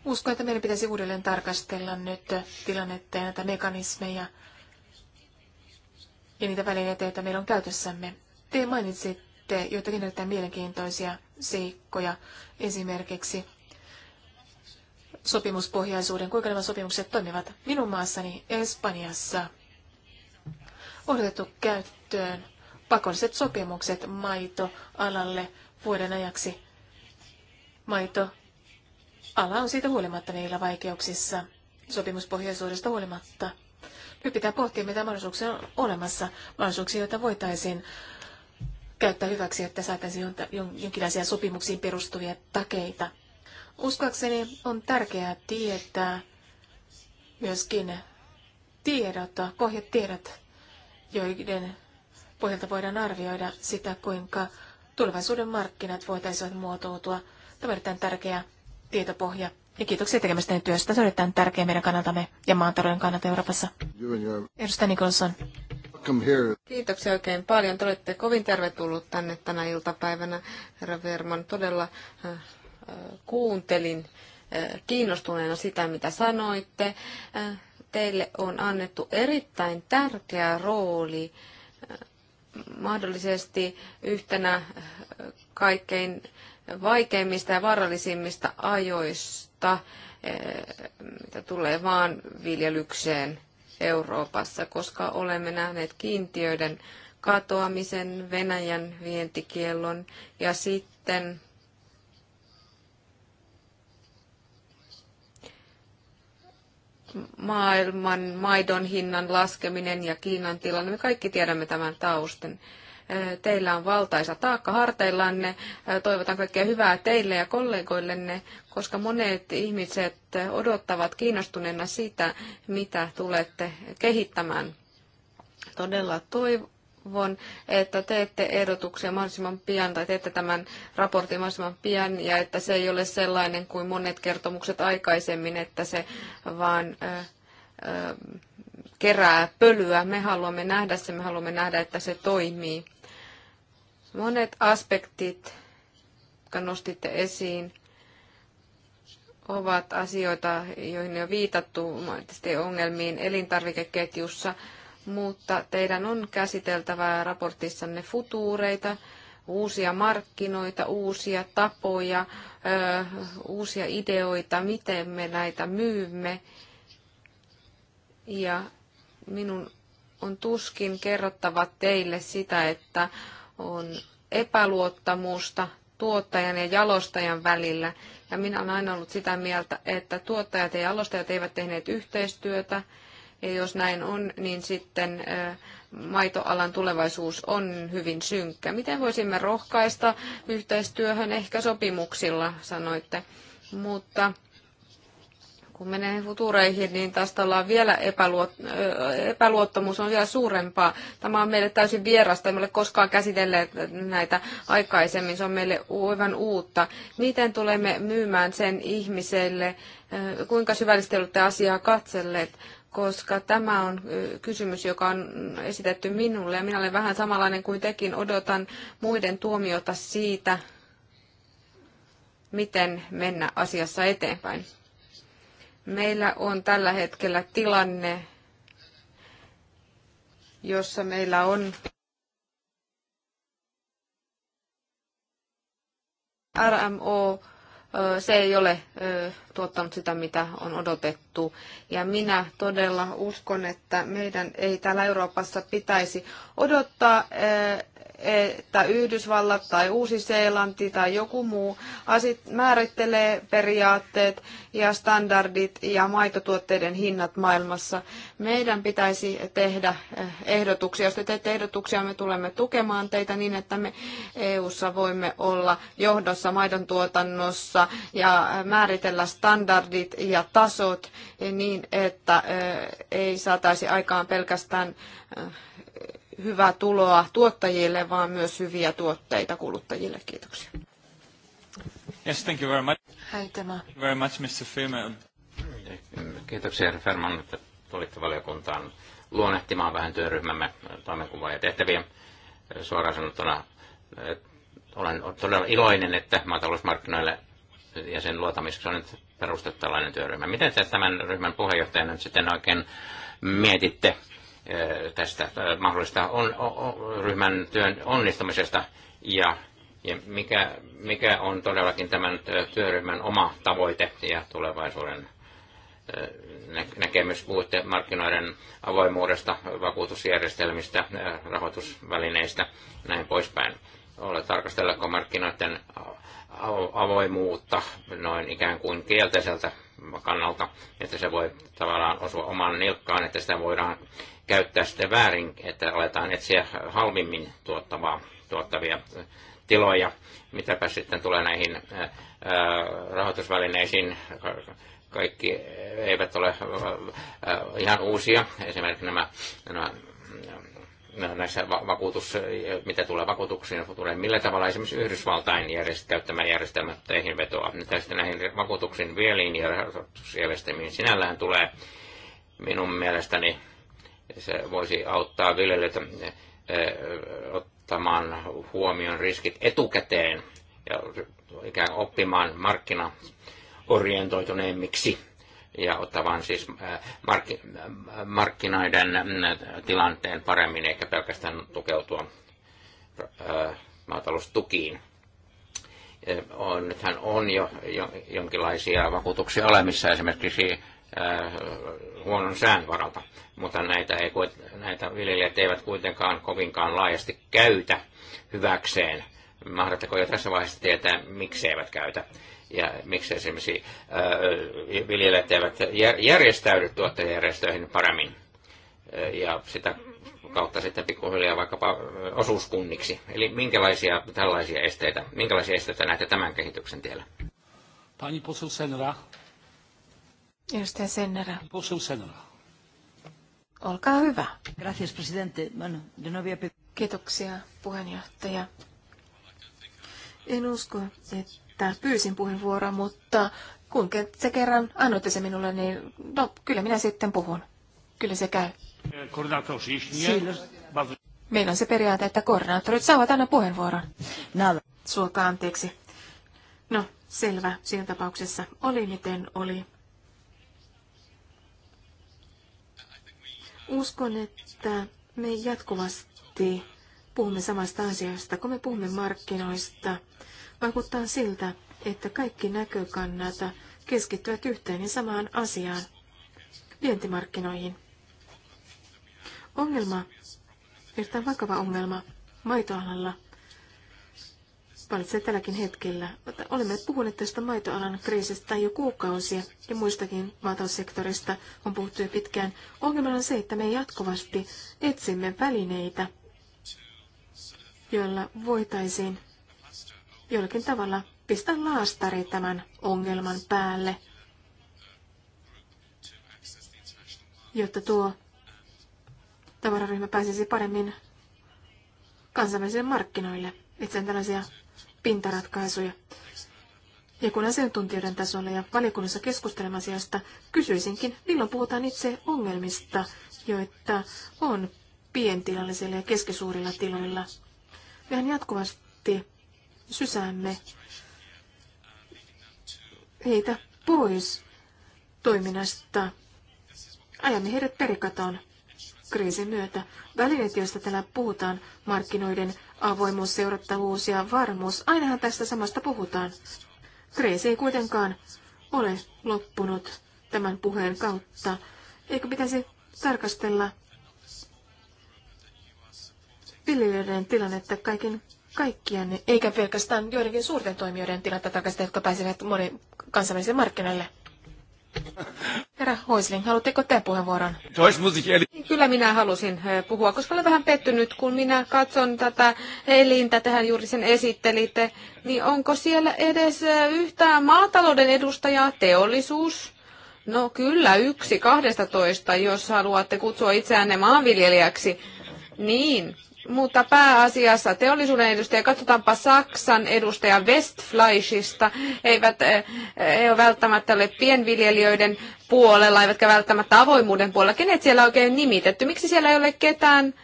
Uskon, että meidän pitäisi uudelleen tarkastella nyt tilannetta ja näitä mekanismeja ja niitä välineitä, joita meillä on käytössämme. Te mainitsitte joitakin erittäin mielenkiintoisia seikkoja, esimerkiksi sopimuspohjaisuuden, kuinka nämä sopimukset toimivat. Minun maassani Espanjassa on otettu käyttöön pakolliset sopimukset maitoalalle vuoden ajaksi. Maito Ala on siitä huolimatta niillä vaikeuksissa, sopimuspohjaisuudesta huolimatta. Nyt pitää pohtia, mitä mahdollisuuksia on olemassa, mahdollisuuksia, joita voitaisiin käyttää hyväksi, että saataisiin jonkinlaisia sopimuksiin perustuvia takeita. Uskoakseni on tärkeää tietää myöskin tiedot, pohjatiedot, joiden pohjalta voidaan arvioida sitä, kuinka tulevaisuuden markkinat voitaisiin muotoutua. Tämä on erittäin tärkeää tietopohja. Ja kiitoksia tekemästä työstä. Se on erittäin tärkeä meidän kannaltamme ja maantalouden kannalta Euroopassa. Edustaja Nicholson. Kiitoksia oikein paljon. Te olette kovin tervetullut tänne tänä iltapäivänä, herra Verman. Todella äh, äh, kuuntelin äh, kiinnostuneena sitä, mitä sanoitte. Äh, teille on annettu erittäin tärkeä rooli äh, mahdollisesti yhtenä äh, kaikkein vaikeimmista ja vaarallisimmista ajoista, eh, mitä tulee vaan viljelykseen Euroopassa, koska olemme nähneet kiintiöiden katoamisen, Venäjän vientikiellon ja sitten maailman maidon hinnan laskeminen ja Kiinan tilanne. Me kaikki tiedämme tämän taustan. Teillä on valtaisa taakka harteillanne. Toivotan kaikkea hyvää teille ja kollegoillenne, koska monet ihmiset odottavat kiinnostuneena sitä, mitä tulette kehittämään. Todella toivon että teette ehdotuksia mahdollisimman pian tai teette tämän raportin mahdollisimman pian ja että se ei ole sellainen kuin monet kertomukset aikaisemmin, että se vaan ö, ö, kerää pölyä. Me haluamme nähdä se, me haluamme nähdä, että se toimii. Monet aspektit, jotka nostitte esiin, ovat asioita, joihin on viitattu ongelmiin elintarvikeketjussa, mutta teidän on käsiteltävä raportissanne futuureita, uusia markkinoita, uusia tapoja, ö, uusia ideoita, miten me näitä myymme. Ja minun on tuskin kerrottava teille sitä, että on epäluottamusta tuottajan ja jalostajan välillä. Ja minä olen aina ollut sitä mieltä, että tuottajat ja jalostajat eivät tehneet yhteistyötä. Ja jos näin on, niin sitten maitoalan tulevaisuus on hyvin synkkä. Miten voisimme rohkaista yhteistyöhön ehkä sopimuksilla, sanoitte. Mutta kun menee futureihin, niin tästä ollaan vielä epäluot- epäluottamus on vielä suurempaa. Tämä on meille täysin vierasta, emme ole koskaan käsitelleet näitä aikaisemmin, se on meille aivan uutta. Miten tulemme myymään sen ihmiselle, kuinka syvällisesti olette asiaa katselleet? koska tämä on kysymys, joka on esitetty minulle ja minä olen vähän samanlainen kuin tekin. Odotan muiden tuomiota siitä, miten mennä asiassa eteenpäin. Meillä on tällä hetkellä tilanne, jossa meillä on RMO, se ei ole tuottanut sitä, mitä on odotettu. Ja minä todella uskon, että meidän ei täällä Euroopassa pitäisi odottaa että Yhdysvallat tai Uusi-Seelanti tai joku muu asit määrittelee periaatteet ja standardit ja maitotuotteiden hinnat maailmassa. Meidän pitäisi tehdä eh, ehdotuksia. Jos te teette ehdotuksia, me tulemme tukemaan teitä niin, että me EU-ssa voimme olla johdossa maidon tuotannossa ja eh, määritellä standardit ja tasot niin, että eh, ei saataisi aikaan pelkästään hyvää tuloa tuottajille, vaan myös hyviä tuotteita kuluttajille. Kiitoksia. Yes, thank you very much. you Very much, Mr. Freeman. Kiitoksia, herra Ferman, että tulitte valiokuntaan luonnehtimaan vähän työryhmämme toimenkuvaa ja tehtäviä. Suoraan sanottuna olen todella iloinen, että maatalousmarkkinoille ja sen luotamiseksi on nyt perustettu tällainen työryhmä. Miten te tämän ryhmän puheenjohtajana sitten oikein mietitte tästä mahdollista on, on, ryhmän työn onnistumisesta ja, ja mikä, mikä on todellakin tämän työryhmän oma tavoite ja tulevaisuuden näkemys. Puhutte markkinoiden avoimuudesta, vakuutusjärjestelmistä, rahoitusvälineistä näin poispäin. Ole tarkastellako markkinoiden avoimuutta noin ikään kuin kielteiseltä kannalta, että se voi tavallaan osua omaan nilkkaan, että sitä voidaan käyttää sitten väärin, että aletaan etsiä halvimmin tuottavaa, tuottavia tiloja. Mitäpä sitten tulee näihin äh, äh, rahoitusvälineisiin, kaikki eivät ole äh, ihan uusia. Esimerkiksi nämä, nämä No, näissä vakuutus, mitä tulee vakuutuksiin, tulee millä tavalla esimerkiksi Yhdysvaltain järjest, käyttämä järjestelmä teihin vetoa. Tästä näihin vakuutuksiin vieliin ja rahoitusjärjestelmiin sinällään tulee minun mielestäni se voisi auttaa viljelijöitä eh, ottamaan huomioon riskit etukäteen ja ikään oppimaan markkinaorientoituneemmiksi ja ottamaan siis äh, markkinoiden äh, tilanteen paremmin, eikä pelkästään tukeutua äh, maataloustukiin. On, nythän on jo, jo jonkinlaisia vakuutuksia olemissa esimerkiksi huonon sään varalta, mutta näitä, ei, näitä viljelijät eivät kuitenkaan kovinkaan laajasti käytä hyväkseen. Mahdatteko jo tässä vaiheessa tietää, miksi eivät käytä? ja miksi esimerkiksi äh, viljelijät eivät järjestäydy tuottajajärjestöihin paremmin äh, ja sitä kautta sitten pikkuhiljaa vaikkapa äh, osuuskunniksi. Eli minkälaisia tällaisia esteitä, minkälaisia esteitä näette tämän kehityksen tiellä? Pani poseł Senra. Edustaja Senra. Poseł Senra. Olkaa hyvä. Gracias, presidente. Bueno, yo no había... Kiitoksia, puheenjohtaja. En usko, että että pyysin puheenvuoroa, mutta kun se kerran annoitte se minulle, niin no, kyllä minä sitten puhun. Kyllä se käy. Meillä on se periaate, että koordinaattorit saavat aina puheenvuoron. Suokaa anteeksi. No, selvä. Siinä tapauksessa oli miten oli. Uskon, että me jatkuvasti puhumme samasta asiasta. Kun me puhumme markkinoista, Vaikuttaa siltä, että kaikki näkökannat keskittyvät yhteen ja samaan asiaan, vientimarkkinoihin. Ongelma, erittäin vakava ongelma maitoalalla, valitsee tälläkin hetkellä. Olemme puhuneet tästä maitoalan kriisistä jo kuukausia ja muistakin maataloussektorista on puhuttu jo pitkään. Ongelma on se, että me jatkuvasti etsimme välineitä, joilla voitaisiin jollakin tavalla pistää laastari tämän ongelman päälle, jotta tuo tavararyhmä pääsisi paremmin kansainvälisille markkinoille. Itse tällaisia pintaratkaisuja. Ja kun asiantuntijoiden tasolla ja valiokunnassa keskustelemme asiasta, kysyisinkin, milloin puhutaan itse ongelmista, joita on pientilallisilla ja keskisuurilla tiloilla. Mehän jatkuvasti sysäämme heitä pois toiminnasta. Ajamme heidät perikataan kriisin myötä. Välineet, joista tänään puhutaan, markkinoiden avoimuus, seurattavuus ja varmuus, ainahan tästä samasta puhutaan. Kriisi ei kuitenkaan ole loppunut tämän puheen kautta. Eikö pitäisi tarkastella viljelijöiden tilannetta kaikin? kaikkien, eikä pelkästään joidenkin suurten toimijoiden tilannetta takaisin, jotka pääsevät monen kansainvälisen markkinoille. Herra Hoisling, haluatteko te puheenvuoron? Niin, kyllä minä halusin puhua, koska olen vähän pettynyt, kun minä katson tätä elintä, tähän juuri sen esittelitte, niin onko siellä edes yhtään maatalouden edustajaa teollisuus? No kyllä, yksi kahdesta toista, jos haluatte kutsua itseänne maanviljelijäksi. Niin, mutta pääasiassa teollisuuden edustaja. Katsotaanpa Saksan edustaja Westfleischista. Eivät he eh, eh, ole välttämättä ole pienviljelijöiden puolella, eivätkä välttämättä avoimuuden puolella. Kenet siellä on oikein nimitetty? Miksi siellä ei ole ketään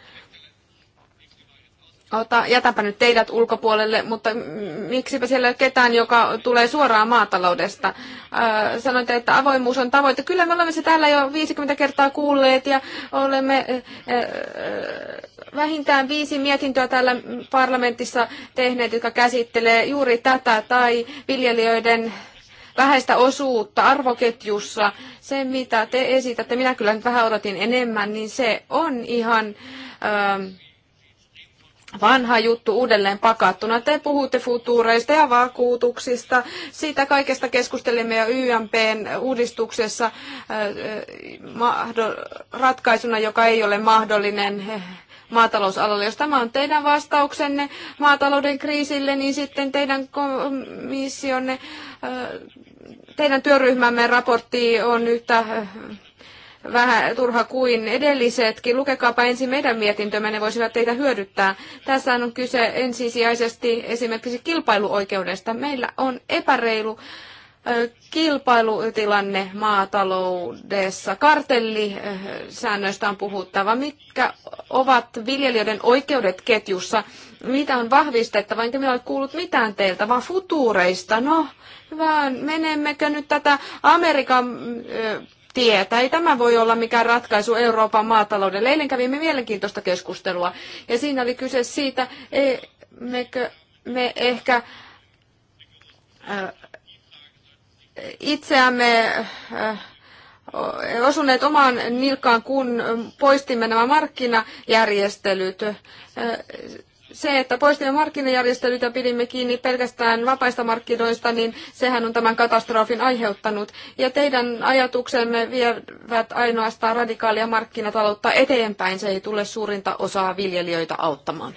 ota, jätänpä nyt teidät ulkopuolelle, mutta miksipä siellä ei ole ketään, joka tulee suoraan maataloudesta. Ää, sanoitte, että avoimuus on tavoite. Kyllä me olemme se täällä jo 50 kertaa kuulleet ja olemme ää, vähintään viisi mietintöä täällä parlamentissa tehneet, jotka käsittelee juuri tätä tai viljelijöiden vähäistä osuutta arvoketjussa. Se, mitä te esitätte, minä kyllä nyt vähän odotin enemmän, niin se on ihan... Ää, vanha juttu uudelleen pakattuna. Te puhutte futuureista ja vakuutuksista. Siitä kaikesta keskustelimme jo YMPn uudistuksessa äh, äh, ratkaisuna, joka ei ole mahdollinen äh, maatalousalalle. Jos tämä on teidän vastauksenne maatalouden kriisille, niin sitten teidän komissionne, teidän työryhmämme raportti on yhtä vähän turha kuin edellisetkin. Lukekaapa ensin meidän mietintömme, ne voisivat teitä hyödyttää. Tässä on kyse ensisijaisesti esimerkiksi kilpailuoikeudesta. Meillä on epäreilu kilpailutilanne maataloudessa. Kartellisäännöistä on puhuttava. Mitkä ovat viljelijöiden oikeudet ketjussa? Mitä on vahvistettava? Enkä minä ole kuullut mitään teiltä, vaan futuureista. No, vaan menemmekö nyt tätä Amerikan tietä. Ei tämä voi olla mikään ratkaisu Euroopan maataloudelle. Eilen kävimme mielenkiintoista keskustelua ja siinä oli kyse siitä, e, mekö me ehkä itseämme osuneet omaan nilkaan, kun poistimme nämä markkinajärjestelyt se, että poistimme markkinajärjestelyt ja pidimme kiinni pelkästään vapaista markkinoista, niin sehän on tämän katastrofin aiheuttanut. Ja teidän ajatuksenne vievät ainoastaan radikaalia markkinataloutta eteenpäin. Se ei tule suurinta osaa viljelijöitä auttamaan.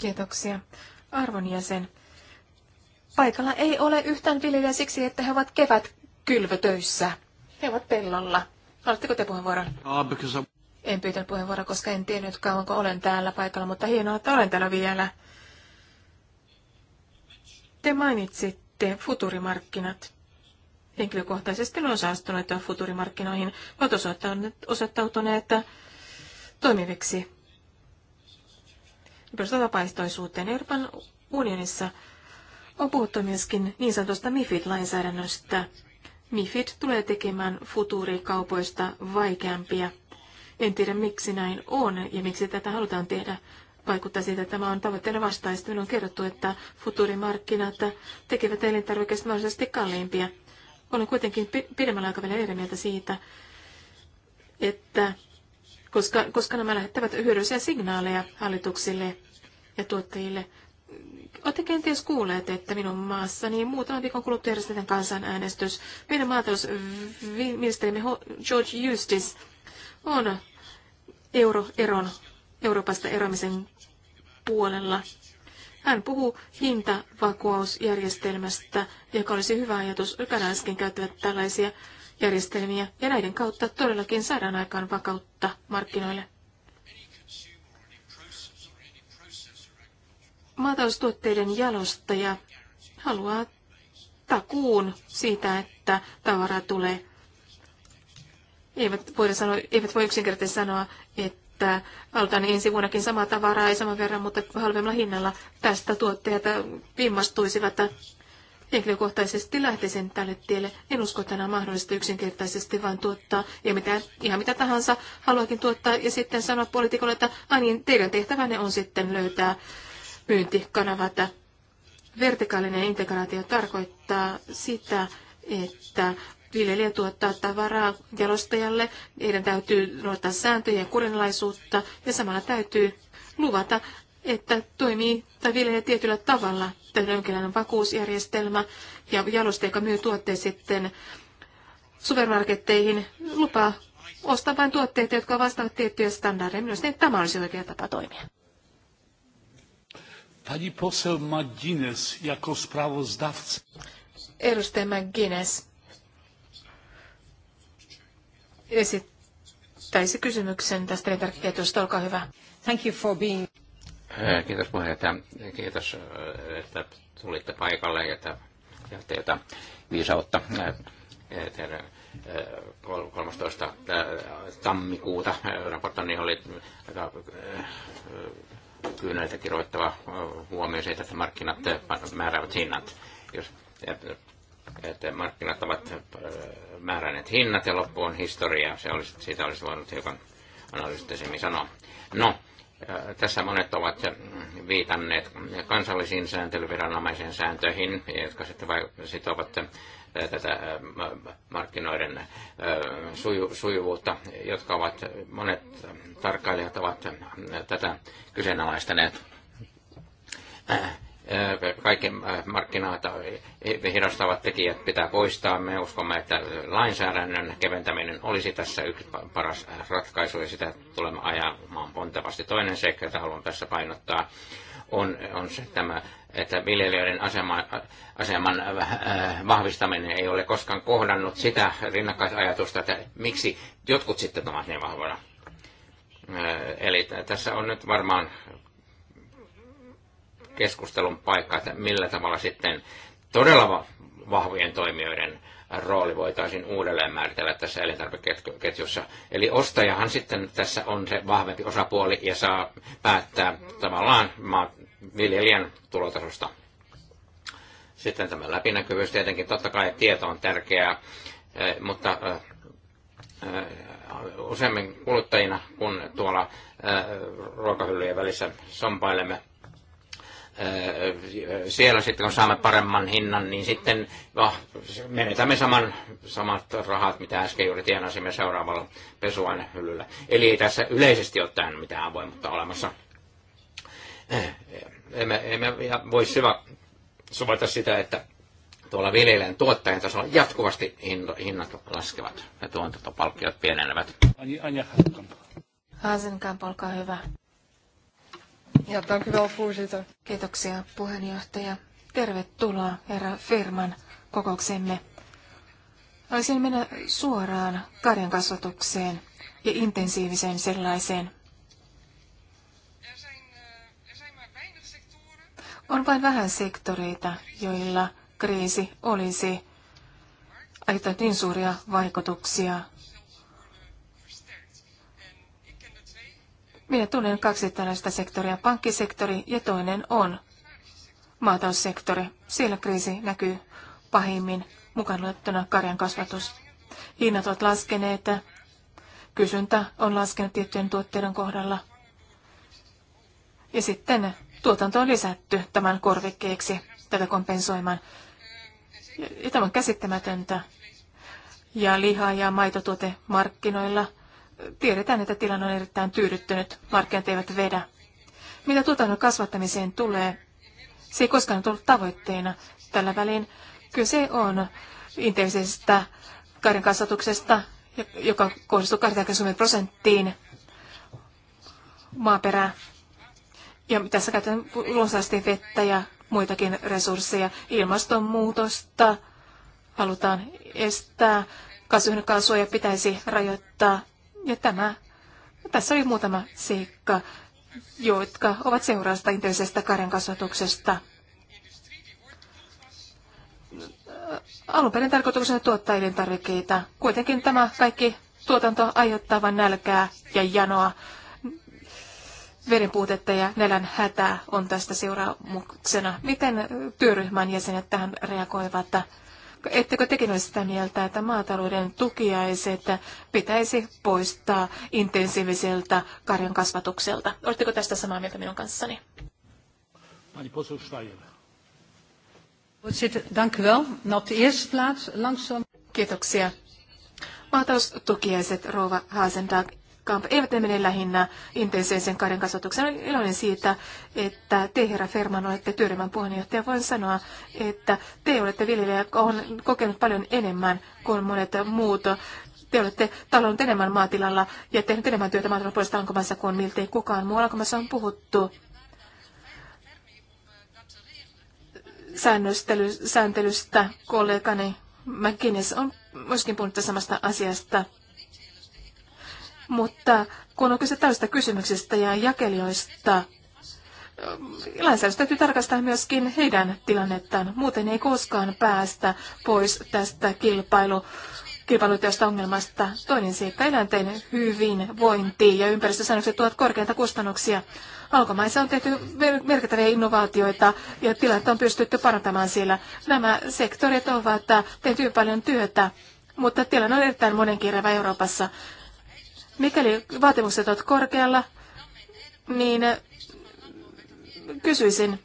Kiitoksia. Arvon jäsen. Paikalla ei ole yhtään viljelijää siksi, että he ovat kevät kylvötöissä. He ovat pellolla. Haluatteko te puheenvuoron? Ah, en pyytänyt puheenvuoroa, koska en tiennyt kauanko olen täällä paikalla, mutta hienoa, että olen täällä vielä. Te mainitsitte futurimarkkinat. Henkilökohtaisesti olen saastunut futurimarkkinoihin. Ovat osoittautuneet toimiviksi perustavapaistoisuuteen Euroopan unionissa on puhuttu myöskin niin sanotusta MIFID-lainsäädännöstä. MIFID tulee tekemään futuurikaupoista vaikeampia en tiedä, miksi näin on ja miksi tätä halutaan tehdä. Vaikuttaa siitä, että tämä on tavoitteena vastaista. Minun on kerrottu, että futurimarkkinat tekevät elintarvikkeista mahdollisesti kalliimpia. Olen kuitenkin pidemmällä aikavälillä eri mieltä siitä, että koska, koska nämä lähettävät hyödyllisiä signaaleja hallituksille ja tuottajille. Olette kenties kuulleet, että minun maassani muutaman viikon kuluttua järjestetään kansanäänestys. Meidän maatalousministerimme George Justice on euroeron, Euroopasta eroamisen puolella. Hän puhuu hintavakuausjärjestelmästä, joka olisi hyvä ajatus. Kanadaskin käyttävät tällaisia järjestelmiä, ja näiden kautta todellakin saadaan aikaan vakautta markkinoille. Maataloustuotteiden jalostaja haluaa takuun siitä, että tavara tulee. Eivät, voida sanoa, eivät voi yksinkertaisesti sanoa, että aloitan ensi vuonnakin samaa tavaraa, ei saman verran, mutta halvemmalla hinnalla tästä tuottajat vimmastuisivat henkilökohtaisesti lähtisin tälle tielle. En usko, että enää mahdollista yksinkertaisesti vain tuottaa ja mitä, ihan mitä tahansa haluakin tuottaa ja sitten sanoa poliitikolle, että niin, teidän tehtävänne on sitten löytää myyntikanavat. Vertikaalinen integraatio tarkoittaa sitä, että viljelijä tuottaa tavaraa jalostajalle, heidän täytyy noudattaa sääntöjä ja kurinalaisuutta ja samalla täytyy luvata, että toimii tai viljelee tietyllä tavalla. Täytyy jonkinlainen vakuusjärjestelmä ja jalostaja, joka myy tuotteet sitten supermarketteihin, lupaa ostaa vain tuotteita, jotka vastaavat tiettyjä standardeja. Minusta tämä olisi oikea tapa toimia. Pani poseł McGuinness jako sprawozdawca. Edustaja McGuinness esittäisi kysymyksen tästä elintarvikeketjusta. Olkaa hyvä. Thank you for being... Eh, kiitos puheenjohtaja. Eh, kiitos, eh, että tulitte paikalle ja teiltä viisautta teidän 13. tammikuuta raportoni oli aika kyyneltä kiroittava huomio siitä, että markkinat määräävät hinnat. Jos että markkinat ovat määränneet hinnat ja loppuun historia. historiaa. Se olisi, siitä olisi voinut hiukan analyyttisemmin sanoa. No, tässä monet ovat viitanneet kansallisiin sääntelyviranomaisen sääntöihin, jotka sitten sitovat tätä markkinoiden sujuvuutta, jotka ovat, monet tarkkailijat ovat tätä kyseenalaistaneet Äh, kaiken äh, markkinoita äh, hidastavat tekijät pitää poistaa. Me uskomme, että lainsäädännön keventäminen olisi tässä yksi paras ratkaisu ja sitä tulemme ajamaan pontevasti. Toinen seikka, jota haluan tässä painottaa, on, on se tämä, että viljelijöiden asema, aseman vahvistaminen ei ole koskaan kohdannut sitä rinnakkaisajatusta, että miksi jotkut sitten ovat niin vahvoja. Eli tässä on nyt varmaan keskustelun paikka, että millä tavalla sitten todella vahvojen toimijoiden rooli voitaisiin uudelleen määritellä tässä elintarvikeketjussa. Eli ostajahan sitten tässä on se vahvempi osapuoli ja saa päättää tavallaan viljelijän tulotasosta. Sitten tämä läpinäkyvyys tietenkin, totta kai tieto on tärkeää, eh, mutta eh, eh, useimmin kuluttajina, kun tuolla ruokahyllyjen välissä sompailemme, siellä sitten kun saamme paremman hinnan, niin sitten oh, menetämme saman, samat rahat, mitä äsken juuri tienasimme seuraavalla pesuainehyllyllä. Eli ei tässä yleisesti ottaen mitään avoimuutta olemassa. Emme, emme voi syvä, suvaita sitä, että tuolla viljelijän tuottajan tasolla jatkuvasti hinnat laskevat ja tuotantopalkkiot pienenevät. Hasenkamp, olkaa hyvä. Ja, dank u wel, voorzitter. Kiitoksia, puheenjohtaja. Tervetuloa, herra Firman, kokouksemme. Haluaisin mennä suoraan karjankasvatukseen ja intensiiviseen sellaiseen. On vain vähän sektoreita, joilla kriisi olisi aiheuttanut niin suuria vaikutuksia Minä tunnen kaksi tällaista sektoria, pankkisektori ja toinen on maataloussektori. Siellä kriisi näkyy pahimmin mukaan luettuna karjan kasvatus. Hinnat ovat laskeneet, kysyntä on laskenut tiettyjen tuotteiden kohdalla. Ja sitten tuotanto on lisätty tämän korvikkeeksi tätä kompensoimaan. Ja tämä on käsittämätöntä. Ja liha- ja maitotuotemarkkinoilla tiedetään, että tilanne on erittäin tyydyttynyt, markkinat eivät vedä. Mitä tuotannon kasvattamiseen tulee, se ei koskaan ollut tavoitteena tällä välin. Kyse on intensiivisestä karjan kasvatuksesta, joka kohdistuu 80 prosenttiin maaperää. Ja tässä käytetään runsaasti vettä ja muitakin resursseja. Ilmastonmuutosta halutaan estää, kasvihuonekaasuja pitäisi rajoittaa ja tämä, tässä oli muutama seikka, jotka ovat seurausta intensiivisestä karjankasvatuksesta. Alun perin tarkoituksena tuottaa elintarvikkeita. Kuitenkin tämä kaikki tuotanto aiheuttaa vain nälkää ja janoa. Verenpuutetta ja nälän hätää on tästä seuraamuksena. Miten työryhmän jäsenet tähän reagoivat? Ettekö tekin ole sitä mieltä, että maatalouden tukiaiset pitäisi poistaa intensiiviseltä karjan kasvatukselta? Oletteko tästä samaa mieltä minun kanssani? Pani Kiitoksia. Maataloustukiaiset Rouva Haasendag eivät ne mene lähinnä intensiivisen karjan kasvatuksen. Olen iloinen siitä, että te, herra Ferman, olette työryhmän puheenjohtaja. Voin sanoa, että te olette viljelijä, joka on kokenut paljon enemmän kuin monet muut te olette talonnut enemmän maatilalla ja tehnyt enemmän työtä maatilan puolesta Ankomassa kuin miltei kukaan muu. Ankomassa on puhuttu sääntelystä. Kollegani McGuinness on myöskin puhunut samasta asiasta. Mutta kun on kyse täystä kysymyksestä ja jakelijoista, lainsäädäntö täytyy tarkastaa myöskin heidän tilannettaan. Muuten ei koskaan päästä pois tästä kilpailu kilpailuteosta ongelmasta. Toinen seikka, eläinten hyvinvointi ja ympäristösäännökset tuovat korkeita kustannuksia. Alkomaissa on tehty merkittäviä innovaatioita ja tilannetta on pystytty parantamaan siellä. Nämä sektorit ovat tehty paljon työtä, mutta tilanne on erittäin monenkirjava Euroopassa. Mikäli vaatimukset ovat korkealla, niin äh, kysyisin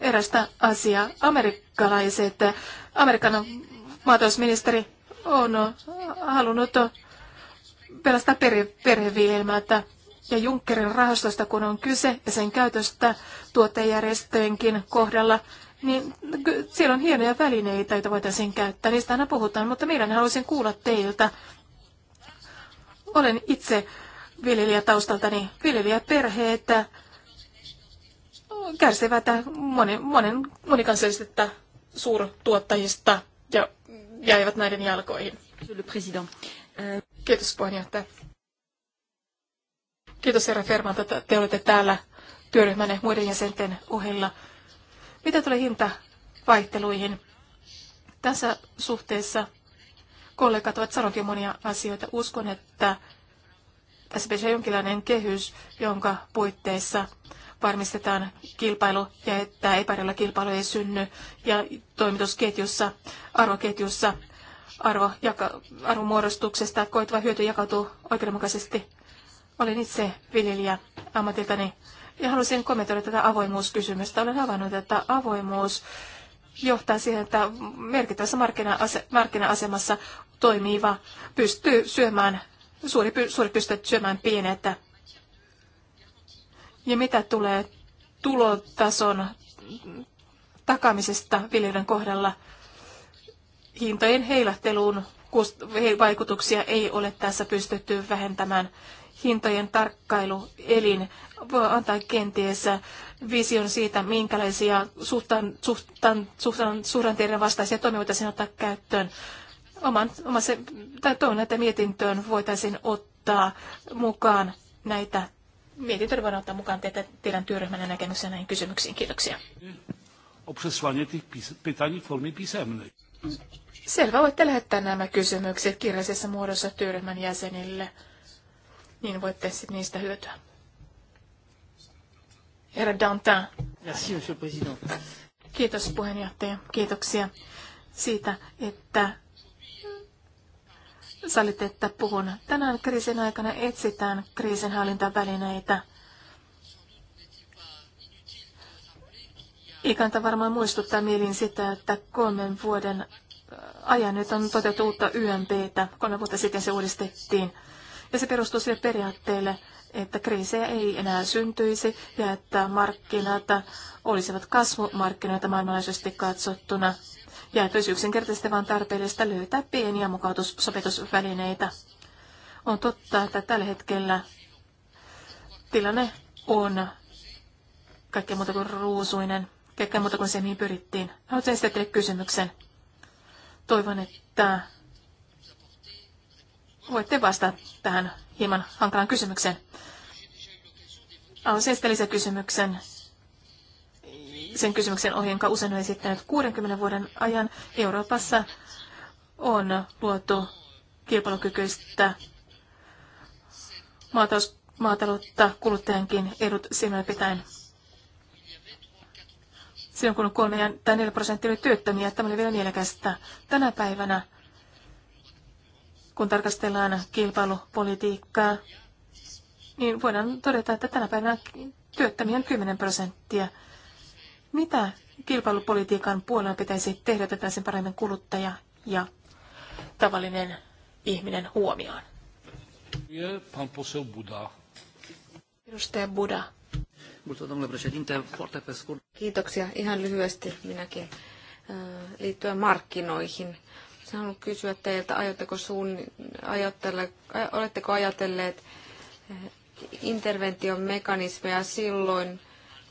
erästä asiaa. Amerikkalaiset, äh, Amerikan maatalousministeri on äh, halunnut pelastaa perhe, perheviljelmältä ja Junckerin rahastosta, kun on kyse ja sen käytöstä tuottajärjestöjenkin kohdalla, niin siellä on hienoja välineitä, joita voitaisiin käyttää. Niistä aina puhutaan, mutta meidän haluaisin kuulla teiltä, olen itse viljelijätaustaltani viljelijäperheet kärsivät monen, monen, monikansallisista suurtuottajista ja jäivät näiden jalkoihin. Euh, Kiitos puheenjohtaja. Kiitos herra Ferman, että te olette täällä työryhmänne muiden jäsenten ohella. Mitä tulee hintavaihteluihin? Tässä suhteessa Kollegat ovat sanoneet jo monia asioita. Uskon, että tässä pitäisi jonkinlainen kehys, jonka puitteissa varmistetaan kilpailu ja että epäreillä kilpailu ei synny ja toimitusketjussa, arvoketjussa arvo, jaka, arvomuodostuksesta muodostuksesta koituva hyöty jakautuu oikeudenmukaisesti. Olin itse viljelijä ammatiltani ja halusin kommentoida tätä avoimuuskysymystä. Olen havainnut, että avoimuus johtaa siihen, että merkittävässä markkina-asemassa toimiva pystyy syömään, suuri, suuri pystyy syömään pienet. Ja mitä tulee tulotason takamisesta viljelijän kohdalla, hintojen heilahteluun vaikutuksia ei ole tässä pystytty vähentämään hintojen tarkkailuelin voi antaa kenties vision siitä, minkälaisia suhtan, suhtan, suhtan, suhdanteiden vastaisia toimia voitaisiin ottaa käyttöön. Oman, oman se, tai toivon, että mietintöön voitaisiin ottaa mukaan näitä mietintöön voidaan ottaa mukaan teitä, teidän työryhmänä näkemyksiä näihin kysymyksiin. Kiitoksia. Selvä, voitte lähettää nämä kysymykset kirjallisessa muodossa työryhmän jäsenille niin voitte sitten niistä hyötyä. Herra Dantin. Merci, monsieur président. Kiitos puheenjohtaja. Kiitoksia siitä, että sallit, että puhun. Tänään kriisin aikana etsitään kriisinhallintavälineitä. Ikanta varmaan muistuttaa mielin sitä, että kolmen vuoden äh, ajan nyt on toteutettu uutta YMPtä. Kolme vuotta sitten se uudistettiin. Ja se perustuu sille periaatteelle, että kriisejä ei enää syntyisi ja että markkinat olisivat kasvumarkkinoita maailmanlaajuisesti katsottuna. Ja että olisi yksinkertaisesti vain tarpeellista löytää pieniä mukautussopetusvälineitä. On totta, että tällä hetkellä tilanne on kaikkea muuta kuin ruusuinen, kaikkea muuta kuin se, mihin pyrittiin. Haluaisin esittää teille kysymyksen. Toivon, että voitte vastata tähän hieman hankalaan kysymykseen. Haluaisin sitten lisäkysymyksen sen kysymyksen ohi, jonka usein on esittänyt 60 vuoden ajan Euroopassa on luotu kilpailukykyistä maatalous, maataloutta kuluttajankin edut silmällä pitäen. Silloin kun on 3 tai 4 prosenttia oli työttömiä, tämä oli vielä mielekästä. Tänä päivänä kun tarkastellaan kilpailupolitiikkaa, niin voidaan todeta, että tänä päivänä työttömiä on 10 prosenttia. Mitä kilpailupolitiikan puolella pitäisi tehdä, että sen paremmin kuluttaja ja tavallinen ihminen huomioon? Edustaja Buda. Kiitoksia. Ihan lyhyesti minäkin liittyen markkinoihin haluan kysyä teiltä, aiotteko suun, ajattele, oletteko ajatelleet eh, intervention mekanismeja silloin,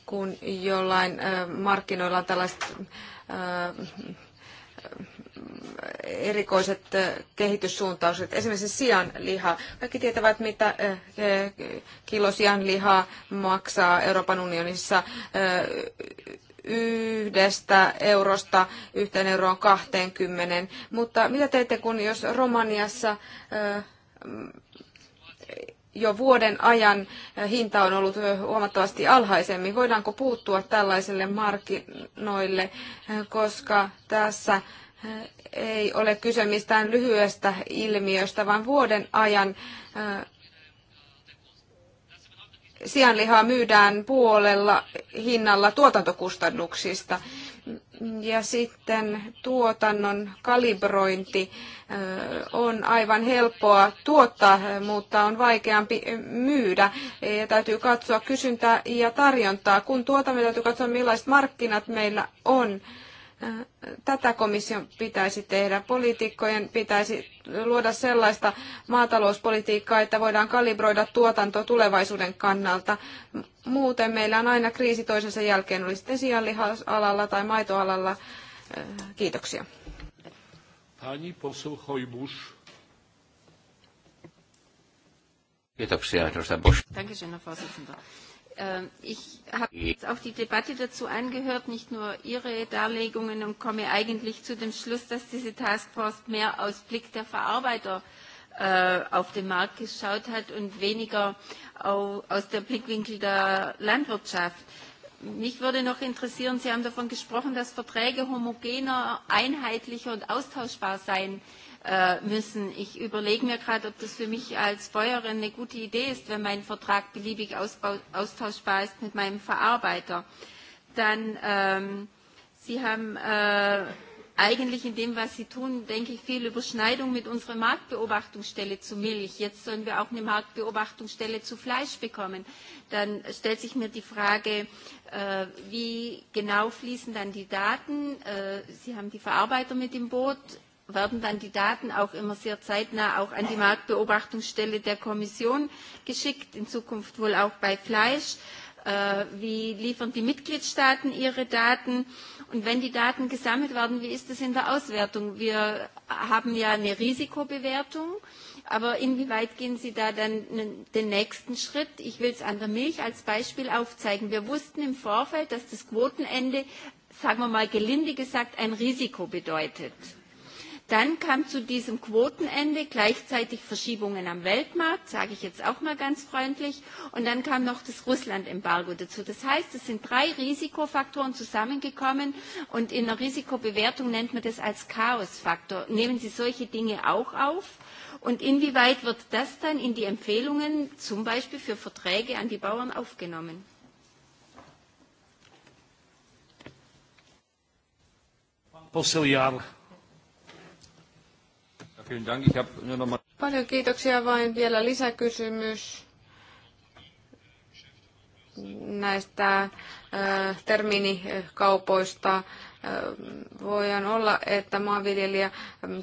kun jollain eh, markkinoilla on tällaiset eh, erikoiset kehityssuuntaukset, esimerkiksi sianliha. Kaikki tietävät, mitä kilo sianlihaa maksaa Euroopan unionissa yhdestä eurosta yhteen euroon 20. Mutta mitä teette, kun jos Romaniassa jo vuoden ajan hinta on ollut huomattavasti alhaisemmin. Voidaanko puuttua tällaisille markkinoille, koska tässä ei ole kyse mistään lyhyestä ilmiöstä, vaan vuoden ajan sianlihaa myydään puolella hinnalla tuotantokustannuksista. Ja sitten tuotannon kalibrointi on aivan helppoa tuottaa, mutta on vaikeampi myydä. Ja täytyy katsoa kysyntää ja tarjontaa. Kun tuotamme, täytyy katsoa millaiset markkinat meillä on. Tätä komission pitäisi tehdä. Poliitikkojen pitäisi luoda sellaista maatalouspolitiikkaa, että voidaan kalibroida tuotanto tulevaisuuden kannalta. Muuten meillä on aina kriisi toisensa jälkeen, oli sitten sianlihalalla tai maitoalalla. Äh, kiitoksia. Pani Kiitoksia, edustaja Bush. Ähm, ich habe jetzt auch die Debatte dazu angehört, nicht nur Ihre Darlegungen und komme eigentlich zu dem Schluss, dass diese Taskforce mehr aus Blick der Verarbeiter äh, auf den Markt geschaut hat und weniger aus dem Blickwinkel der Landwirtschaft. Mich würde noch interessieren, Sie haben davon gesprochen, dass Verträge homogener, einheitlicher und austauschbar sein äh, Äh, müssen. Ich überlege mir gerade, ob das für mich als Bäuerin eine gute Idee ist, wenn mein Vertrag beliebig austauschbar ist mit meinem Verarbeiter. Dann, ähm, Sie haben äh, eigentlich in dem, was Sie tun, denke ich, viel Überschneidung mit unserer Marktbeobachtungsstelle zu Milch. Jetzt sollen wir auch eine Marktbeobachtungsstelle zu Fleisch bekommen. Dann stellt sich mir die Frage, äh, wie genau fließen dann die Daten? Äh, Sie haben die Verarbeiter mit dem Boot werden dann die Daten auch immer sehr zeitnah auch an die Marktbeobachtungsstelle der Kommission geschickt, in Zukunft wohl auch bei Fleisch. Äh, wie liefern die Mitgliedstaaten ihre Daten? Und wenn die Daten gesammelt werden, wie ist es in der Auswertung? Wir haben ja eine Risikobewertung. Aber inwieweit gehen Sie da dann den nächsten Schritt? Ich will es an der Milch als Beispiel aufzeigen. Wir wussten im Vorfeld, dass das Quotenende, sagen wir mal gelinde gesagt, ein Risiko bedeutet. Dann kam zu diesem Quotenende gleichzeitig Verschiebungen am Weltmarkt, sage ich jetzt auch mal ganz freundlich. Und dann kam noch das Russland-Embargo dazu. Das heißt, es sind drei Risikofaktoren zusammengekommen und in der Risikobewertung nennt man das als Chaosfaktor. Nehmen Sie solche Dinge auch auf? Und inwieweit wird das dann in die Empfehlungen zum Beispiel für Verträge an die Bauern aufgenommen? Poseł Jarl. Paljon kiitoksia vain vielä lisäkysymys näistä termiinikaupoista. Voidaan olla, että maanviljelijä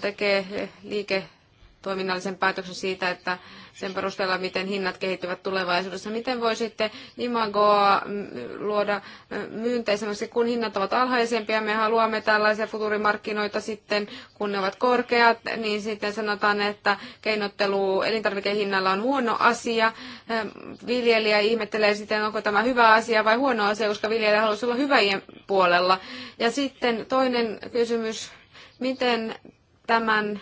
tekee liiketoiminnallisen päätöksen siitä, että sen perusteella, miten hinnat kehittyvät tulevaisuudessa. Miten voisitte imagoa mm, luoda mm, myynteisemmäksi, kun hinnat ovat alhaisempia? Me haluamme tällaisia futurimarkkinoita sitten, kun ne ovat korkeat, niin sitten sanotaan, että keinottelu elintarvikehinnalla on huono asia. Ehm, viljelijä ihmettelee sitten, onko tämä hyvä asia vai huono asia, koska viljelijä haluaisi olla hyväjen puolella. Ja sitten toinen kysymys, miten tämän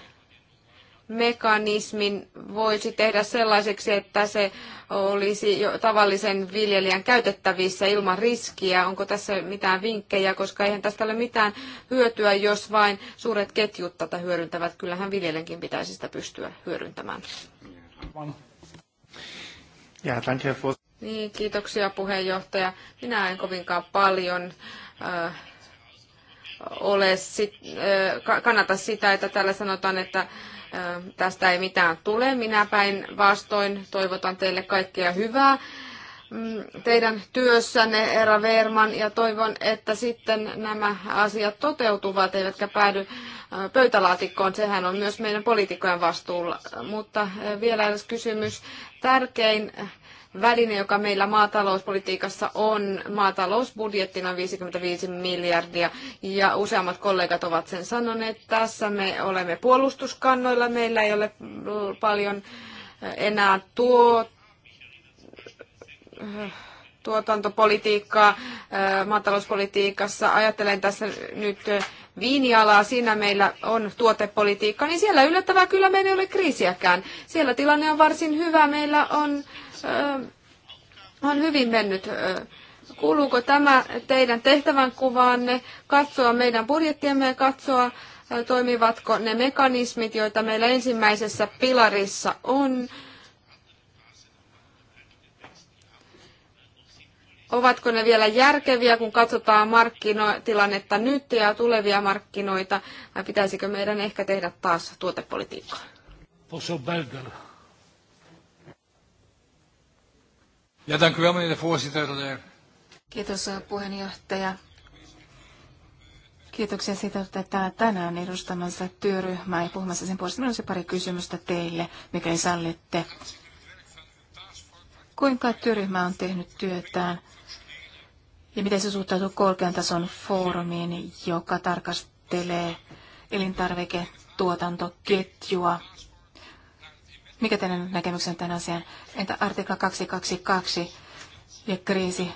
mekanismin voisi tehdä sellaiseksi, että se olisi jo tavallisen viljelijän käytettävissä ilman riskiä? Onko tässä mitään vinkkejä, koska eihän tästä ole mitään hyötyä, jos vain suuret ketjut tätä hyödyntävät. Kyllähän viljelijänkin pitäisi sitä pystyä hyödyntämään. Ja, danke, niin, kiitoksia puheenjohtaja. Minä en kovinkaan paljon äh, ole sit, äh, kannata sitä, että täällä sanotaan, että äh, tästä ei mitään tule. Minä päin vastoin toivotan teille kaikkea hyvää mm, teidän työssänne, Era Verman, ja toivon, että sitten nämä asiat toteutuvat, eivätkä päädy pöytälaatikkoon. Sehän on myös meidän poliitikkojen vastuulla. Mutta vielä edes kysymys. Tärkein väline, joka meillä maatalouspolitiikassa on maatalousbudjettina 55 miljardia ja useammat kollegat ovat sen sanoneet. Tässä me olemme puolustuskannoilla, meillä ei ole paljon eh, enää tuo, eh, tuotantopolitiikkaa eh, maatalouspolitiikassa. Ajattelen tässä nyt viinialaa, siinä meillä on tuotepolitiikka, niin siellä yllättävää kyllä meillä ei ole kriisiäkään. Siellä tilanne on varsin hyvä, meillä on on hyvin mennyt. Kuuluuko tämä teidän tehtävänkuvaanne katsoa meidän budjettiamme ja katsoa, toimivatko ne mekanismit, joita meillä ensimmäisessä pilarissa on, ovatko ne vielä järkeviä, kun katsotaan markkinotilannetta nyt ja tulevia markkinoita, vai pitäisikö meidän ehkä tehdä taas tuotepolitiikkaa? Ja, dank u wel, meneer de voorzitter. Eh, Kiitos eh, puheenjohtaja. Kiitoksia siitä, että täällä tänään edustamassa työryhmää ja puhumassa sen puolesta. Minulla olisi pari kysymystä teille, mikäli sallitte. Kuinka työryhmä on tehnyt työtään ja miten se suhtautuu korkean tason foorumiin, joka tarkastelee elintarviketuotantoketjua mikä teidän näkemyksen tämän asian? Entä artikla 222 ja kriisi,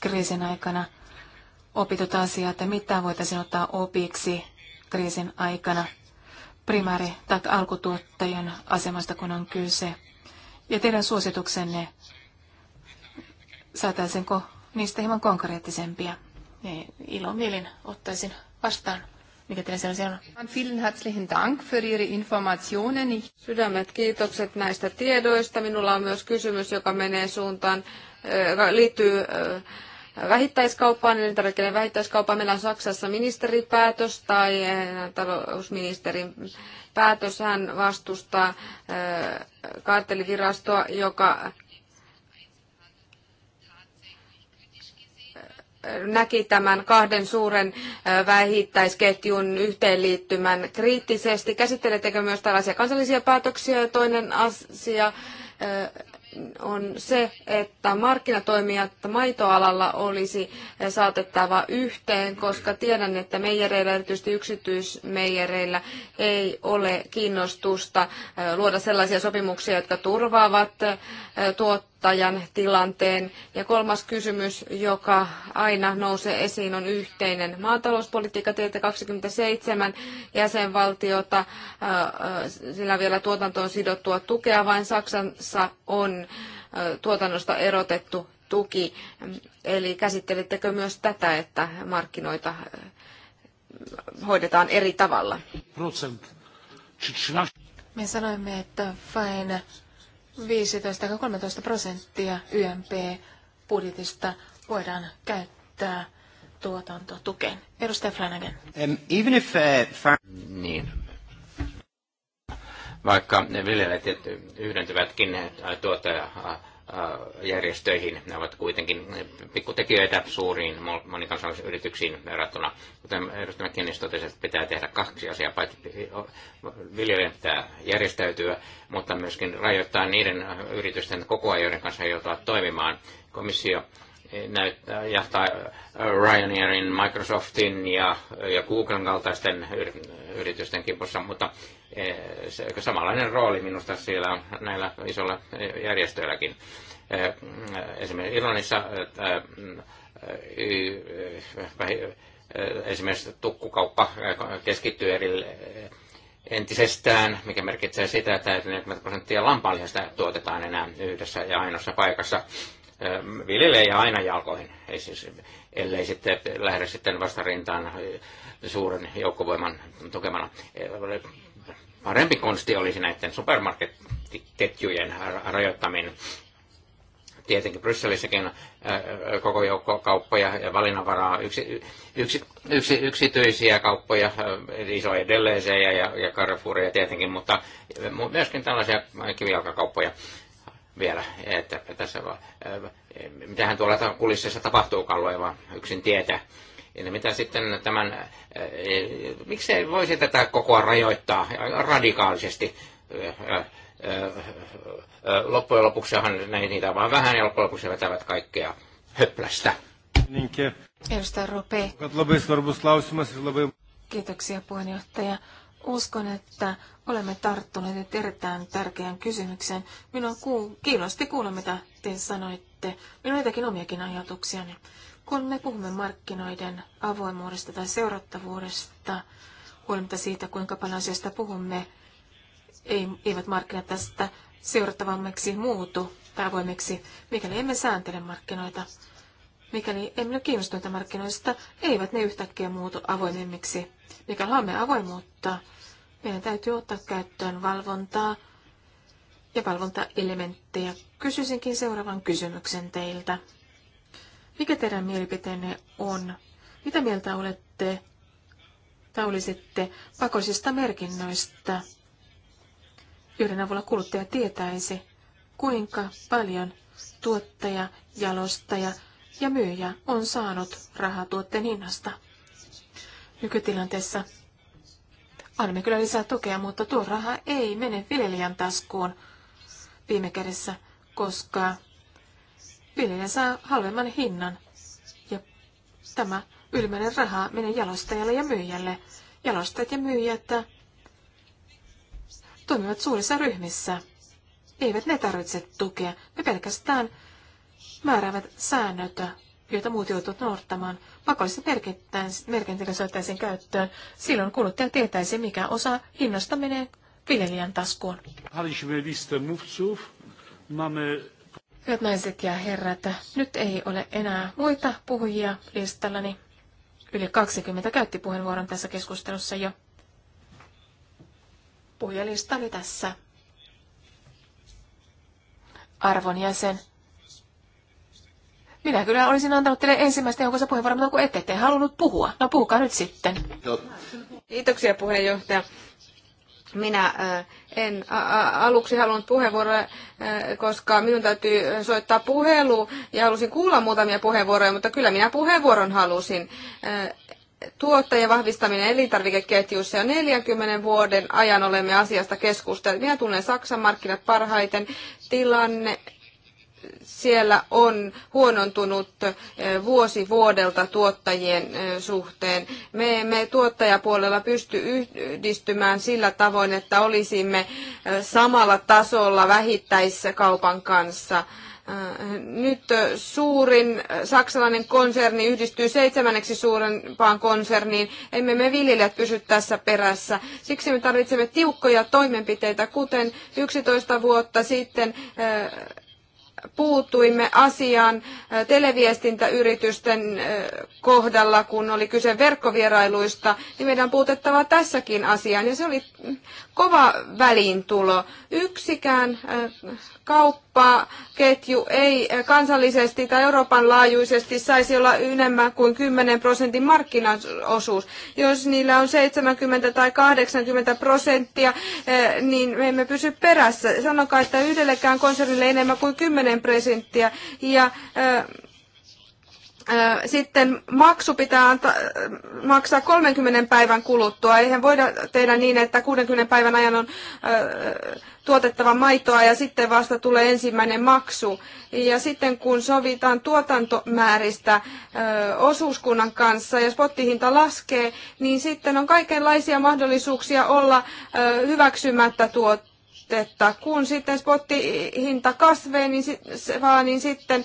kriisin aikana opitut asiat, että mitä voitaisiin ottaa opiksi kriisin aikana primääri- tai alkutuottajan asemasta, kun on kyse. Ja teidän suosituksenne, saataisinko niistä hieman konkreettisempia? Niin, ilomielin ottaisin vastaan mikä teillä sellaisia on. Vielen herzlichen Dank für Ihre Informationen. Sydämet kiitokset näistä tiedoista. Minulla on myös kysymys, joka menee suuntaan, eh, liittyy eh, vähittäiskauppaan, elintarvikkeiden vähittäiskauppaan. Meillä on Saksassa ministeripäätös tai eh, talousministerin päätös. Hän vastustaa kartellivirastoa, joka näki tämän kahden suuren vähittäisketjun yhteenliittymän kriittisesti. Käsittelettekö myös tällaisia kansallisia päätöksiä? Toinen asia on se, että markkinatoimijat maitoalalla olisi saatettava yhteen, koska tiedän, että meijereillä, erityisesti yksityismeijereillä, ei ole kiinnostusta luoda sellaisia sopimuksia, jotka turvaavat tuotteita kuluttajan tilanteen. Ja kolmas kysymys, joka aina nousee esiin, on yhteinen maatalouspolitiikka. Teitä 27 jäsenvaltiota, sillä vielä tuotantoon sidottua tukea, vain Saksassa on tuotannosta erotettu tuki. Eli käsittelittekö myös tätä, että markkinoita hoidetaan eri tavalla? Me sanoimme, että vain 15-13 prosenttia YMP-budjetista voidaan käyttää tuotantotukeen. Edustaja Flanagan. Um, even if, uh, far- niin. Vaikka viljelijät yhdentyvätkin äh, tuottaja äh, järjestöihin. Ne ovat kuitenkin pikkutekijöitä suuriin monikansallisiin yrityksiin verrattuna. Kuten edustaja Kennis totesi, että pitää tehdä kaksi asiaa, paitsi viljelijän pitää järjestäytyä, mutta myöskin rajoittaa niiden yritysten kokoa, joiden kanssa joutuvat toimimaan. Komissio näyttää, tai äh, Ryanairin, Microsoftin ja, ja Googlen kaltaisten yritysten kipussa, mutta äh, se, samanlainen rooli minusta siellä on näillä isolla äh, järjestöilläkin. Esimerkiksi Irlannissa esimerkiksi tukkukauppa keskittyy eri entisestään, mikä merkitsee sitä, että 40 prosenttia lampaalihasta tuotetaan enää yhdessä ja ainoassa paikassa viljelee ja aina jalkoihin, ei siis, ellei sitten lähde sitten vastarintaan suuren joukkovoiman tukemana. Parempi konsti olisi näiden supermarketketjujen rajoittaminen. Tietenkin Brysselissäkin koko joukko kauppoja ja valinnanvaraa, yksi, yksi, yksi, yksityisiä kauppoja, isoja Deleuzeja ja, ja Carrefouria tietenkin, mutta myöskin tällaisia kivijalkakauppoja. kauppoja vielä, että tässä, äh, mitähän tuolla kulississa tapahtuu ei vaan yksin tietää. Ja mitä sitten tämän, äh, miksei voisi tätä kokoa rajoittaa radikaalisesti? Äh, loppujen lopuksihan näin niitä vaan vähän ja loppujen lopuksi vetävät kaikkea höplästä. Edustaja Rope. Kiitoksia puheenjohtaja. Uskon, että olemme tarttuneet erittäin tärkeään kysymykseen. Minua kuul- kiinnosti kuulla, mitä te sanoitte. Minulla on jotakin omiakin ajatuksiani. Kun me puhumme markkinoiden avoimuudesta tai seurattavuudesta, huolimatta siitä, kuinka paljon asiasta puhumme, ei, eivät markkinat tästä seurattavammeksi muutu tai avoimeksi, mikäli emme sääntele markkinoita. Mikäli emme ole kiinnostuneita markkinoista, eivät ne yhtäkkiä muutu avoimemmiksi. Mikäli haluamme avoimuutta, meidän täytyy ottaa käyttöön valvontaa ja valvontaelementtejä. Kysyisinkin seuraavan kysymyksen teiltä. Mikä teidän mielipiteenne on? Mitä mieltä olette tai olisitte pakollisista merkinnöistä, joiden avulla kuluttaja tietäisi, kuinka paljon tuottaja, jalostaja ja myyjä on saanut rahaa tuotteen hinnasta? Nykytilanteessa Annamme kyllä lisää tukea, mutta tuo raha ei mene viljelijän taskuun viime kädessä, koska viljelijä saa halvemman hinnan. Ja tämä ylmäinen raha menee jalostajalle ja myyjälle. Jalostajat ja myyjät toimivat suurissa ryhmissä. Eivät ne tarvitse tukea. Ne pelkästään määräävät säännöt, joita muut joutuvat noudattamaan pakolliset merkintöjä saataisiin käyttöön. Silloin kuluttaja tietäisi, mikä osa hinnasta menee viljelijän taskuun. Hyvät naiset ja herrat, nyt ei ole enää muita puhujia listallani. Yli 20 käytti puheenvuoron tässä keskustelussa jo. Puhujalista oli tässä. Arvon jäsen, minä kyllä olisin antanut teille ensimmäistä joukossa puheenvuoron, mutta kun ette, ette halunnut puhua. No puhukaa nyt sitten. Kiitoksia puheenjohtaja. Minä äh, en aluksi halunnut puheenvuoroa, äh, koska minun täytyy soittaa puhelu ja halusin kuulla muutamia puheenvuoroja, mutta kyllä minä puheenvuoron halusin. Äh, Tuottajien vahvistaminen elintarvikeketjussa ja 40 vuoden ajan olemme asiasta keskustelleet. Minä tunnen Saksan markkinat parhaiten. Tilanne siellä on huonontunut eh, vuosi vuodelta tuottajien eh, suhteen. Me emme tuottajapuolella pysty yhdistymään sillä tavoin, että olisimme eh, samalla tasolla vähittäiskaupan kanssa. Nyt suurin saksalainen konserni yhdistyy seitsemänneksi suurempaan konserniin. Emme me viljelijät pysy tässä perässä. Siksi me tarvitsemme tiukkoja toimenpiteitä, kuten 11 vuotta sitten puutuimme asiaan äh, televiestintäyritysten äh, kohdalla, kun oli kyse verkkovierailuista, niin meidän on puutettava tässäkin asiaan. Ja se oli kova väliintulo. Yksikään äh, kauppaketju ei eh, kansallisesti tai Euroopan laajuisesti saisi olla enemmän kuin 10 prosentin markkinaosuus. Jos niillä on 70 tai 80 prosenttia, eh, niin me emme pysy perässä. Sanokaa, että yhdellekään konsernille enemmän kuin 10 prosenttia. Ja, äh, sitten maksu pitää anta, maksaa 30 päivän kuluttua. Eihän voida tehdä niin, että 60 päivän ajan on tuotettava maitoa ja sitten vasta tulee ensimmäinen maksu. Ja sitten kun sovitaan tuotantomääristä osuuskunnan kanssa ja spottihinta laskee, niin sitten on kaikenlaisia mahdollisuuksia olla hyväksymättä tuot ostetta. Kun sitten spottihinta kasvee, niin, sit, vaan, niin sitten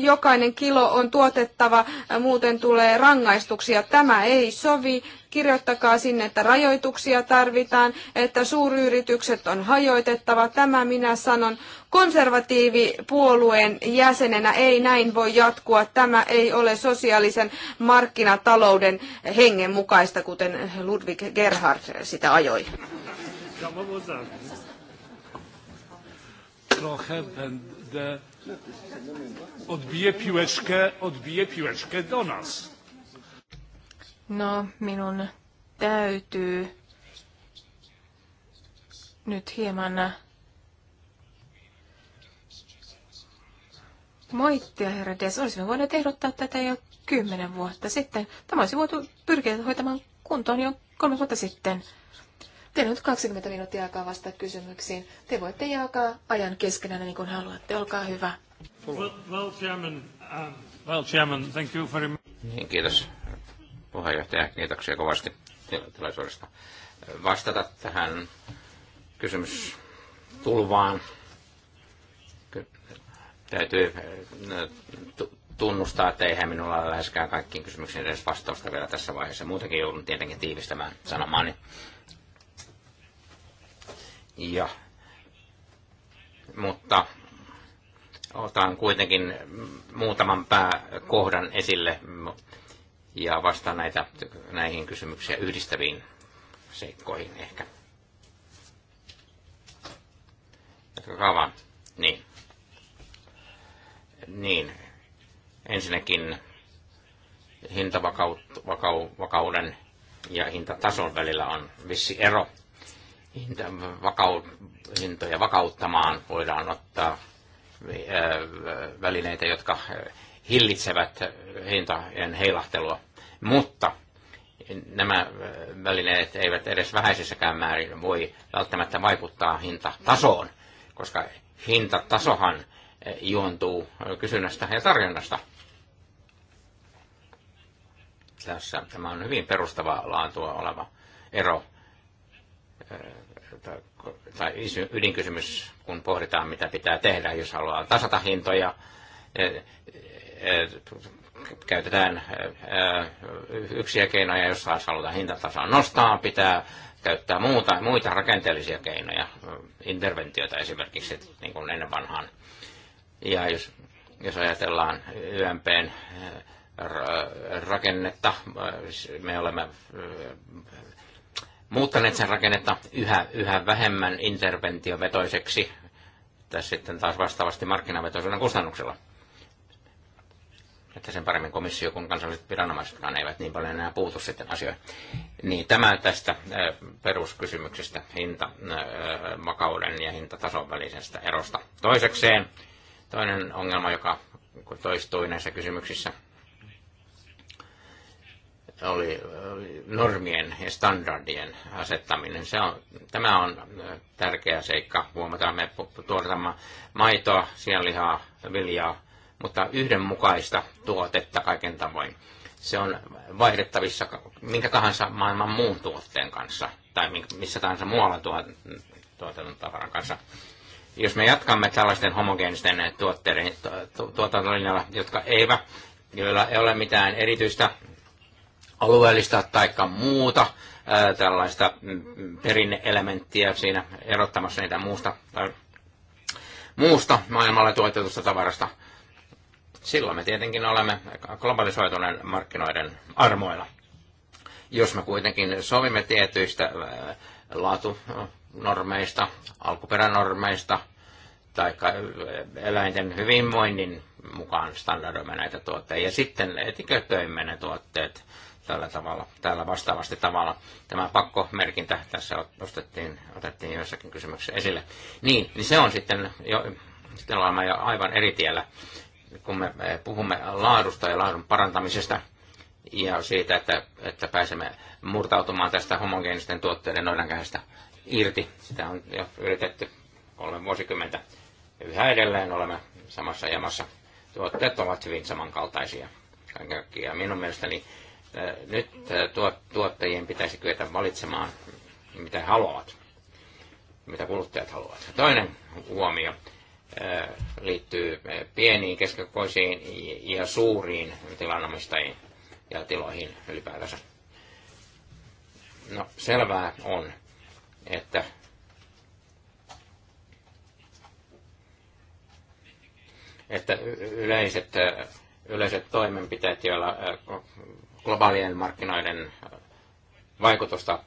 jokainen kilo on tuotettava, muuten tulee rangaistuksia. Tämä ei sovi. Kirjoittakaa sinne, että rajoituksia tarvitaan, että suuryritykset on hajoitettava. Tämä minä sanon konservatiivipuolueen jäsenenä. Ei näin voi jatkua. Tämä ei ole sosiaalisen markkinatalouden hengen mukaista, kuten Ludwig Gerhard sitä ajoi trochę będę odbiję piłeczkę, odbiję piłeczkę do nas. No, minun täytyy nyt hieman moittia, herra Des. Olisimme voineet ehdottaa tätä jo kymmenen vuotta sitten. Tämä olisi voitu pyrkiä hoitamaan kuntoon jo kolme vuotta sitten. Teillä on nyt 20 minuuttia aikaa vastata kysymyksiin. Te voitte jakaa ajan keskenään niin kuin haluatte. Olkaa hyvä. Well, well, chairman, um, well, chairman, thank you very much. Niin, kiitos puheenjohtaja. Kiitoksia kovasti tilaisuudesta vastata tähän kysymys tulvaan. Täytyy eh, tunnustaa, että eihän minulla ole läheskään kaikkiin kysymyksiin edes vastausta vielä tässä vaiheessa. Muutenkin joudun tietenkin tiivistämään sanomaani. Niin ja, mutta otan kuitenkin muutaman pääkohdan esille ja vastaan näitä, näihin kysymyksiä yhdistäviin seikkoihin ehkä. Kava. Niin. Niin. Ensinnäkin hintavakauden ja hintatason välillä on vissi ero hinta, vakaut, hintoja vakauttamaan, voidaan ottaa eh, välineitä, jotka hillitsevät hintojen heilahtelua. Mutta nämä eh, välineet eivät edes vähäisessäkään määrin voi välttämättä vaikuttaa hintatasoon, koska hintatasohan eh, juontuu kysynnästä ja tarjonnasta. Tässä tämä on hyvin perustavaa laatua oleva ero tai ydinkysymys, kun pohditaan, mitä pitää tehdä, jos haluaa tasata hintoja, käytetään yksiä keinoja, jos taas halutaan hintatasoa nostaa, pitää käyttää muuta, muita rakenteellisia keinoja, interventioita esimerkiksi, niin kuin ennen vanhaan. Ja jos, jos ajatellaan YMPn rakennetta, siis me olemme muuttaneet sen rakennetta yhä, yhä vähemmän interventiovetoiseksi, tai sitten taas vastaavasti markkinavetoisuuden kustannuksella. Että sen paremmin komissio kuin kansalliset viranomaisetkaan eivät niin paljon enää puutu sitten asioihin. Niin tämä tästä peruskysymyksestä, hinta, makauden ja hintatason välisestä erosta. Toisekseen toinen ongelma, joka toistui näissä kysymyksissä, oli, normien ja standardien asettaminen. Se on, tämä on äh, tärkeä seikka. Huomataan, me tuotamme maitoa, sianlihaa, viljaa, mutta yhdenmukaista tuotetta kaiken tavoin. Se on vaihdettavissa minkä tahansa maailman muun tuotteen kanssa tai missä tahansa muualla tuotetun tavaran kanssa jos me jatkamme tällaisten homogeenisten tuotteiden tuotantolinjalla, jotka eivät, joilla ei ole mitään erityistä alueellista tai muuta tällaista mm, mm, perinneelementtiä siinä erottamassa niitä muusta, tai muusta maailmalle tuotetusta tavarasta. Silloin me tietenkin olemme globalisoituneen markkinoiden armoilla. Jos me kuitenkin sovimme tietyistä laatunormeista, alkuperänormeista, tai eläinten hyvinvoinnin mukaan standardoimme näitä tuotteita ja sitten etiketöimme ne tuotteet – tällä tavalla, tällä vastaavasti tavalla. Tämä pakkomerkintä tässä ostettiin, otettiin joissakin kysymyksissä esille. Niin, niin se on sitten jo, sitten ollaan jo aivan eri tiellä, kun me eh, puhumme laadusta ja laadun parantamisesta ja siitä, että, että pääsemme murtautumaan tästä homogeenisten tuotteiden noidankehästä irti. Sitä on jo yritetty kolme vuosikymmentä. Yhä edelleen olemme samassa jamassa. Tuotteet ovat hyvin samankaltaisia kaiken minun mielestäni nyt tuottajien pitäisi kyetä valitsemaan, mitä haluavat, mitä kuluttajat haluavat. Toinen huomio liittyy pieniin, keskikokoisiin ja suuriin tilanomistajiin ja tiloihin ylipäätänsä. No, selvää on, että että yleiset, yleiset toimenpiteet, joilla globaalien markkinoiden äh, vaikutusta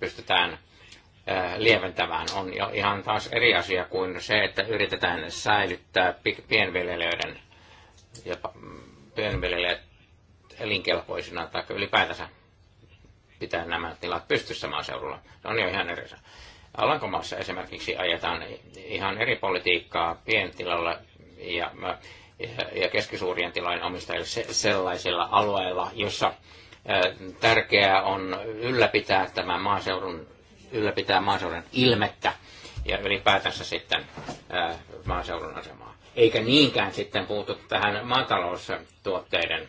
pystytään äh, lieventämään on ihan taas eri asia kuin se, että yritetään säilyttää pienviljelijöiden ja mm, pienviljelijät elinkelpoisina tai ylipäätänsä pitää nämä tilat pystyssä maaseudulla. Se on jo ihan eri asia. Alankomaassa esimerkiksi ajetaan ihan eri politiikkaa pientilalla ja ja keskisuurien tilojen omistajille sellaisilla alueilla, jossa tärkeää on ylläpitää tämän maaseudun, ylläpitää maaseudun ilmettä ja ylipäätänsä sitten maaseudun asemaa. Eikä niinkään sitten puutu tähän maataloustuotteiden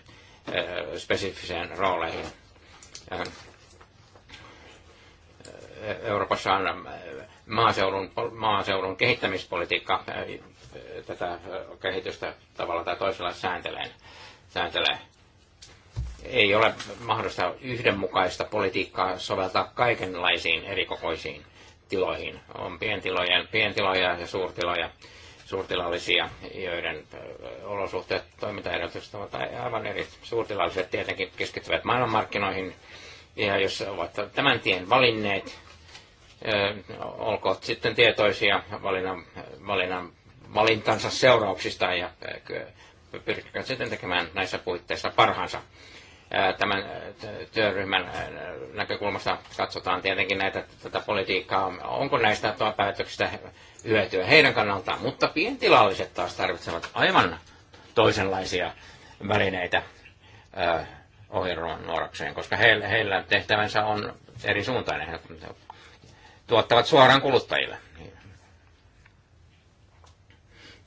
spesifiseen rooleihin. Euroopassa on maaseudun, maaseudun kehittämispolitiikka tätä kehitystä tavalla tai toisella sääntelee. sääntelee. Ei ole mahdollista yhdenmukaista politiikkaa soveltaa kaikenlaisiin erikokoisiin tiloihin. On pientiloja, pientiloja ja suurtiloja, suurtilallisia, joiden olosuhteet, toimintaedellytykset ovat aivan eri. Suurtilalliset tietenkin keskittyvät maailmanmarkkinoihin, ja jos ovat tämän tien valinneet, olkoot sitten tietoisia valinnan, valinnan valintansa seurauksista ja äh, pyrkivät sitten tekemään näissä puitteissa parhaansa. Äh, tämän äh, työryhmän näkökulmasta katsotaan tietenkin näitä, tätä politiikkaa, onko näistä päätöksistä hyötyä heidän kannaltaan, mutta pientilalliset taas tarvitsevat aivan toisenlaisia välineitä ohjelman nuorakseen, koska heillä, heillä tehtävänsä on eri suuntainen. He tuottavat suoraan kuluttajille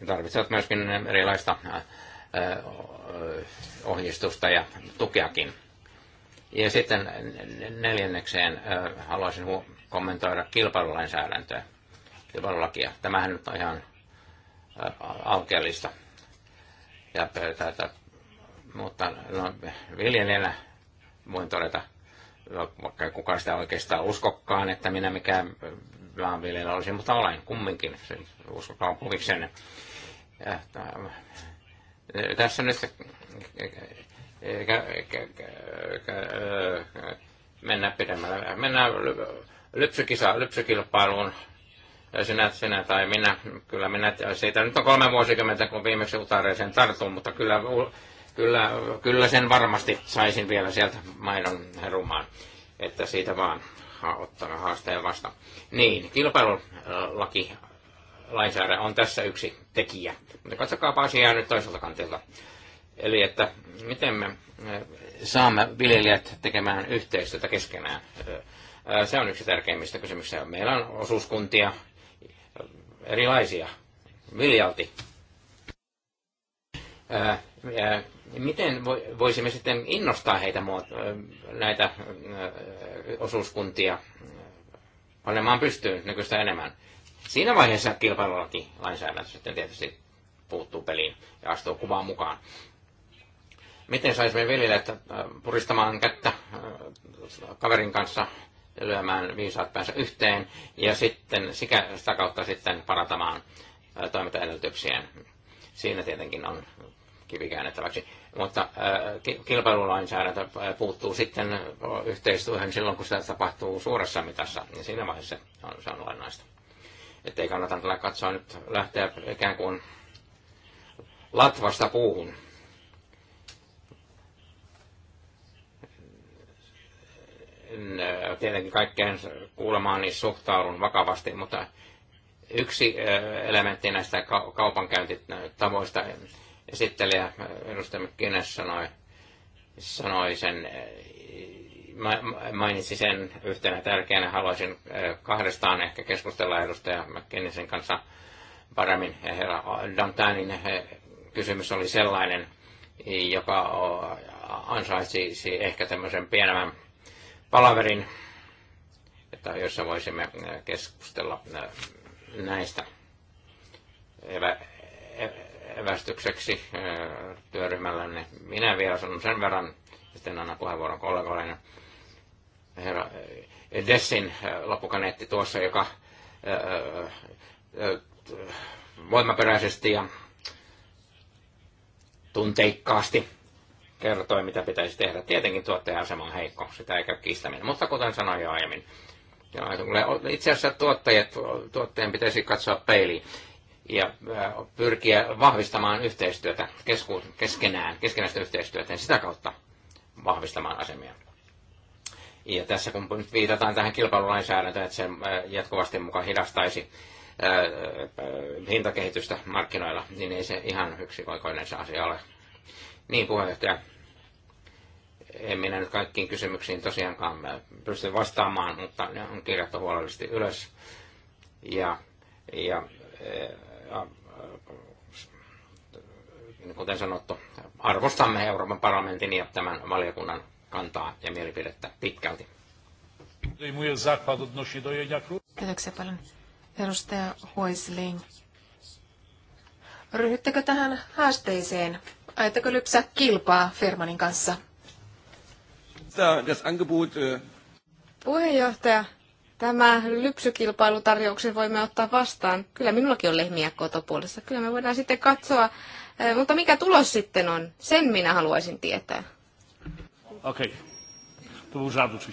tarvitsevat myöskin erilaista ohjeistusta ja tukeakin. Ja sitten neljännekseen haluaisin kommentoida kilpailulainsäädäntöä, kilpailulakia. Tämähän nyt on ihan alkeellista. Ja, tätä, mutta no, viljelijänä voin todeta, vaikka kukaan sitä oikeastaan uskokkaan, että minä mikään maanviljelijä olisin, mutta olen kumminkin, siis uskokaa puhikseen. Ähm, äh, tässä nyt äh, äh, mennä pidemmälle. Mennään lypsykisa, lypsykilpailuun. Sinä, sinä tai minä, kyllä minä, siitä nyt on kolme vuosikymmentä, kun viimeksi utareeseen tartun, mutta kyllä, kyllä, kyllä sen varmasti saisin vielä sieltä maidon herumaan. Että siitä vaan ottaa haasteen vasta. Niin, kilpailulaki äh, lainsäädäntö on tässä yksi tekijä. Mutta katsokaapa asiaa nyt toiselta kantilta. Eli että miten me äh, saamme viljelijät tekemään yhteistyötä keskenään. Äh, se on yksi tärkeimmistä kysymyksistä. Meillä on osuuskuntia erilaisia viljalti miten voisimme sitten innostaa heitä näitä osuuskuntia panemaan pystyyn nykyistä enemmän? Siinä vaiheessa kilpailulaki lainsäädäntö sitten tietysti puuttuu peliin ja astuu kuvaan mukaan. Miten saisimme viljelijät puristamaan kättä kaverin kanssa lyömään viisaat päänsä yhteen ja sitten sitä kautta sitten parantamaan toimintaedellytyksiä. Siinä tietenkin on kivikäännettäväksi. Mutta äh, kilpailulainsäädäntö äh, puuttuu sitten äh, yhteistyöhön silloin, kun se tapahtuu suuressa mitassa. niin siinä vaiheessa on, se on olennaista. Että ei kannata tällä katsoa nyt lähteä ikään kuin latvasta puuhun. Tietenkin kaikkeen kuulemaan niin suhtaudun vakavasti, mutta yksi elementti näistä kaupankäyntitavoista esittelijä, edustaja McKinnon sanoi, sanoi sen, mainitsi sen yhtenä tärkeänä. Haluaisin kahdestaan ehkä keskustella edustaja McKinnisen kanssa paremmin. Herra Dantanin kysymys oli sellainen, joka ansaitsisi ehkä tämmöisen pienemmän palaverin, että jossa voisimme keskustella näistä evästykseksi äh, työryhmällänne. Minä vielä sanon sen verran, sitten annan puheenvuoron kollegoille. Herra äh, Dessin äh, loppukaneetti tuossa, joka voimaperäisesti ja tunteikkaasti kertoi, mitä pitäisi tehdä. Tietenkin tuottajan asema on heikko, sitä ei käy kiistäminen. Mutta kuten sanoin jo aiemmin, itse asiassa tuottajat, tuottajien pitäisi katsoa peiliin ja pyrkiä vahvistamaan yhteistyötä kesku, keskenään, keskenäistä yhteistyötä ja sitä kautta vahvistamaan asemia. Ja tässä kun nyt viitataan tähän kilpailulainsäädäntöön, että se jatkuvasti mukaan hidastaisi hintakehitystä markkinoilla, niin ei se ihan yksikoikoinen se asia ole. Niin puheenjohtaja, en minä nyt kaikkiin kysymyksiin tosiaankaan pysty vastaamaan, mutta ne on kirjattu huolellisesti ylös. Ja, ja Äh, äh, kuten sanottu, arvostamme Euroopan parlamentin ja tämän valiokunnan kantaa ja mielipidettä pitkälti. Kiitoksia paljon. Edustaja Huisling. Ryhdyttekö tähän haasteeseen? Aitako lypsää kilpaa Fermanin kanssa? Puheenjohtaja, tämä lypsykilpailutarjouksen voimme ottaa vastaan. Kyllä minullakin on lehmiä kotopuolessa. Kyllä me voidaan sitten katsoa. Eh, mutta mikä tulos sitten on? Sen minä haluaisin tietää. Okei. Okay.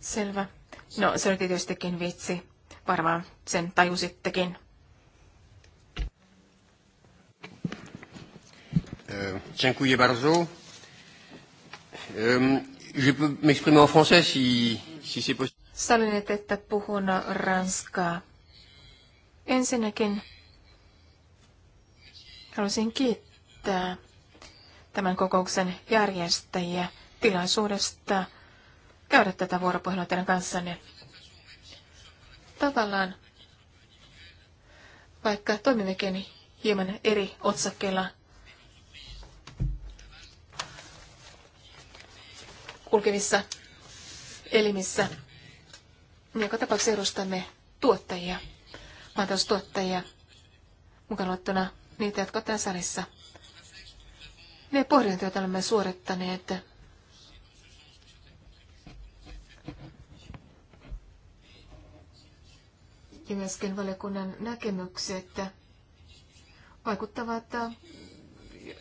Selvä. No, se oli tietystikin vitsi. Varmaan sen tajusittekin. Ehm, dziękuję bardzo. Ehm, Je peux m'exprimer en français si, si c'est possible. että puhun ranskaa. Ensinnäkin haluaisin kiittää tämän kokouksen järjestäjiä tilaisuudesta käydä tätä vuoropuhelua teidän kanssanne. Tavallaan, vaikka toimimmekin hieman eri otsakkeilla kulkevissa elimissä. Joka tapauksessa edustamme tuottajia, maataloustuottajia, mukaan luettuna niitä, jotka ovat tässä salissa. Ne pohdinnat, joita olemme suorittaneet, ja myöskin valiokunnan näkemykset vaikuttavat,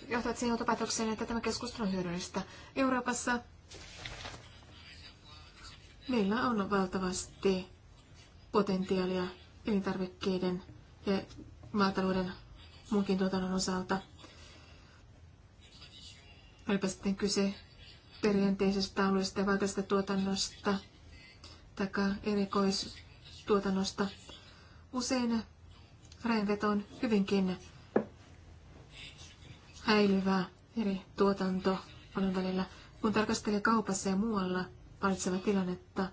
johtavat siihen johtopäätökseen, että tämä keskustelu on hyödyllistä. Euroopassa Meillä on valtavasti potentiaalia elintarvikkeiden ja maatalouden muunkin tuotannon osalta. Olipa sitten kyse perinteisestä alueesta ja valtaisesta tuotannosta tai erikoistuotannosta. Usein rajanveto on hyvinkin häilyvää eri tuotanto välillä. Kun tarkastelee kaupassa ja muualla – valitseva tilannetta.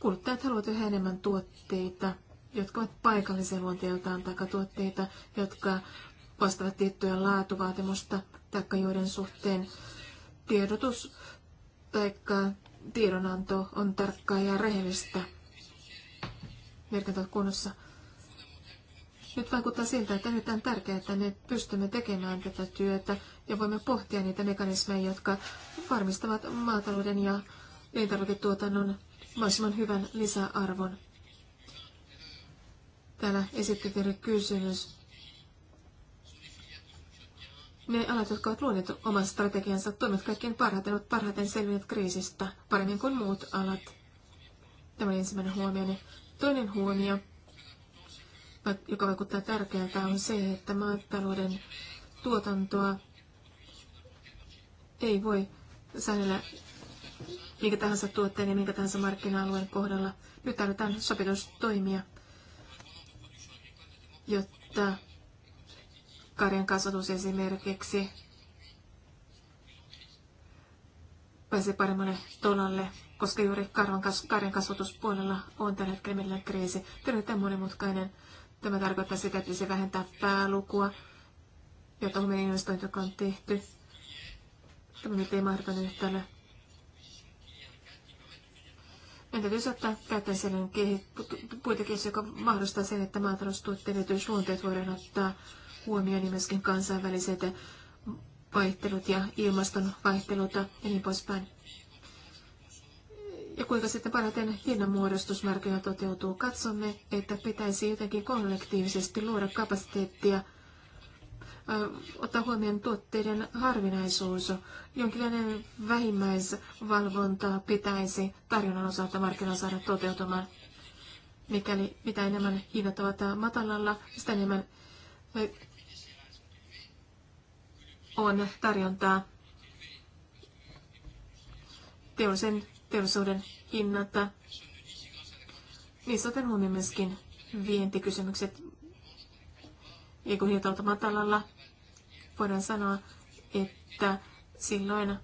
Kuluttajat haluavat yhä enemmän tuotteita, jotka ovat paikallisen luonteeltaan tai tuotteita, jotka vastaavat tiettyä laatuvaatimusta tai joiden suhteen tiedotus tai tiedonanto on tarkkaa ja rehellistä. Merkintä kunnossa. Nyt vaikuttaa siltä, että nyt on tärkeää, että me pystymme tekemään tätä työtä ja voimme pohtia niitä mekanismeja, jotka varmistavat maatalouden ja elintarviketuotannon mahdollisimman hyvän lisäarvon. Täällä esitettiin kysymys. Ne alat, jotka ovat luoneet oman strategiansa, toimivat kaikkein parhaiten, ovat parhaiten selvinneet kriisistä, paremmin kuin muut alat. Tämä oli ensimmäinen huomio. Toinen huomio, joka vaikuttaa tärkeältä, on se, että maatalouden tuotantoa ei voi säännellä minkä tahansa tuotteen ja minkä tahansa markkina-alueen kohdalla. Nyt tarvitaan sopitustoimia, jotta karjan kasvatus esimerkiksi pääsee paremmalle tolalle, koska juuri karvan kas- karjan kasvatuspuolella on tällä hetkellä meillä kriisi. Tämä on monimutkainen. Tämä tarkoittaa sitä, että se vähentää päälukua, jota on investointi, joka on tehty Tämä nyt ei mahdoton yhtälö. Meidän täytyisi ottaa käyttöön sellainen puitekehys, joka mahdollistaa sen, että maataloustuotteiden erityisluonteet voidaan ottaa huomioon niin myöskin kansainväliset vaihtelut ja ilmaston vaihtelut ja niin poispäin. Ja kuinka sitten parhaiten hinnanmuodostusmarkkina toteutuu, katsomme, että pitäisi jotenkin kollektiivisesti luoda kapasiteettia – ottaa huomioon tuotteiden harvinaisuus. Jonkinlainen vähimmäisvalvonta pitäisi tarjonnan osalta markkinoilla saada toteutumaan. Mikäli mitä enemmän hinnat ovat matalalla, sitä enemmän on tarjontaa teollisen teollisuuden hinnat. Niissä otan huomioon myöskin vientikysymykset. Ja kun hinnat ovat matalalla, voidaan sanoa, että silloin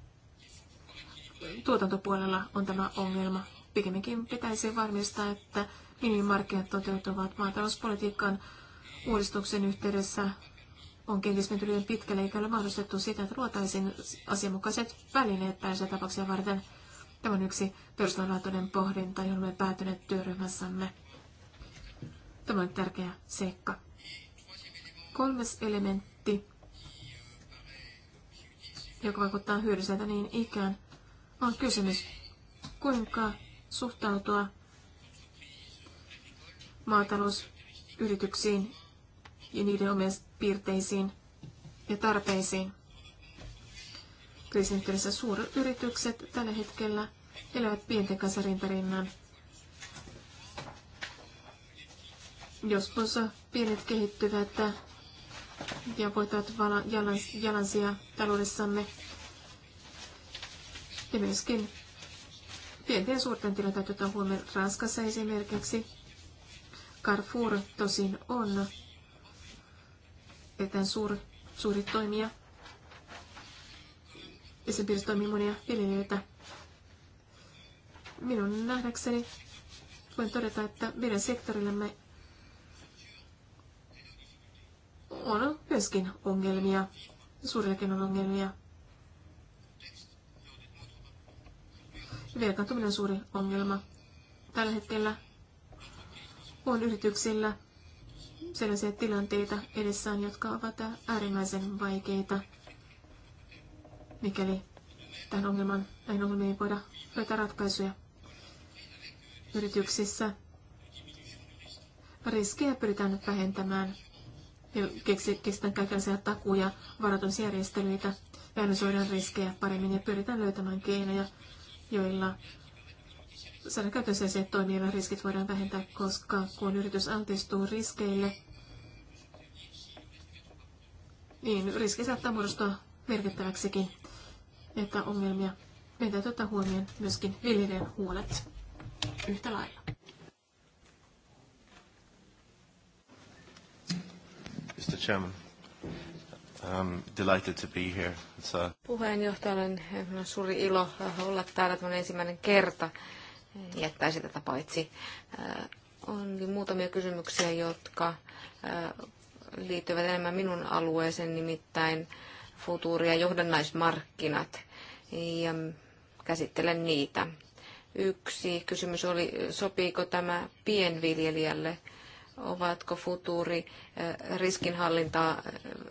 tuotantopuolella on tämä ongelma. Pikemminkin pitäisi varmistaa, että minimimarkkinat toteutuvat maatalouspolitiikan uudistuksen yhteydessä on kenties menty liian pitkälle eikä ole mahdollistettu sitä, että luotaisiin asianmukaiset välineet tällaisia tapauksia varten. Tämä on yksi perustavanlaatuinen pohdinta, johon olemme päätyneet työryhmässämme. Tämä on tärkeä seikka. Kolmas elementti joka vaikuttaa hyödylliseltä niin ikään, on kysymys, kuinka suhtautua maatalousyrityksiin ja niiden omien piirteisiin ja tarpeisiin. Kriisin yhteydessä suuryritykset tällä hetkellä elävät pienten kanssa rintarinnan. Joskus pienet kehittyvät ja voittavat jalan, jalansia taloudessamme. Ja myöskin pienten ja suurten tilat, täytyy ottaa huomioon Ranskassa esimerkiksi. Carrefour tosin on erittäin suur, suuri toimija. Ja sen piirissä toimii monia viljelijöitä. Minun nähdäkseni voin todeta, että meidän sektorillamme on myöskin ongelmia, suuriakin on ongelmia. Velkaantuminen on suuri ongelma. Tällä hetkellä on yrityksillä sellaisia tilanteita edessään, jotka ovat äärimmäisen vaikeita, mikäli tähän ongelman, näihin ongelmiin ei voida löytää ratkaisuja. Yrityksissä riskejä pyritään vähentämään kestän kaikenlaisia takuja, varoitusjärjestelyitä, analysoidaan riskejä paremmin ja pyritään löytämään keinoja, joilla saadaan käytössä se, että toimijoilla riskit voidaan vähentää, koska kun yritys altistuu riskeille, niin riski saattaa muodostua merkittäväksikin, että ongelmia meidän täytyy ottaa huomioon myöskin viljelijän huolet yhtä lailla. Mr. Chairman. I'm delighted to be here. It's a... Puheenjohtaja, olen suuri ilo äh, olla täällä tämän ensimmäinen kerta. Jättäisi tätä paitsi. Äh, on muutamia kysymyksiä, jotka äh, liittyvät enemmän minun alueeseen, nimittäin futuuria johdannaismarkkinat, ja käsittelen niitä. Yksi kysymys oli, sopiiko tämä pienviljelijälle – ovatko futuuri eh, riskinhallinta eh,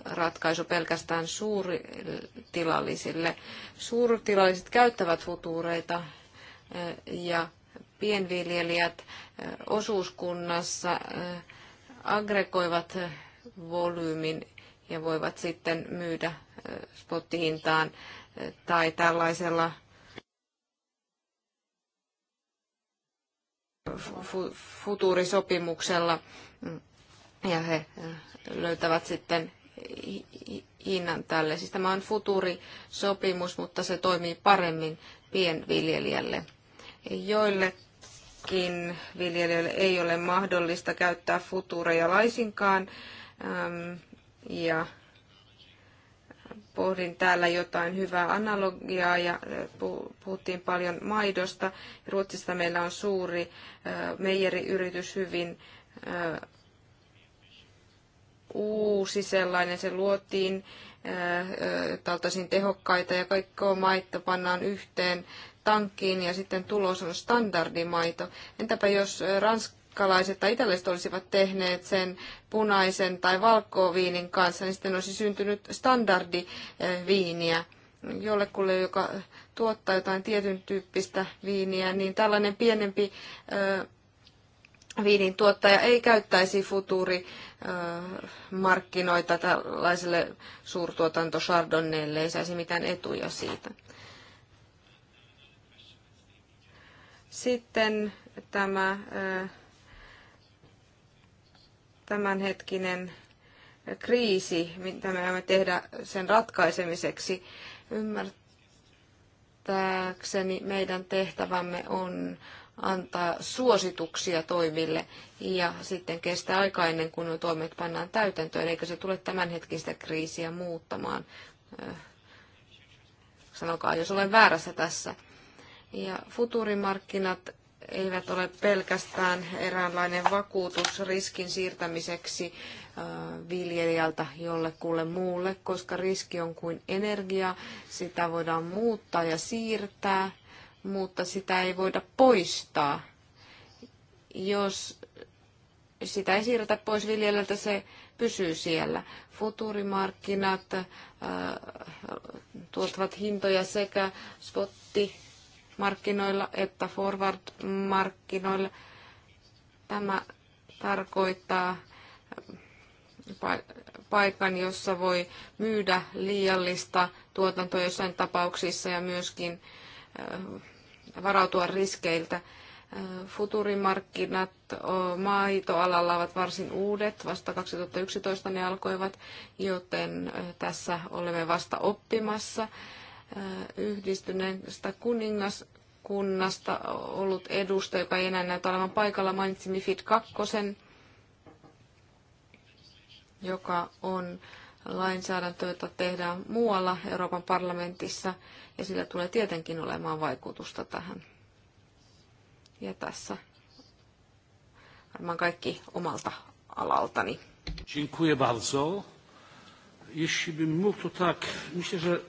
ratkaisu pelkästään suurtilallisille. Suurtilalliset käyttävät futuureita eh, ja pienviljelijät osuuskunnassa aggregoivat volyymin ja voivat sitten myydä spottihintaan tai tällaisella futuurisopimuksella ja he äh, löytävät sitten hinnan tälle. Siis tämä on futuurisopimus, mutta se toimii paremmin pienviljelijälle. Joillekin viljelijöille ei ole mahdollista käyttää futuureja laisinkaan. Ja pohdin täällä jotain hyvää analogiaa ja puhuttiin paljon maidosta. Ruotsista meillä on suuri meijeriyritys hyvin uusi sellainen. Se luotiin taltaisin tehokkaita ja kaikkea maitto pannaan yhteen tankkiin ja sitten tulos on standardimaito. Entäpä jos Ranska kreikkalaiset tai italialaiset olisivat tehneet sen punaisen tai valkoviinin kanssa, niin sitten olisi syntynyt standardiviiniä eh, jollekulle, joka tuottaa jotain tietyn tyyppistä viiniä, niin tällainen pienempi ö, eh, viinin tuottaja ei käyttäisi futuurimarkkinoita eh, markkinoita tällaiselle suurtuotanto Chardonnaylle, ei saisi mitään etuja siitä. Sitten tämä tämänhetkinen kriisi, mitä me voimme tehdä sen ratkaisemiseksi. Ymmärtääkseni meidän tehtävämme on antaa suosituksia toimille ja sitten kestää aika ennen kuin nuo toimet pannaan täytäntöön, eikä se tule tämänhetkistä kriisiä muuttamaan. Äh, sanokaa, jos olen väärässä tässä. Ja futurimarkkinat eivät ole pelkästään eräänlainen vakuutus riskin siirtämiseksi äh, viljelijältä jollekulle muulle, koska riski on kuin energia, sitä voidaan muuttaa ja siirtää, mutta sitä ei voida poistaa. Jos sitä ei siirretä pois viljelijältä, se pysyy siellä. Futurimarkkinat äh, tuottavat hintoja sekä spotti markkinoilla että forward-markkinoilla. Tämä tarkoittaa paikan, jossa voi myydä liiallista tuotantoa jossain tapauksissa ja myöskin äh, varautua riskeiltä. Äh, futurimarkkinat maitoalalla ovat varsin uudet, vasta 2011 ne alkoivat, joten äh, tässä olemme vasta oppimassa yhdistyneestä kuningaskunnasta ollut edustaja, joka ei enää näytä olevan paikalla, mainitsi MIFID 2, joka on lainsäädäntö, jota tehdään muualla Euroopan parlamentissa, ja sillä tulee tietenkin olemaan vaikutusta tähän. Ja tässä varmaan kaikki omalta alaltani. Dziękuję bardzo. Jeśli bym mógł, to tak, myślę, że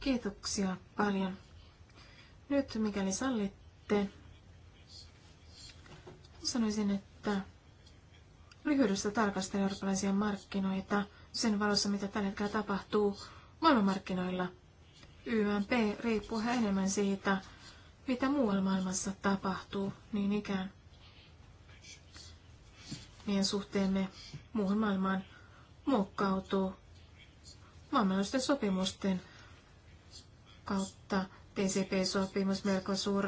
Kiitoksia paljon. Nyt, mikäli sallitte, sanoisin, että lyhyydessä tarkastelen eurooppalaisia markkinoita sen valossa, mitä tällä hetkellä tapahtuu maailmanmarkkinoilla. YMP riippuu enemmän siitä, mitä muualla maailmassa tapahtuu, niin ikään. Meidän suhteemme muuhun maailmaan muokkautuu maailmanlaisten sopimusten kautta TCP-sopimus, Mercosur,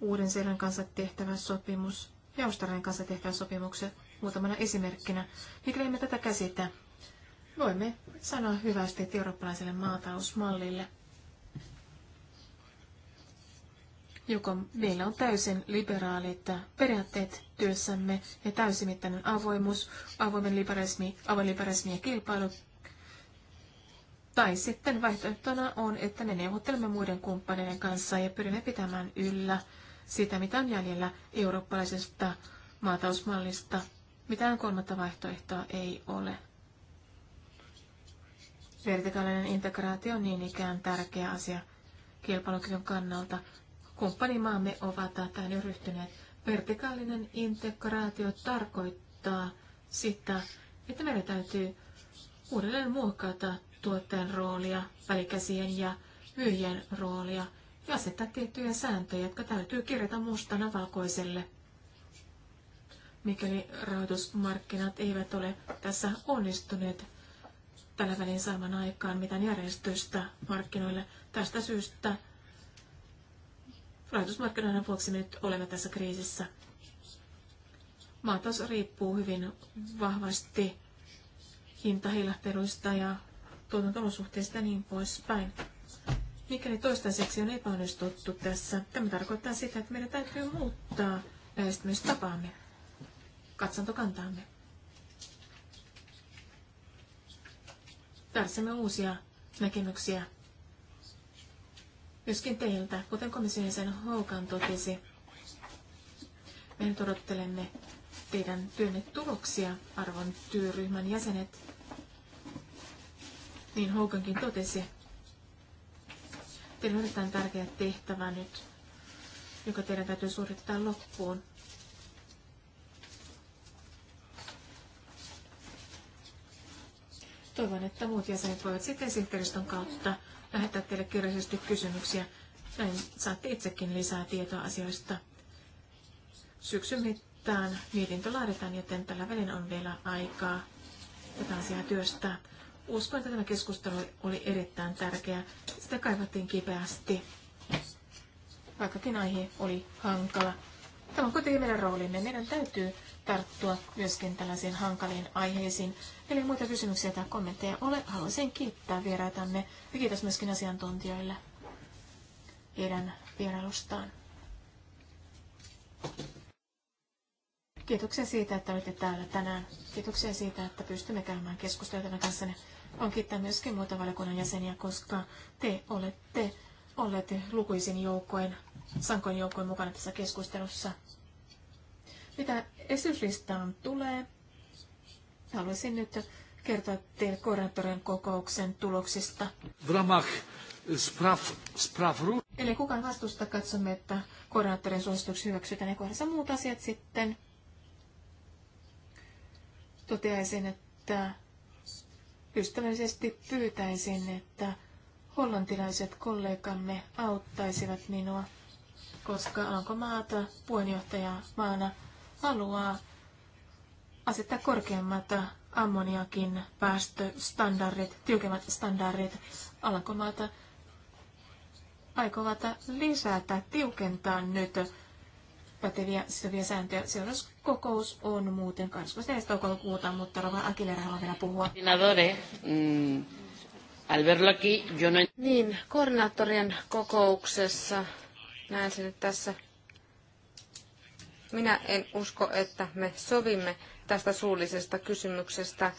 uuden seelan kanssa tehtävä sopimus ja Australian kanssa tehtävä sopimukset muutamana esimerkkinä. Mikä emme tätä käsitä, voimme sanoa hyvästi eurooppalaiselle maatalousmallille. joko meillä on täysin liberaalit periaatteet työssämme ja täysimittainen avoimuus, avoimen liberalismi, avoin liberalismi ja kilpailu tai sitten vaihtoehtona on, että me neuvottelemme muiden kumppaneiden kanssa ja pyrimme pitämään yllä sitä, mitä on jäljellä eurooppalaisesta maatausmallista. Mitään kolmatta vaihtoehtoa ei ole. Vertikaalinen integraatio on niin ikään tärkeä asia kilpailukyvyn kannalta. Kumppanimaamme ovat tähän jo ryhtyneet. Vertikaalinen integraatio tarkoittaa sitä, että meidän täytyy uudelleen muokata tuottajan roolia, välikäsien ja myyjien roolia ja asettaa tiettyjä sääntöjä, jotka täytyy kirjata mustana valkoiselle. Mikäli rahoitusmarkkinat eivät ole tässä onnistuneet tällä välin saaman aikaan mitään järjestystä markkinoille, tästä syystä rahoitusmarkkinoiden vuoksi me nyt olemme tässä kriisissä. Maatalous riippuu hyvin vahvasti hintahilahteluista ja tuotantolosuhteista ja niin poispäin. Mikäli toistaiseksi on epäonnistuttu tässä, tämä tarkoittaa sitä, että meidän täytyy muuttaa lähestymistapaamme, katsantokantaamme. Tarvitsemme uusia näkemyksiä myöskin teiltä, kuten komission sen Houkan totesi. Me nyt odottelemme teidän työnne tuloksia, arvon työryhmän jäsenet niin Houkankin totesi, teillä on erittäin tärkeä tehtävä nyt, joka teidän täytyy suorittaa loppuun. Toivon, että muut jäsenet voivat sitten sihteeristön kautta lähettää teille kirjallisesti kysymyksiä. Näin saatte itsekin lisää tietoa asioista. Syksyn mittaan mietintö laaditaan, joten tällä välin on vielä aikaa tätä asiaa työstää. Uskon, että tämä keskustelu oli erittäin tärkeä. Sitä kaivattiin kipeästi, vaikkakin aihe oli hankala. Tämä on kuitenkin meidän roolimme. Meidän täytyy tarttua myöskin tällaisiin hankaliin aiheisiin. Eli muita kysymyksiä tai kommentteja ole, haluaisin kiittää vieraitamme ja kiitos myöskin asiantuntijoille heidän vierailustaan. Kiitoksia siitä, että olette täällä tänään. Kiitoksia siitä, että pystymme käymään keskustelua kanssanne on kiittää myöskin muita valiokunnan jäseniä, koska te olette olleet lukuisin joukkojen, sankoin joukkojen mukana tässä keskustelussa. Mitä esityslistaan tulee, haluaisin nyt kertoa teille koordinaattorien kokouksen tuloksista. Vramach, spraw, spraw. Eli kukaan vastusta katsomme, että koordinaattorien suositukset hyväksytään ja kohdassa muut asiat sitten. Toteaisin, että Ystävällisesti pyytäisin, että hollantilaiset kollegamme auttaisivat minua, koska Alankomaata puheenjohtaja maana haluaa asettaa korkeammat ammoniakin päästöstandardit, tiukemmat standardit Alankomaata aikovat lisätä, tiukentaa nyt päteviä sitovia sääntöjä. Seuraavaksi Kokous on muuten 24. toukokuuta, mutta Rova Akilera haluaa vielä puhua. Mm, no- niin, koordinaattorien kokouksessa näen sen että tässä. Minä en usko, että me sovimme tästä suullisesta kysymyksestä äh,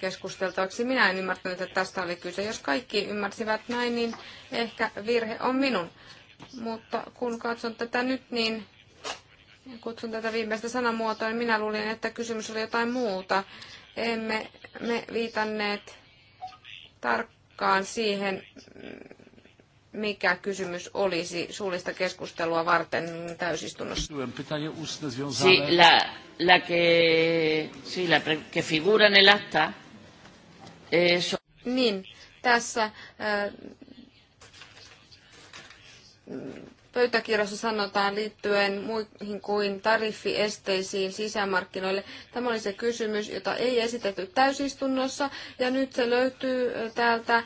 keskusteltavaksi. Minä en ymmärtänyt, että tästä oli kyse. Jos kaikki ymmärsivät näin, niin ehkä virhe on minun. Mutta kun katson tätä nyt, niin kutsun tätä viimeistä sanamuotoa, niin minä luulin, että kysymys oli jotain muuta. Emme me viitanneet tarkkaan siihen, mikä kysymys olisi suullista keskustelua varten täysistunnossa. Sí, la, la que, sí, la que figura en el acta. Niin, tässä äh, pöytäkirjassa sanotaan liittyen muihin kuin tariffiesteisiin sisämarkkinoille. Tämä oli se kysymys, jota ei esitetty täysistunnossa ja nyt se löytyy täältä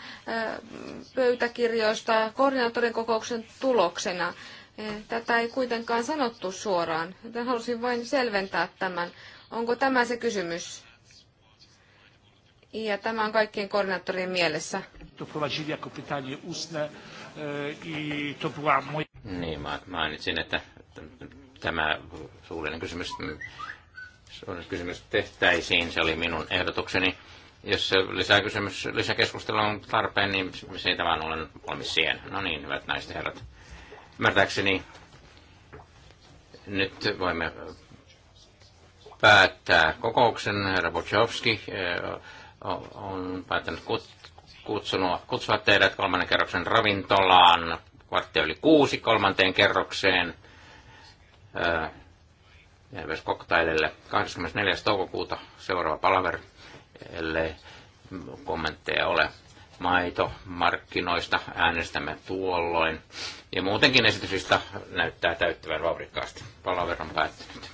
pöytäkirjoista koordinaattorin kokouksen tuloksena. E, tätä ei kuitenkaan sanottu suoraan, halusin vain selventää tämän. Onko tämä se kysymys? Ja tämä on kaikkien koordinaattorien mielessä. To jako niin, mä mainitsin, että tämä suullinen kysymys, suullinen kysymys tehtäisiin, se oli minun ehdotukseni. Jos lisäkysymys, lisäkeskustelu on tarpeen, niin siitä vaan olen valmis siihen. No niin, hyvät naiset ja herrat. Ymmärtääkseni nyt voimme päättää kokouksen. Herra Bochowski eh, on päättänyt kutsunua, kutsua teidät kolmannen kerroksen ravintolaan varttia oli kuusi kolmanteen kerrokseen myös koktailelle 24. toukokuuta seuraava palaveri, ellei kommentteja ole maito markkinoista äänestämme tuolloin. Ja muutenkin esityksistä näyttää täyttävän vauhdikkaasti. Palaver on päättynyt.